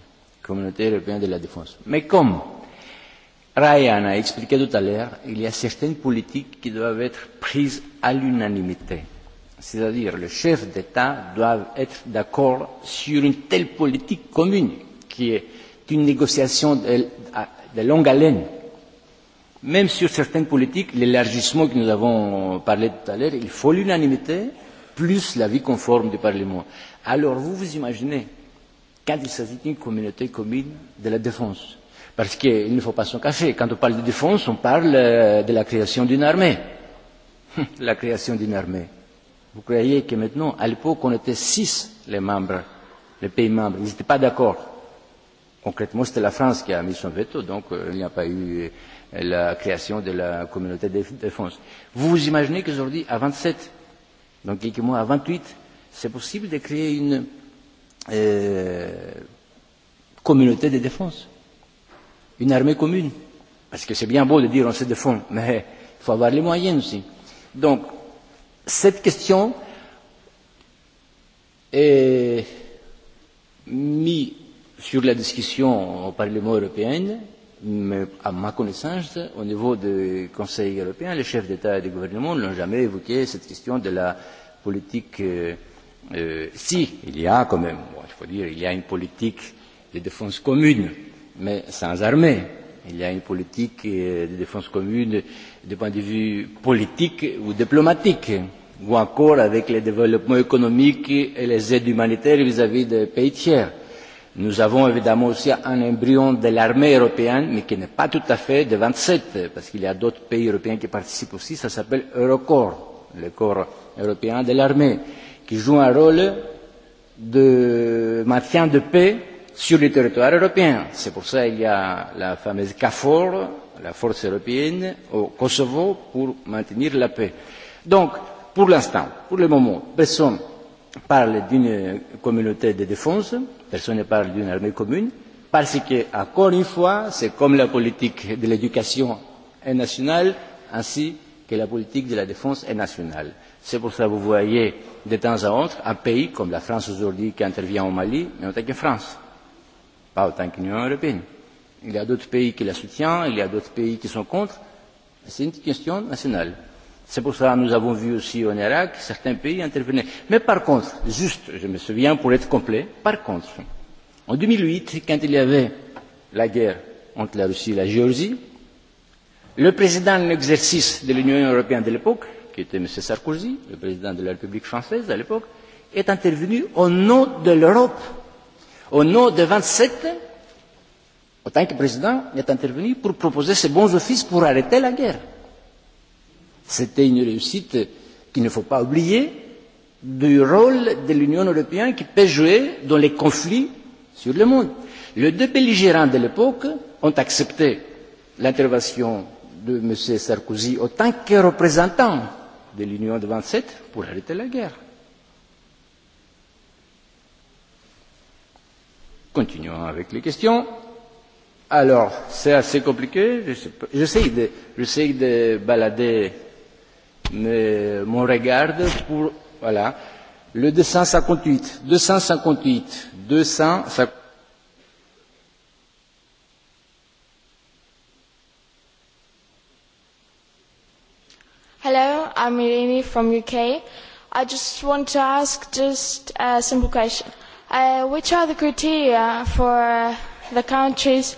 communauté européenne de la défense. Mais comment Ryan a expliqué tout à l'heure, il y a certaines politiques qui doivent être prises à l'unanimité. C'est-à-dire les chefs d'État doivent être d'accord sur une telle politique commune qui est une négociation de, de longue haleine. Même sur certaines politiques, l'élargissement que nous avons parlé tout à l'heure, il faut l'unanimité plus l'avis conforme du Parlement. Alors vous vous imaginez, quand il s'agit d'une communauté commune de la défense, Parce qu'il ne faut pas s'en cacher. Quand on parle de défense, on parle euh, de la création d'une armée. la création d'une armée. Vous croyez que maintenant, à l'époque, on était six les membres, les pays membres. Ils n'étaient pas d'accord. Concrètement, c'était la France qui a mis son veto, donc euh, il n'y a pas eu euh, la création de la communauté de défense. Vous vous imaginez qu'aujourd'hui, à 27, donc quelques mois à 28, c'est possible de créer une euh, communauté de défense une armée commune. Parce que c'est bien beau de dire on se défend, mais il faut avoir les moyens aussi. Donc, cette question est mise sur la discussion au Parlement européen, mais à ma connaissance, au niveau du Conseil européen, les chefs d'État et de gouvernement n'ont jamais évoqué cette question de la politique. Euh, euh, si, il y a quand même, bon, il faut dire, il y a une politique de défense commune mais sans armée. Il y a une politique euh, de défense commune du point de vue politique ou diplomatique, ou encore avec le développement économique et les aides humanitaires vis-à-vis -vis des pays tiers. Nous avons évidemment aussi un embryon de l'armée européenne, mais qui n'est pas tout à fait de 27, parce qu'il y a d'autres pays européens qui participent aussi. Ça s'appelle Eurocorps, le corps européen de l'armée, qui joue un rôle de maintien de paix sur le territoire européen. C'est pour ça qu'il y a la fameuse CAFOR, la force européenne au Kosovo pour maintenir la paix. Donc, pour l'instant, pour le moment, personne ne parle d'une communauté de défense, personne ne parle d'une armée commune, parce que, encore une fois, c'est comme la politique de l'éducation est nationale, ainsi que la politique de la défense est nationale. C'est pour ça que vous voyez de temps à autre un pays comme la France aujourd'hui qui intervient au Mali, mais en tant que France pas autant que l'Union européenne. Il y a d'autres pays qui la soutiennent, il y a d'autres pays qui sont contre. C'est une question nationale. C'est pour cela que nous avons vu aussi en Irak, certains pays intervenir. Mais par contre, juste, je me souviens pour être complet, par contre, en 2008, quand il y avait la guerre entre la Russie et la Géorgie, le président en exercice de l'Union européenne de l'époque, qui était M. Sarkozy, le président de la République française à l'époque, est intervenu au nom de l'Europe Au nom de 27, en tant que président, il est intervenu pour proposer ses bons offices pour arrêter la guerre. C'était une réussite qu'il ne faut pas oublier du rôle de l'Union européenne qui peut jouer dans les conflits sur le monde. Les deux belligérants de l'époque ont accepté l'intervention de M. Sarkozy en tant que représentant de l'Union de 27 pour arrêter la guerre. Continuons avec les questions. Alors, c'est assez compliqué. J'essaie de, j'essaie de balader mes, mon regard pour, voilà. Le 258, 258, 258. Hello, I'm Irini from UK. I just want to ask just a simple question Uh, which are the criteria for the countries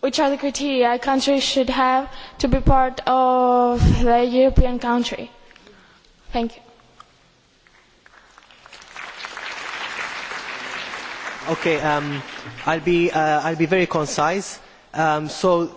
which are the criteria countries should have to be part of the European country? Thank you. Okay, um, I'll be uh, I'll be very concise. Um, so,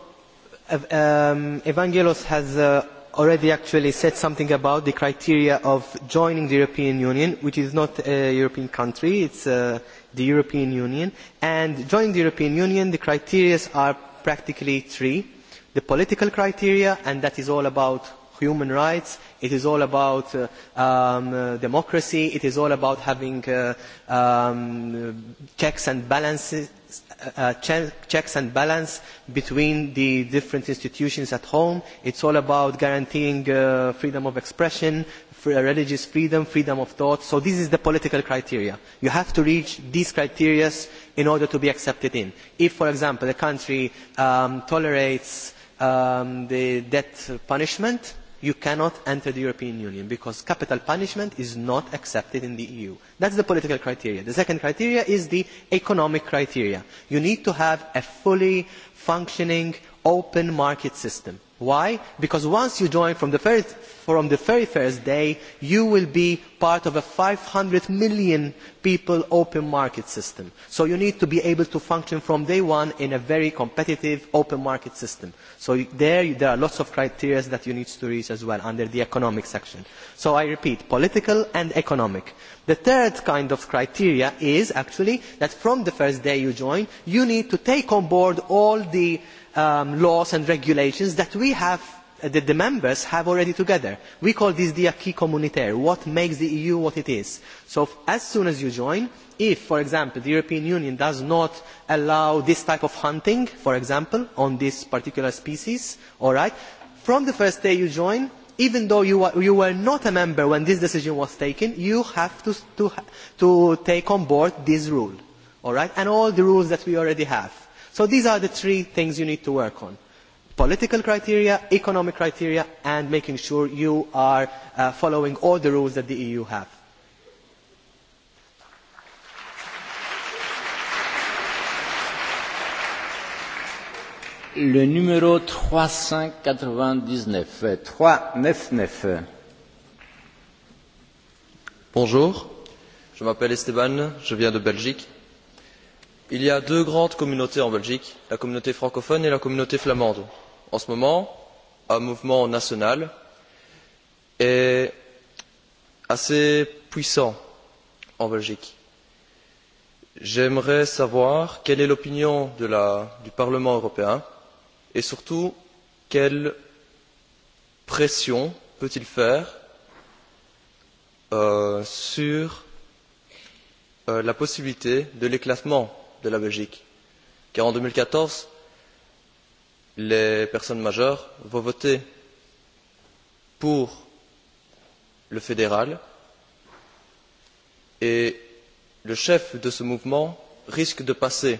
um, Evangelos has uh, already actually said something about the criteria of joining the European Union, which is not a European country, it's uh, the European Union. And joining the European Union, the criteria are practically three. The political criteria, and that is all about human rights It is all about uh, um, uh, democracy. It is all about having uh, um, checks and balances. Uh, uh check, checks and balance between the different institutions at home. It's all about guaranteeing uh, freedom of expression, religious freedom, freedom of thought. So this is the political criteria. You have to reach these criteria in order to be accepted in. If, for example, a country um, tolerates um, the death punishment, you cannot enter the European Union because capital punishment is not accepted in the EU. That's the political criteria. The second criteria is the economic criteria. You need to have a fully functioning open market system. Why? Because once you join from the first, from the very first day you will be part of a five hundred million people open market system so you need to be able to function from day one in a very competitive open market system so there, there are lots of criteria that you need to reach as well under the economic section so i repeat political and economic the third kind of criteria is actually that from the first day you join you need to take on board all the um, laws and regulations that we have Uh, that the members have already together. We call this the acquis communautaire, what makes the EU what it is. So as soon as you join, if, for example, the European Union does not allow this type of hunting, for example, on this particular species, all right, from the first day you join, even though you, are, you were not a member when this decision was taken, you have to, to, to take on board this rule, all right, and all the rules that we already have. So these are the three things you need to work on political criteria economic criteria and making sure you are uh, following all the rules that the eu has. Bonjour, je m'appelle Esteban, je viens de Belgique. Il y a deux grandes communautés en Belgique, la communauté francophone et la communauté flamande en ce moment un mouvement national est assez puissant en belgique. j'aimerais savoir quelle est l'opinion du parlement européen et surtout quelle pression peut il faire euh, sur euh, la possibilité de l'éclatement de la belgique car en deux mille quatorze les personnes majeures vont voter pour le fédéral et le chef de ce mouvement risque de passer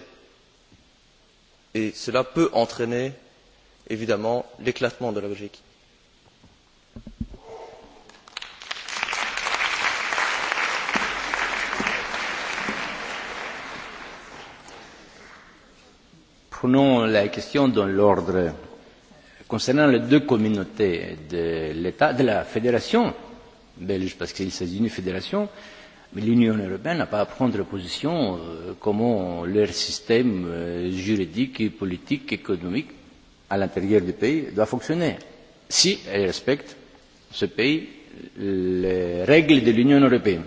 et cela peut entraîner évidemment l'éclatement de la belgique. Prenons la question dans l'ordre. Concernant les deux communautés de l'État, de la fédération belge, parce qu'il s'agit d'une fédération, mais l'Union européenne n'a pas à prendre position euh, comment leur système euh, juridique, politique, économique à l'intérieur du pays doit fonctionner, si elle respecte ce pays les règles de l'Union européenne.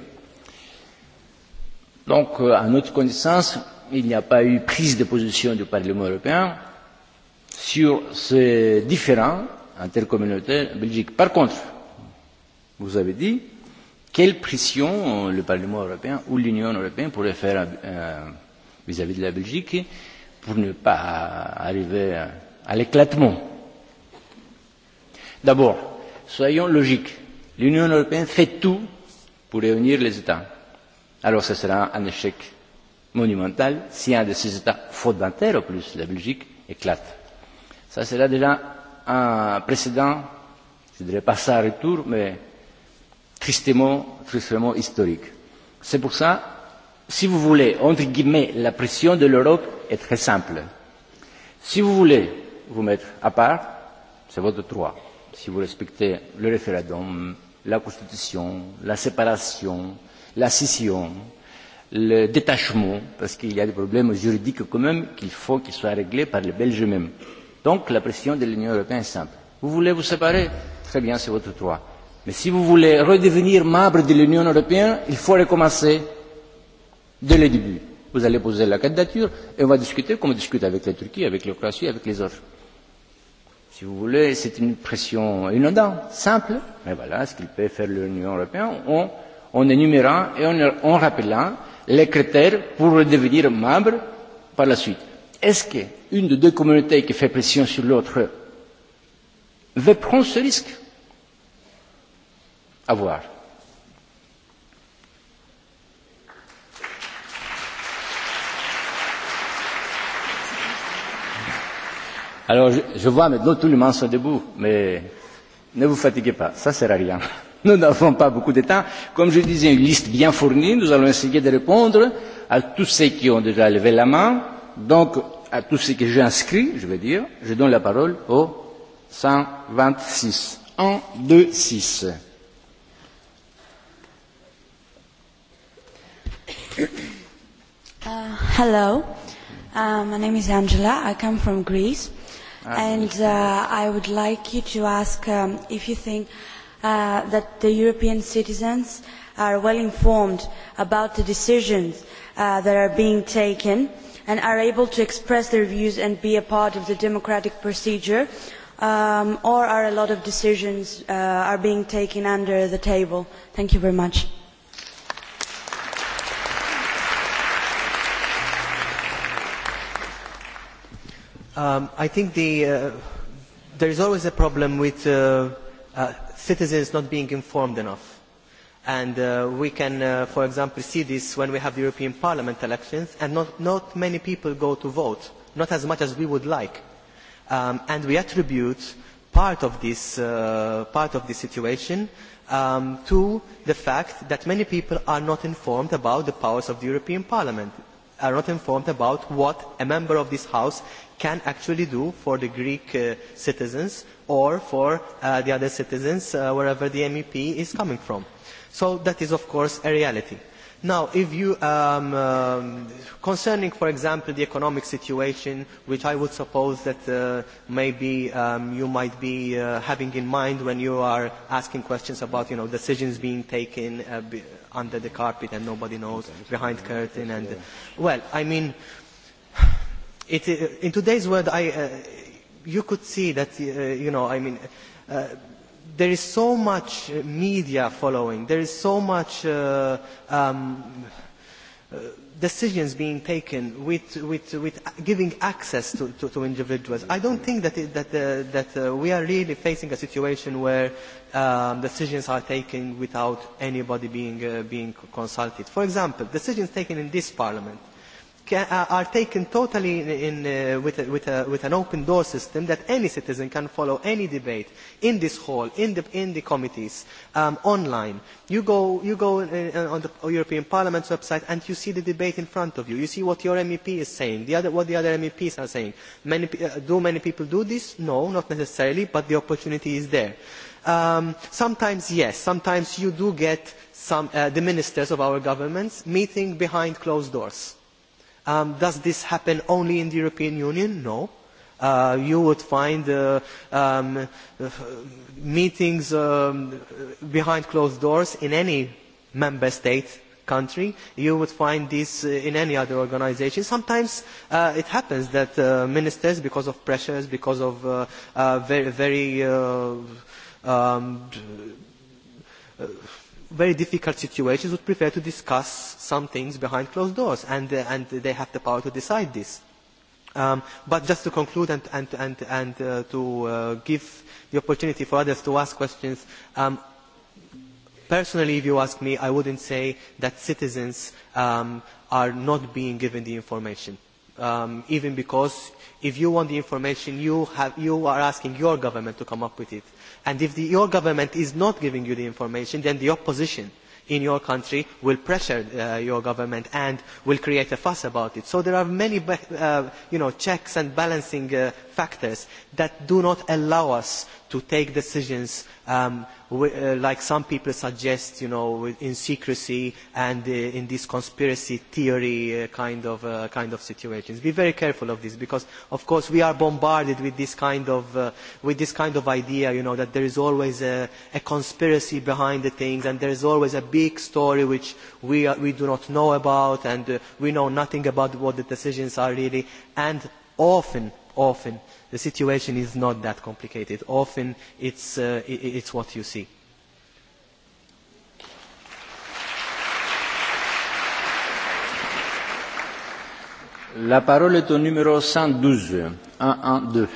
Donc, euh, à notre connaissance, il n'y a pas eu prise de position du Parlement européen sur ces différends intercommunautaires en Belgique. Par contre, vous avez dit quelle pression le Parlement européen ou l'Union européenne pourrait faire euh, vis-à-vis de la Belgique pour ne pas arriver à l'éclatement. D'abord, soyons logiques. L'Union européenne fait tout pour réunir les États. Alors ce sera un échec monumental si un de ces États faudataires en plus, la Belgique, éclate. Ça sera déjà un précédent, je ne dirais pas ça à retour, mais tristement, tristement historique. C'est pour ça, si vous voulez, entre guillemets, la pression de l'Europe est très simple. Si vous voulez vous mettre à part, c'est votre droit. Si vous respectez le référendum, la constitution, la séparation, la scission, le détachement, parce qu'il y a des problèmes juridiques quand même qu'il faut qu'ils soient réglés par les Belges eux-mêmes. Donc la pression de l'Union européenne est simple. Vous voulez vous séparer Très bien, c'est votre droit. Mais si vous voulez redevenir membre de l'Union européenne, il faut recommencer dès le début. Vous allez poser la candidature et on va discuter comme on discute avec la Turquie, avec la Croatie, avec les autres. Si vous voulez, c'est une pression inondante, simple. Mais voilà ce qu'il peut faire l'Union européenne en, en énumérant et en, en rappelant les critères pour devenir membre par la suite. Est-ce qu'une des deux communautés qui fait pression sur l'autre veut prendre ce risque À voir. Alors, je, je vois maintenant tout le monde sont debout, mais ne vous fatiguez pas, ça ne sert à rien. Nous n'avons pas beaucoup de temps. Comme je disais, une liste bien fournie. Nous allons essayer de répondre à tous ceux qui ont déjà levé la main. Donc, à tous ceux que j'ai inscrits, je veux dire, je donne la parole au 126. 1, 2, 6. Uh, hello, uh, my name is Angela. I come from Greece, ah, and uh, I would like you to ask um, if you think Uh, that the European citizens are well informed about the decisions uh, that are being taken and are able to express their views and be a part of the democratic procedure um, or are a lot of decisions uh, are being taken under the table? Thank you very much. Um, I think the, uh, there is always a problem with uh, uh, citizens not being informed enough. And uh, we can, uh, for example, see this when we have the European Parliament elections, and not, many people go to vote, not as much as we would like. Um, and we attribute part of this, uh, part of this situation um, to the fact that many people are not informed about the powers of the European Parliament, are not informed about what a member of this House can actually do for the Greek uh, citizens or for uh, the other citizens uh, wherever the MEP is coming from. So that is of course a reality. Now, if you, um, um, concerning, for example, the economic situation, which I would suppose that uh, maybe um, you might be uh, having in mind when you are asking questions about, you know, decisions being taken uh, be under the carpet and nobody knows, behind curtain, and well, I mean. Uh, in today's world, I, uh, you could see that, uh, you know, I mean, there is so much media following, there is so much uh, um, decisions being taken with, with, with giving access to, to, to individuals. I don't think that, it, that, uh, that uh, we are really facing a situation where um, decisions are taken without anybody being, uh, being consulted. For example, decisions taken in this parliament are taken totally in, uh, with, a, with, a, with an open door system that any citizen can follow any debate in this hall, in the, in the committees, um, online. You go, you go uh, on the European Parliament's website and you see the debate in front of you. You see what your MEP is saying, the other, what the other MEPs are saying. Many, uh, do many people do this? No, not necessarily, but the opportunity is there. Um, sometimes yes, sometimes you do get some, uh, the ministers of our governments meeting behind closed doors Um, does this happen only in the European Union? No. Uh, you would find uh, um, uh, meetings um, behind closed doors in any member state country. You would find this uh, in any other organisation. Sometimes uh, it happens that uh, ministers, because of pressures, because of very, very um, very difficult situations would prefer to discuss some things behind closed doors, and, uh, and they have the power to decide this. Um, but just to conclude and, and, and, and uh, to uh, give the opportunity for others to ask questions, um, personally, if you ask me, I wouldn't say that citizens um, are not being given the information. Um, even because if you want the information, you, have, you are asking your government to come up with it and if your government is not giving you the information then the opposition in your country will pressure uh, your government and will create a fuss about it. So there are many uh, you know, checks and balancing uh, factors that do not allow us to take decisions um, uh, like some people suggest, you know, in secrecy and uh, in this conspiracy theory uh, kind, of, uh, kind of situations. Be very careful of this because, of course, we are bombarded with this kind of, uh, with this kind of idea, you know, that there is always a, a conspiracy behind the things and there is always a big story which we, are, we do not know about and uh, we know nothing about what the decisions are really. And often often the situation is not that complicated. Often it's, uh, it's what you see. La parole est au numéro 112. 112.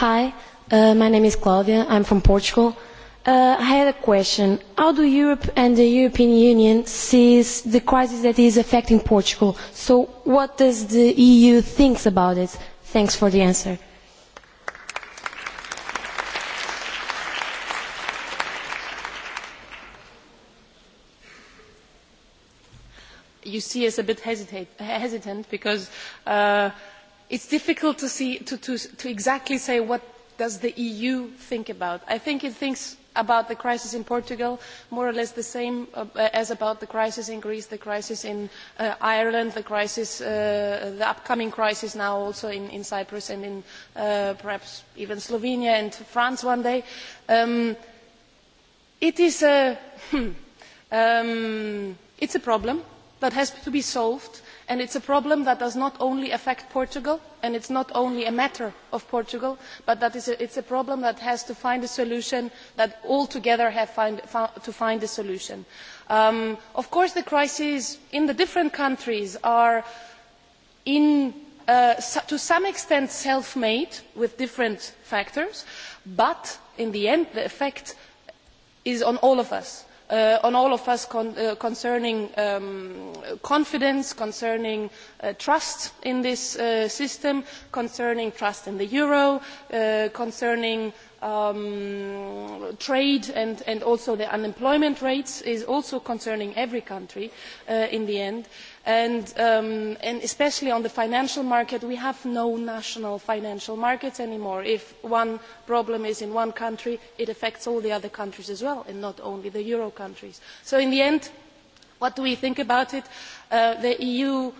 Hi, uh, my name is Claudia. I'm from Portugal Uh, I had a question. How do Europe and the European Union see the crisis that is affecting Portugal? So what does the EU think about it? Thanks for the answer. You see us a bit hesitate, hesitant because uh, it's difficult to, see, to, to, to exactly say what does the EU think about. I think it thinks about the crisis in Portugal, more or less the same uh, as about the crisis in Greece, the crisis in uh, Ireland, the crisis, uh, the upcoming crisis now also in, Cyprus and in perhaps even Slovenia and France one day. Um, it is um, a problem that has to be solved and it is a problem that does not only affect portugal and it is not only a matter of portugal but it is a problem that has to find a solution that all together have to find a solution. Um, of course the crises in the different countries are uh, to some extent self made with different factors but in the end the effect is on all of us Uh, on all of us uh, concerning um, confidence concerning uh, trust in this system concerning trust in the euro concerning um, trade and also the unemployment rates is also concerning every country in the end. Um, and, especially on the financial market we have no national financial markets anymore. if one problem is in one country it affects all the other countries as well and not only the euro countries. so in the end what do we think about it? Uh, the eu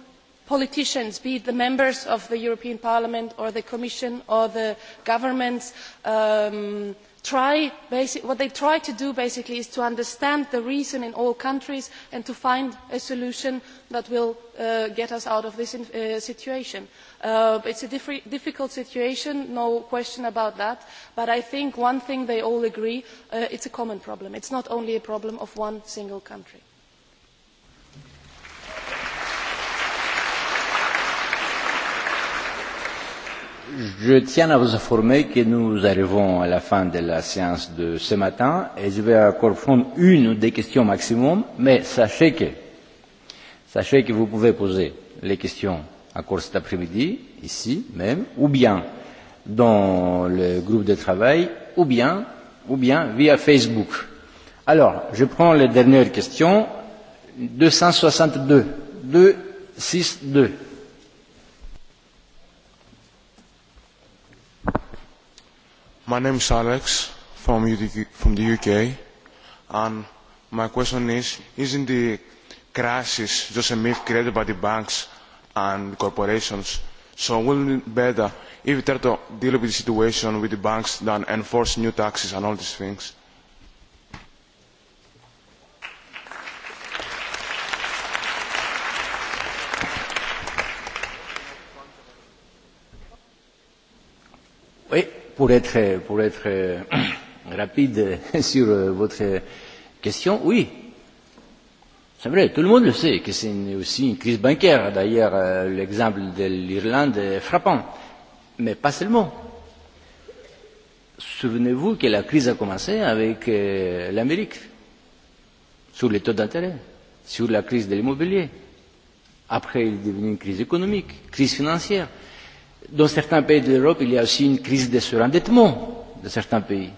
politicians be it the members of the european parliament or the commission or the governments um, what they try to do basically is to understand the reason in all countries and to find a solution that will uh, get us out of this uh, situation. Uh, it is a difficult situation, no question about that, but I think one thing they all agree, on it is a common problem. it is not only a problem of one single country. Je tiens à vous informer que nous arrivons à la fin de la séance de ce matin et je vais encore prendre une ou deux questions maximum, mais sachez que, sachez que vous pouvez poser les questions encore cet après-midi, ici même, ou bien dans le groupe de travail, ou bien, ou bien via Facebook. Alors, je prends les dernières questions. 262. 262. My name is Alex from, UK, from the UK, and my question is, isn't the crisis just a myth created by the banks and corporations? So wouldn't it be better if we try to deal with the situation with the banks than enforce new taxes and all these things? Oui pour être, pour être rapide sur euh, votre question, oui, c'est vrai, tout le monde le sait que c'est aussi une crise bancaire. D'ailleurs, euh, l'exemple de l'Irlande est frappant, mais pas seulement. Souvenez-vous que la crise a commencé avec euh, l'Amérique, sur les taux d'intérêt, sur la crise de l'immobilier. Après, il est devenu une crise économique, crise financière dans certains pays de l'Europe, il y a aussi une crise de surendettement de certains pays.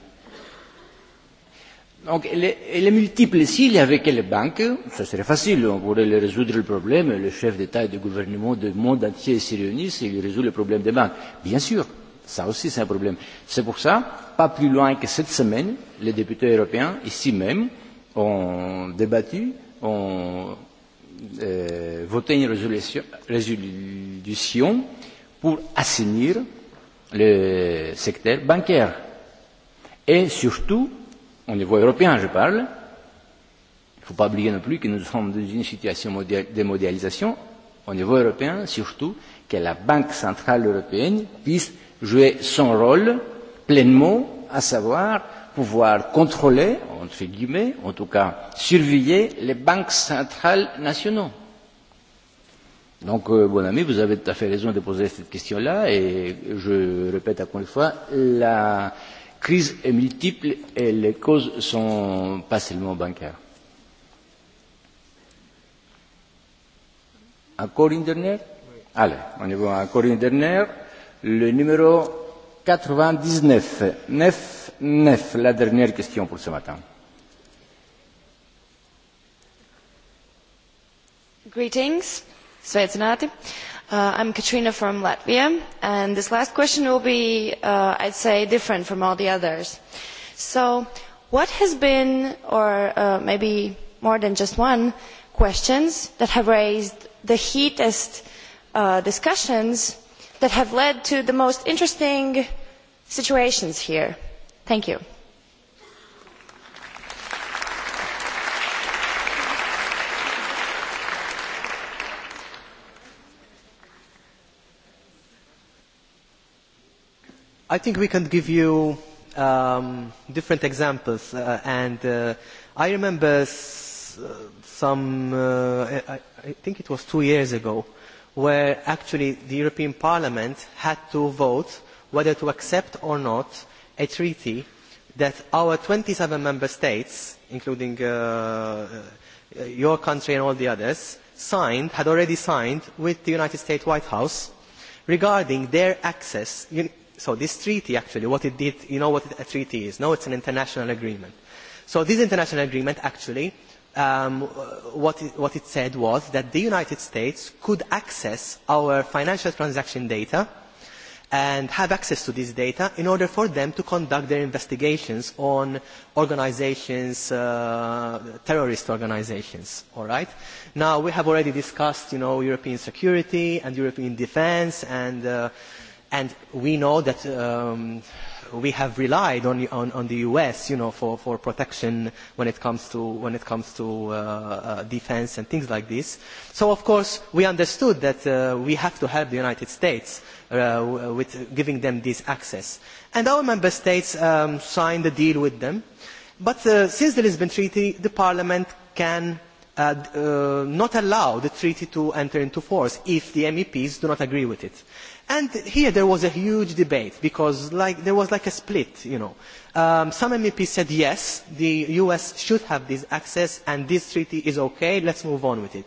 Donc, elle est, elle est multiple. S'il y avait que les banques, ça serait facile, on pourrait le résoudre le problème, le chef d'État et de gouvernement du monde entier se réunissent et ils résout le problème des banques. Bien sûr, ça aussi c'est un problème. C'est pour ça, pas plus loin que cette semaine, les députés européens, ici même, ont débattu, ont euh, voté une résolution, résolution pour assainir le secteur bancaire. Et surtout, au niveau européen, je parle, il ne faut pas oublier non plus que nous sommes dans une situation de mondialisation, au niveau européen, surtout que la Banque centrale européenne puisse jouer son rôle pleinement, à savoir pouvoir contrôler, entre guillemets, en tout cas surveiller les banques centrales nationales Donc, euh, bon ami, vous avez tout à fait raison de poser cette question-là, et je répète encore une fois, la crise est multiple et les causes ne sont pas seulement bancaires. Encore une dernière oui. Allez, on y va, encore une dernière. Le numéro 99, 9, 9, la dernière question pour ce matin. Greetings. Sveicināti. Uh, I'm Katrina from Latvia, and this last question will be, uh, I'd say, different from all the others. So, what has been, or uh, maybe more than just one, questions that have raised the heatest uh, discussions that have led to the most interesting situations here? Thank you. I think we can give you um, different examples, uh, and uh, I remember s uh, some, uh, I, I think it was two years ago, where actually the European Parliament had to vote whether to accept or not a treaty that our 27 member states, including uh, uh, your country and all the others, signed, had already signed with the United States White House regarding their access. So this treaty, actually, what it did, you know what a treaty is? No, it's an international agreement. So this international agreement, actually, um, what, it, what it said was that the United States could access our financial transaction data and have access to this data in order for them to conduct their investigations on organizations, uh, terrorist organizations, all right? Now, we have already discussed, you know, European security and European defense and uh, And we know that um, we have relied on, on, on the US, you know, for, for protection when it comes to, when it comes to uh, uh, defense and things like this. So, of course, we understood that uh, we have to help the United States uh, with giving them this access. And our member states um, signed a deal with them. But uh, since the Lisbon Treaty, the Parliament can Uh, uh, not allow the treaty to enter into force if the meps do not agree with it. And here there was a huge debate because like, there was like a split, you know. Um, some MEPs said yes, the US should have this access and this treaty is okay, let's move on with it.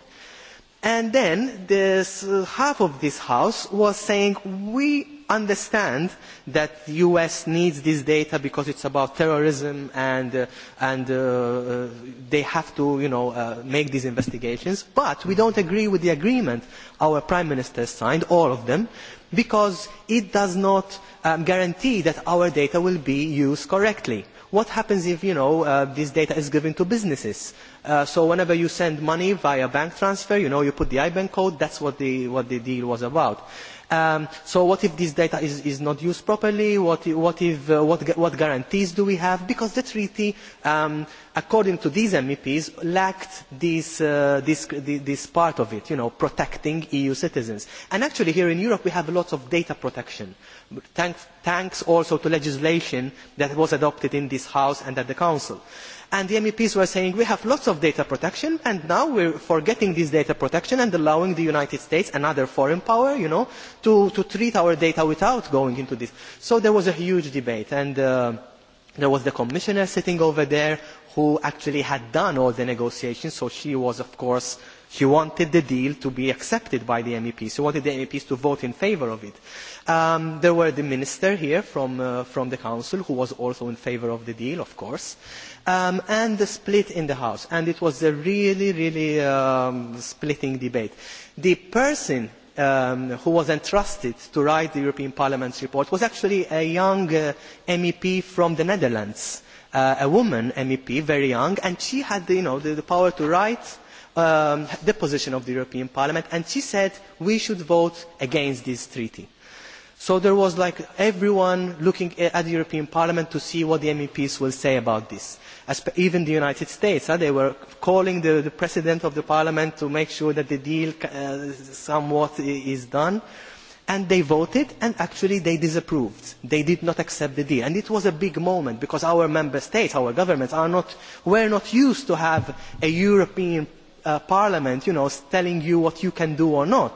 And then this, uh, half of this house was saying we understand that the US needs this data because it's about terrorism and, uh, and uh, uh, they have to you know, uh, make these investigations. But we don't agree with the agreement our Prime Minister signed, all of them, because it does not um, guarantee that our data will be used correctly. What happens if you know, uh, this data is given to businesses? Uh, so whenever you send money via bank transfer, you, know, you put the IBAN code, that's what the, what the deal was about. Um, so what if this data is, is not used properly? What, what, if, uh, what, what, guarantees do we have? Because the treaty, um, according to these MEPs, lacked this, uh, this, this, part of it, you know, protecting EU citizens. And actually here in Europe we have a lot of data protection, thanks, thanks also to legislation that was adopted in this House and at the Council and the meps were saying we have lots of data protection and now we are forgetting this data protection and allowing the united states another foreign power you know to, to treat our data without going into this. so there was a huge debate and uh, there was the commissioner sitting over there who actually had done all the negotiations so she was of course she wanted the deal to be accepted by the meps she wanted the meps to vote in favour of it. Um, there were the minister here from, uh, from the council who was also in favour of the deal of course um, and the split in the House. And it was a really, really um, splitting debate. The person um, who was entrusted to write the European Parliament's report was actually a young uh, MEP from the Netherlands, uh, a woman MEP, very young, and she had the, you know, the, the power to write um, the position of the European Parliament, and she said we should vote against this treaty so there was like everyone looking at the european parliament to see what the meps will say about this even the united states they were calling the, president of the parliament to make sure that the deal uh, is somewhat done and they voted and actually they disapproved they did not accept the deal and it was a big moment because our member states our governments were not used to having a european uh, parliament telling you what you can do or not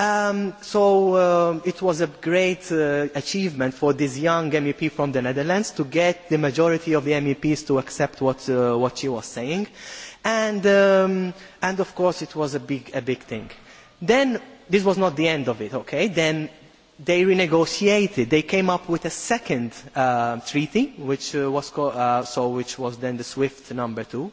Um, so uh, it was a great uh, achievement for this young mep from the netherlands to get the majority of the meps to accept what, uh, what she was saying and, um, and of course it was a big, a big thing. then this was not the end of it okay? then they renegotiated they came up with a second treaty which was, so which was then the swift number two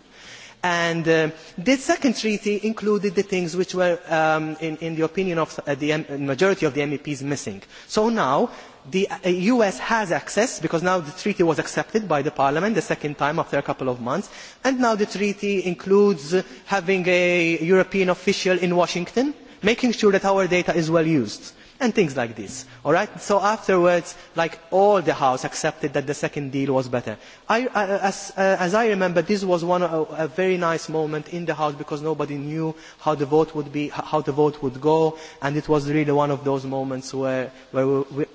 and uh, the second treaty included the things which were um, in the opinion of uh, the majority of the meps missing. so now the us uh, has access because now the treaty was accepted by the parliament the second time after a couple of months and now the treaty includes having a european official in washington making sure that our data is well used and things like this. So afterwards, like all the House accepted that the second deal was better. Uh, as, I remember, this was a, very nice moment in the House because nobody knew how the vote would be, how the vote would go, and it was really one of those moments where,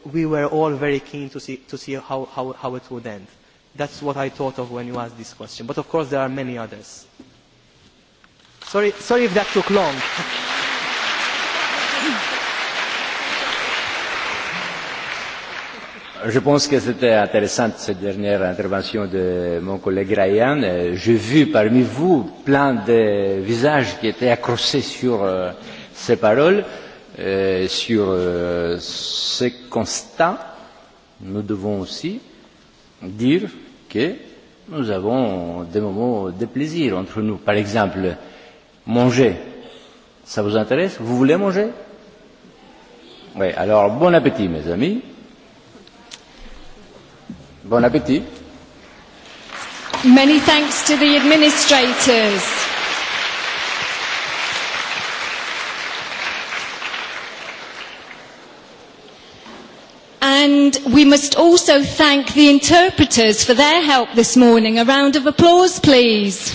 we, were all very keen to see, to see how, how, it would end. that is what I thought of when you asked this question. But of course, there are many others. Sorry, sorry if that took long. Je pense que c'était intéressant cette dernière intervention de mon collègue Ryan. Euh, j'ai vu parmi vous plein de visages qui étaient accrochés sur euh, ces paroles, euh, sur euh, ces constats. Nous devons aussi dire que nous avons des moments de plaisir entre nous. Par exemple, manger, ça vous intéresse Vous voulez manger Oui, alors bon appétit mes amis Bon appétit. Many thanks to the administrators. And we must also thank the interpreters for their help this morning. A round of applause, please.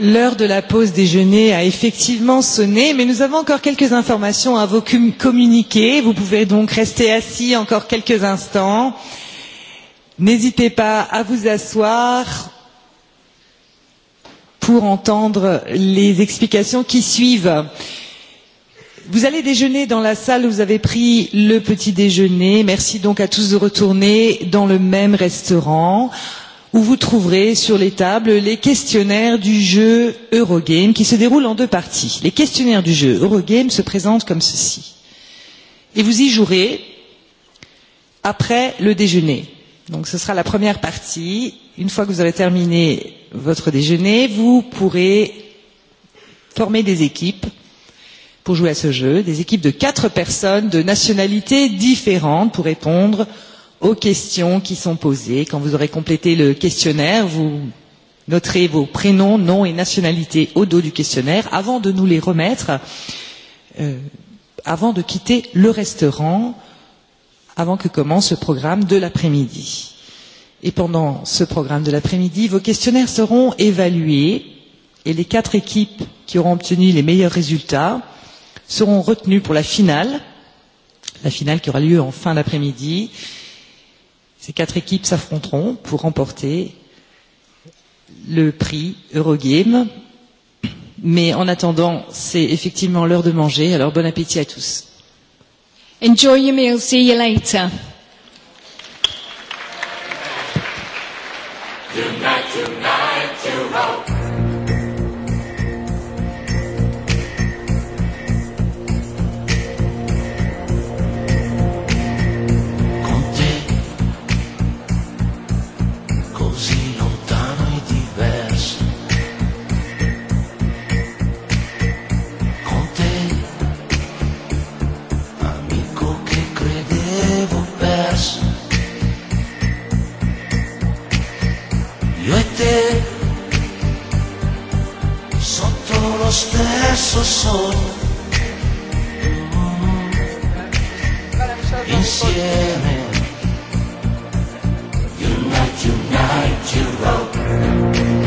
L'heure de la pause déjeuner a effectivement sonné, mais nous avons encore quelques informations à vous communiquer. Vous pouvez donc rester assis encore quelques instants. N'hésitez pas à vous asseoir pour entendre les explications qui suivent. Vous allez déjeuner dans la salle où vous avez pris le petit déjeuner. Merci donc à tous de retourner dans le même restaurant où vous trouverez sur les tables les questionnaires du jeu Eurogame qui se déroule en deux parties. Les questionnaires du jeu Eurogame se présentent comme ceci. Et vous y jouerez après le déjeuner. Donc ce sera la première partie. Une fois que vous aurez terminé votre déjeuner, vous pourrez former des équipes pour jouer à ce jeu, des équipes de quatre personnes de nationalités différentes pour répondre aux aux questions qui sont posées. Quand vous aurez complété le questionnaire, vous noterez vos prénoms, noms et nationalités au dos du questionnaire avant de nous les remettre, euh, avant de quitter le restaurant, avant que commence le programme de l'après-midi. Et pendant ce programme de l'après-midi, vos questionnaires seront évalués et les quatre équipes qui auront obtenu les meilleurs résultats seront retenues pour la finale, la finale qui aura lieu en fin d'après-midi. Euh, Ces quatre équipes s'affronteront pour remporter le prix Eurogame. Mais en attendant, c'est effectivement l'heure de manger, alors bon appétit à tous. Enjoy your meal, see you later. Tonight. te sotto lo stesso sole, insieme. Unite, unite,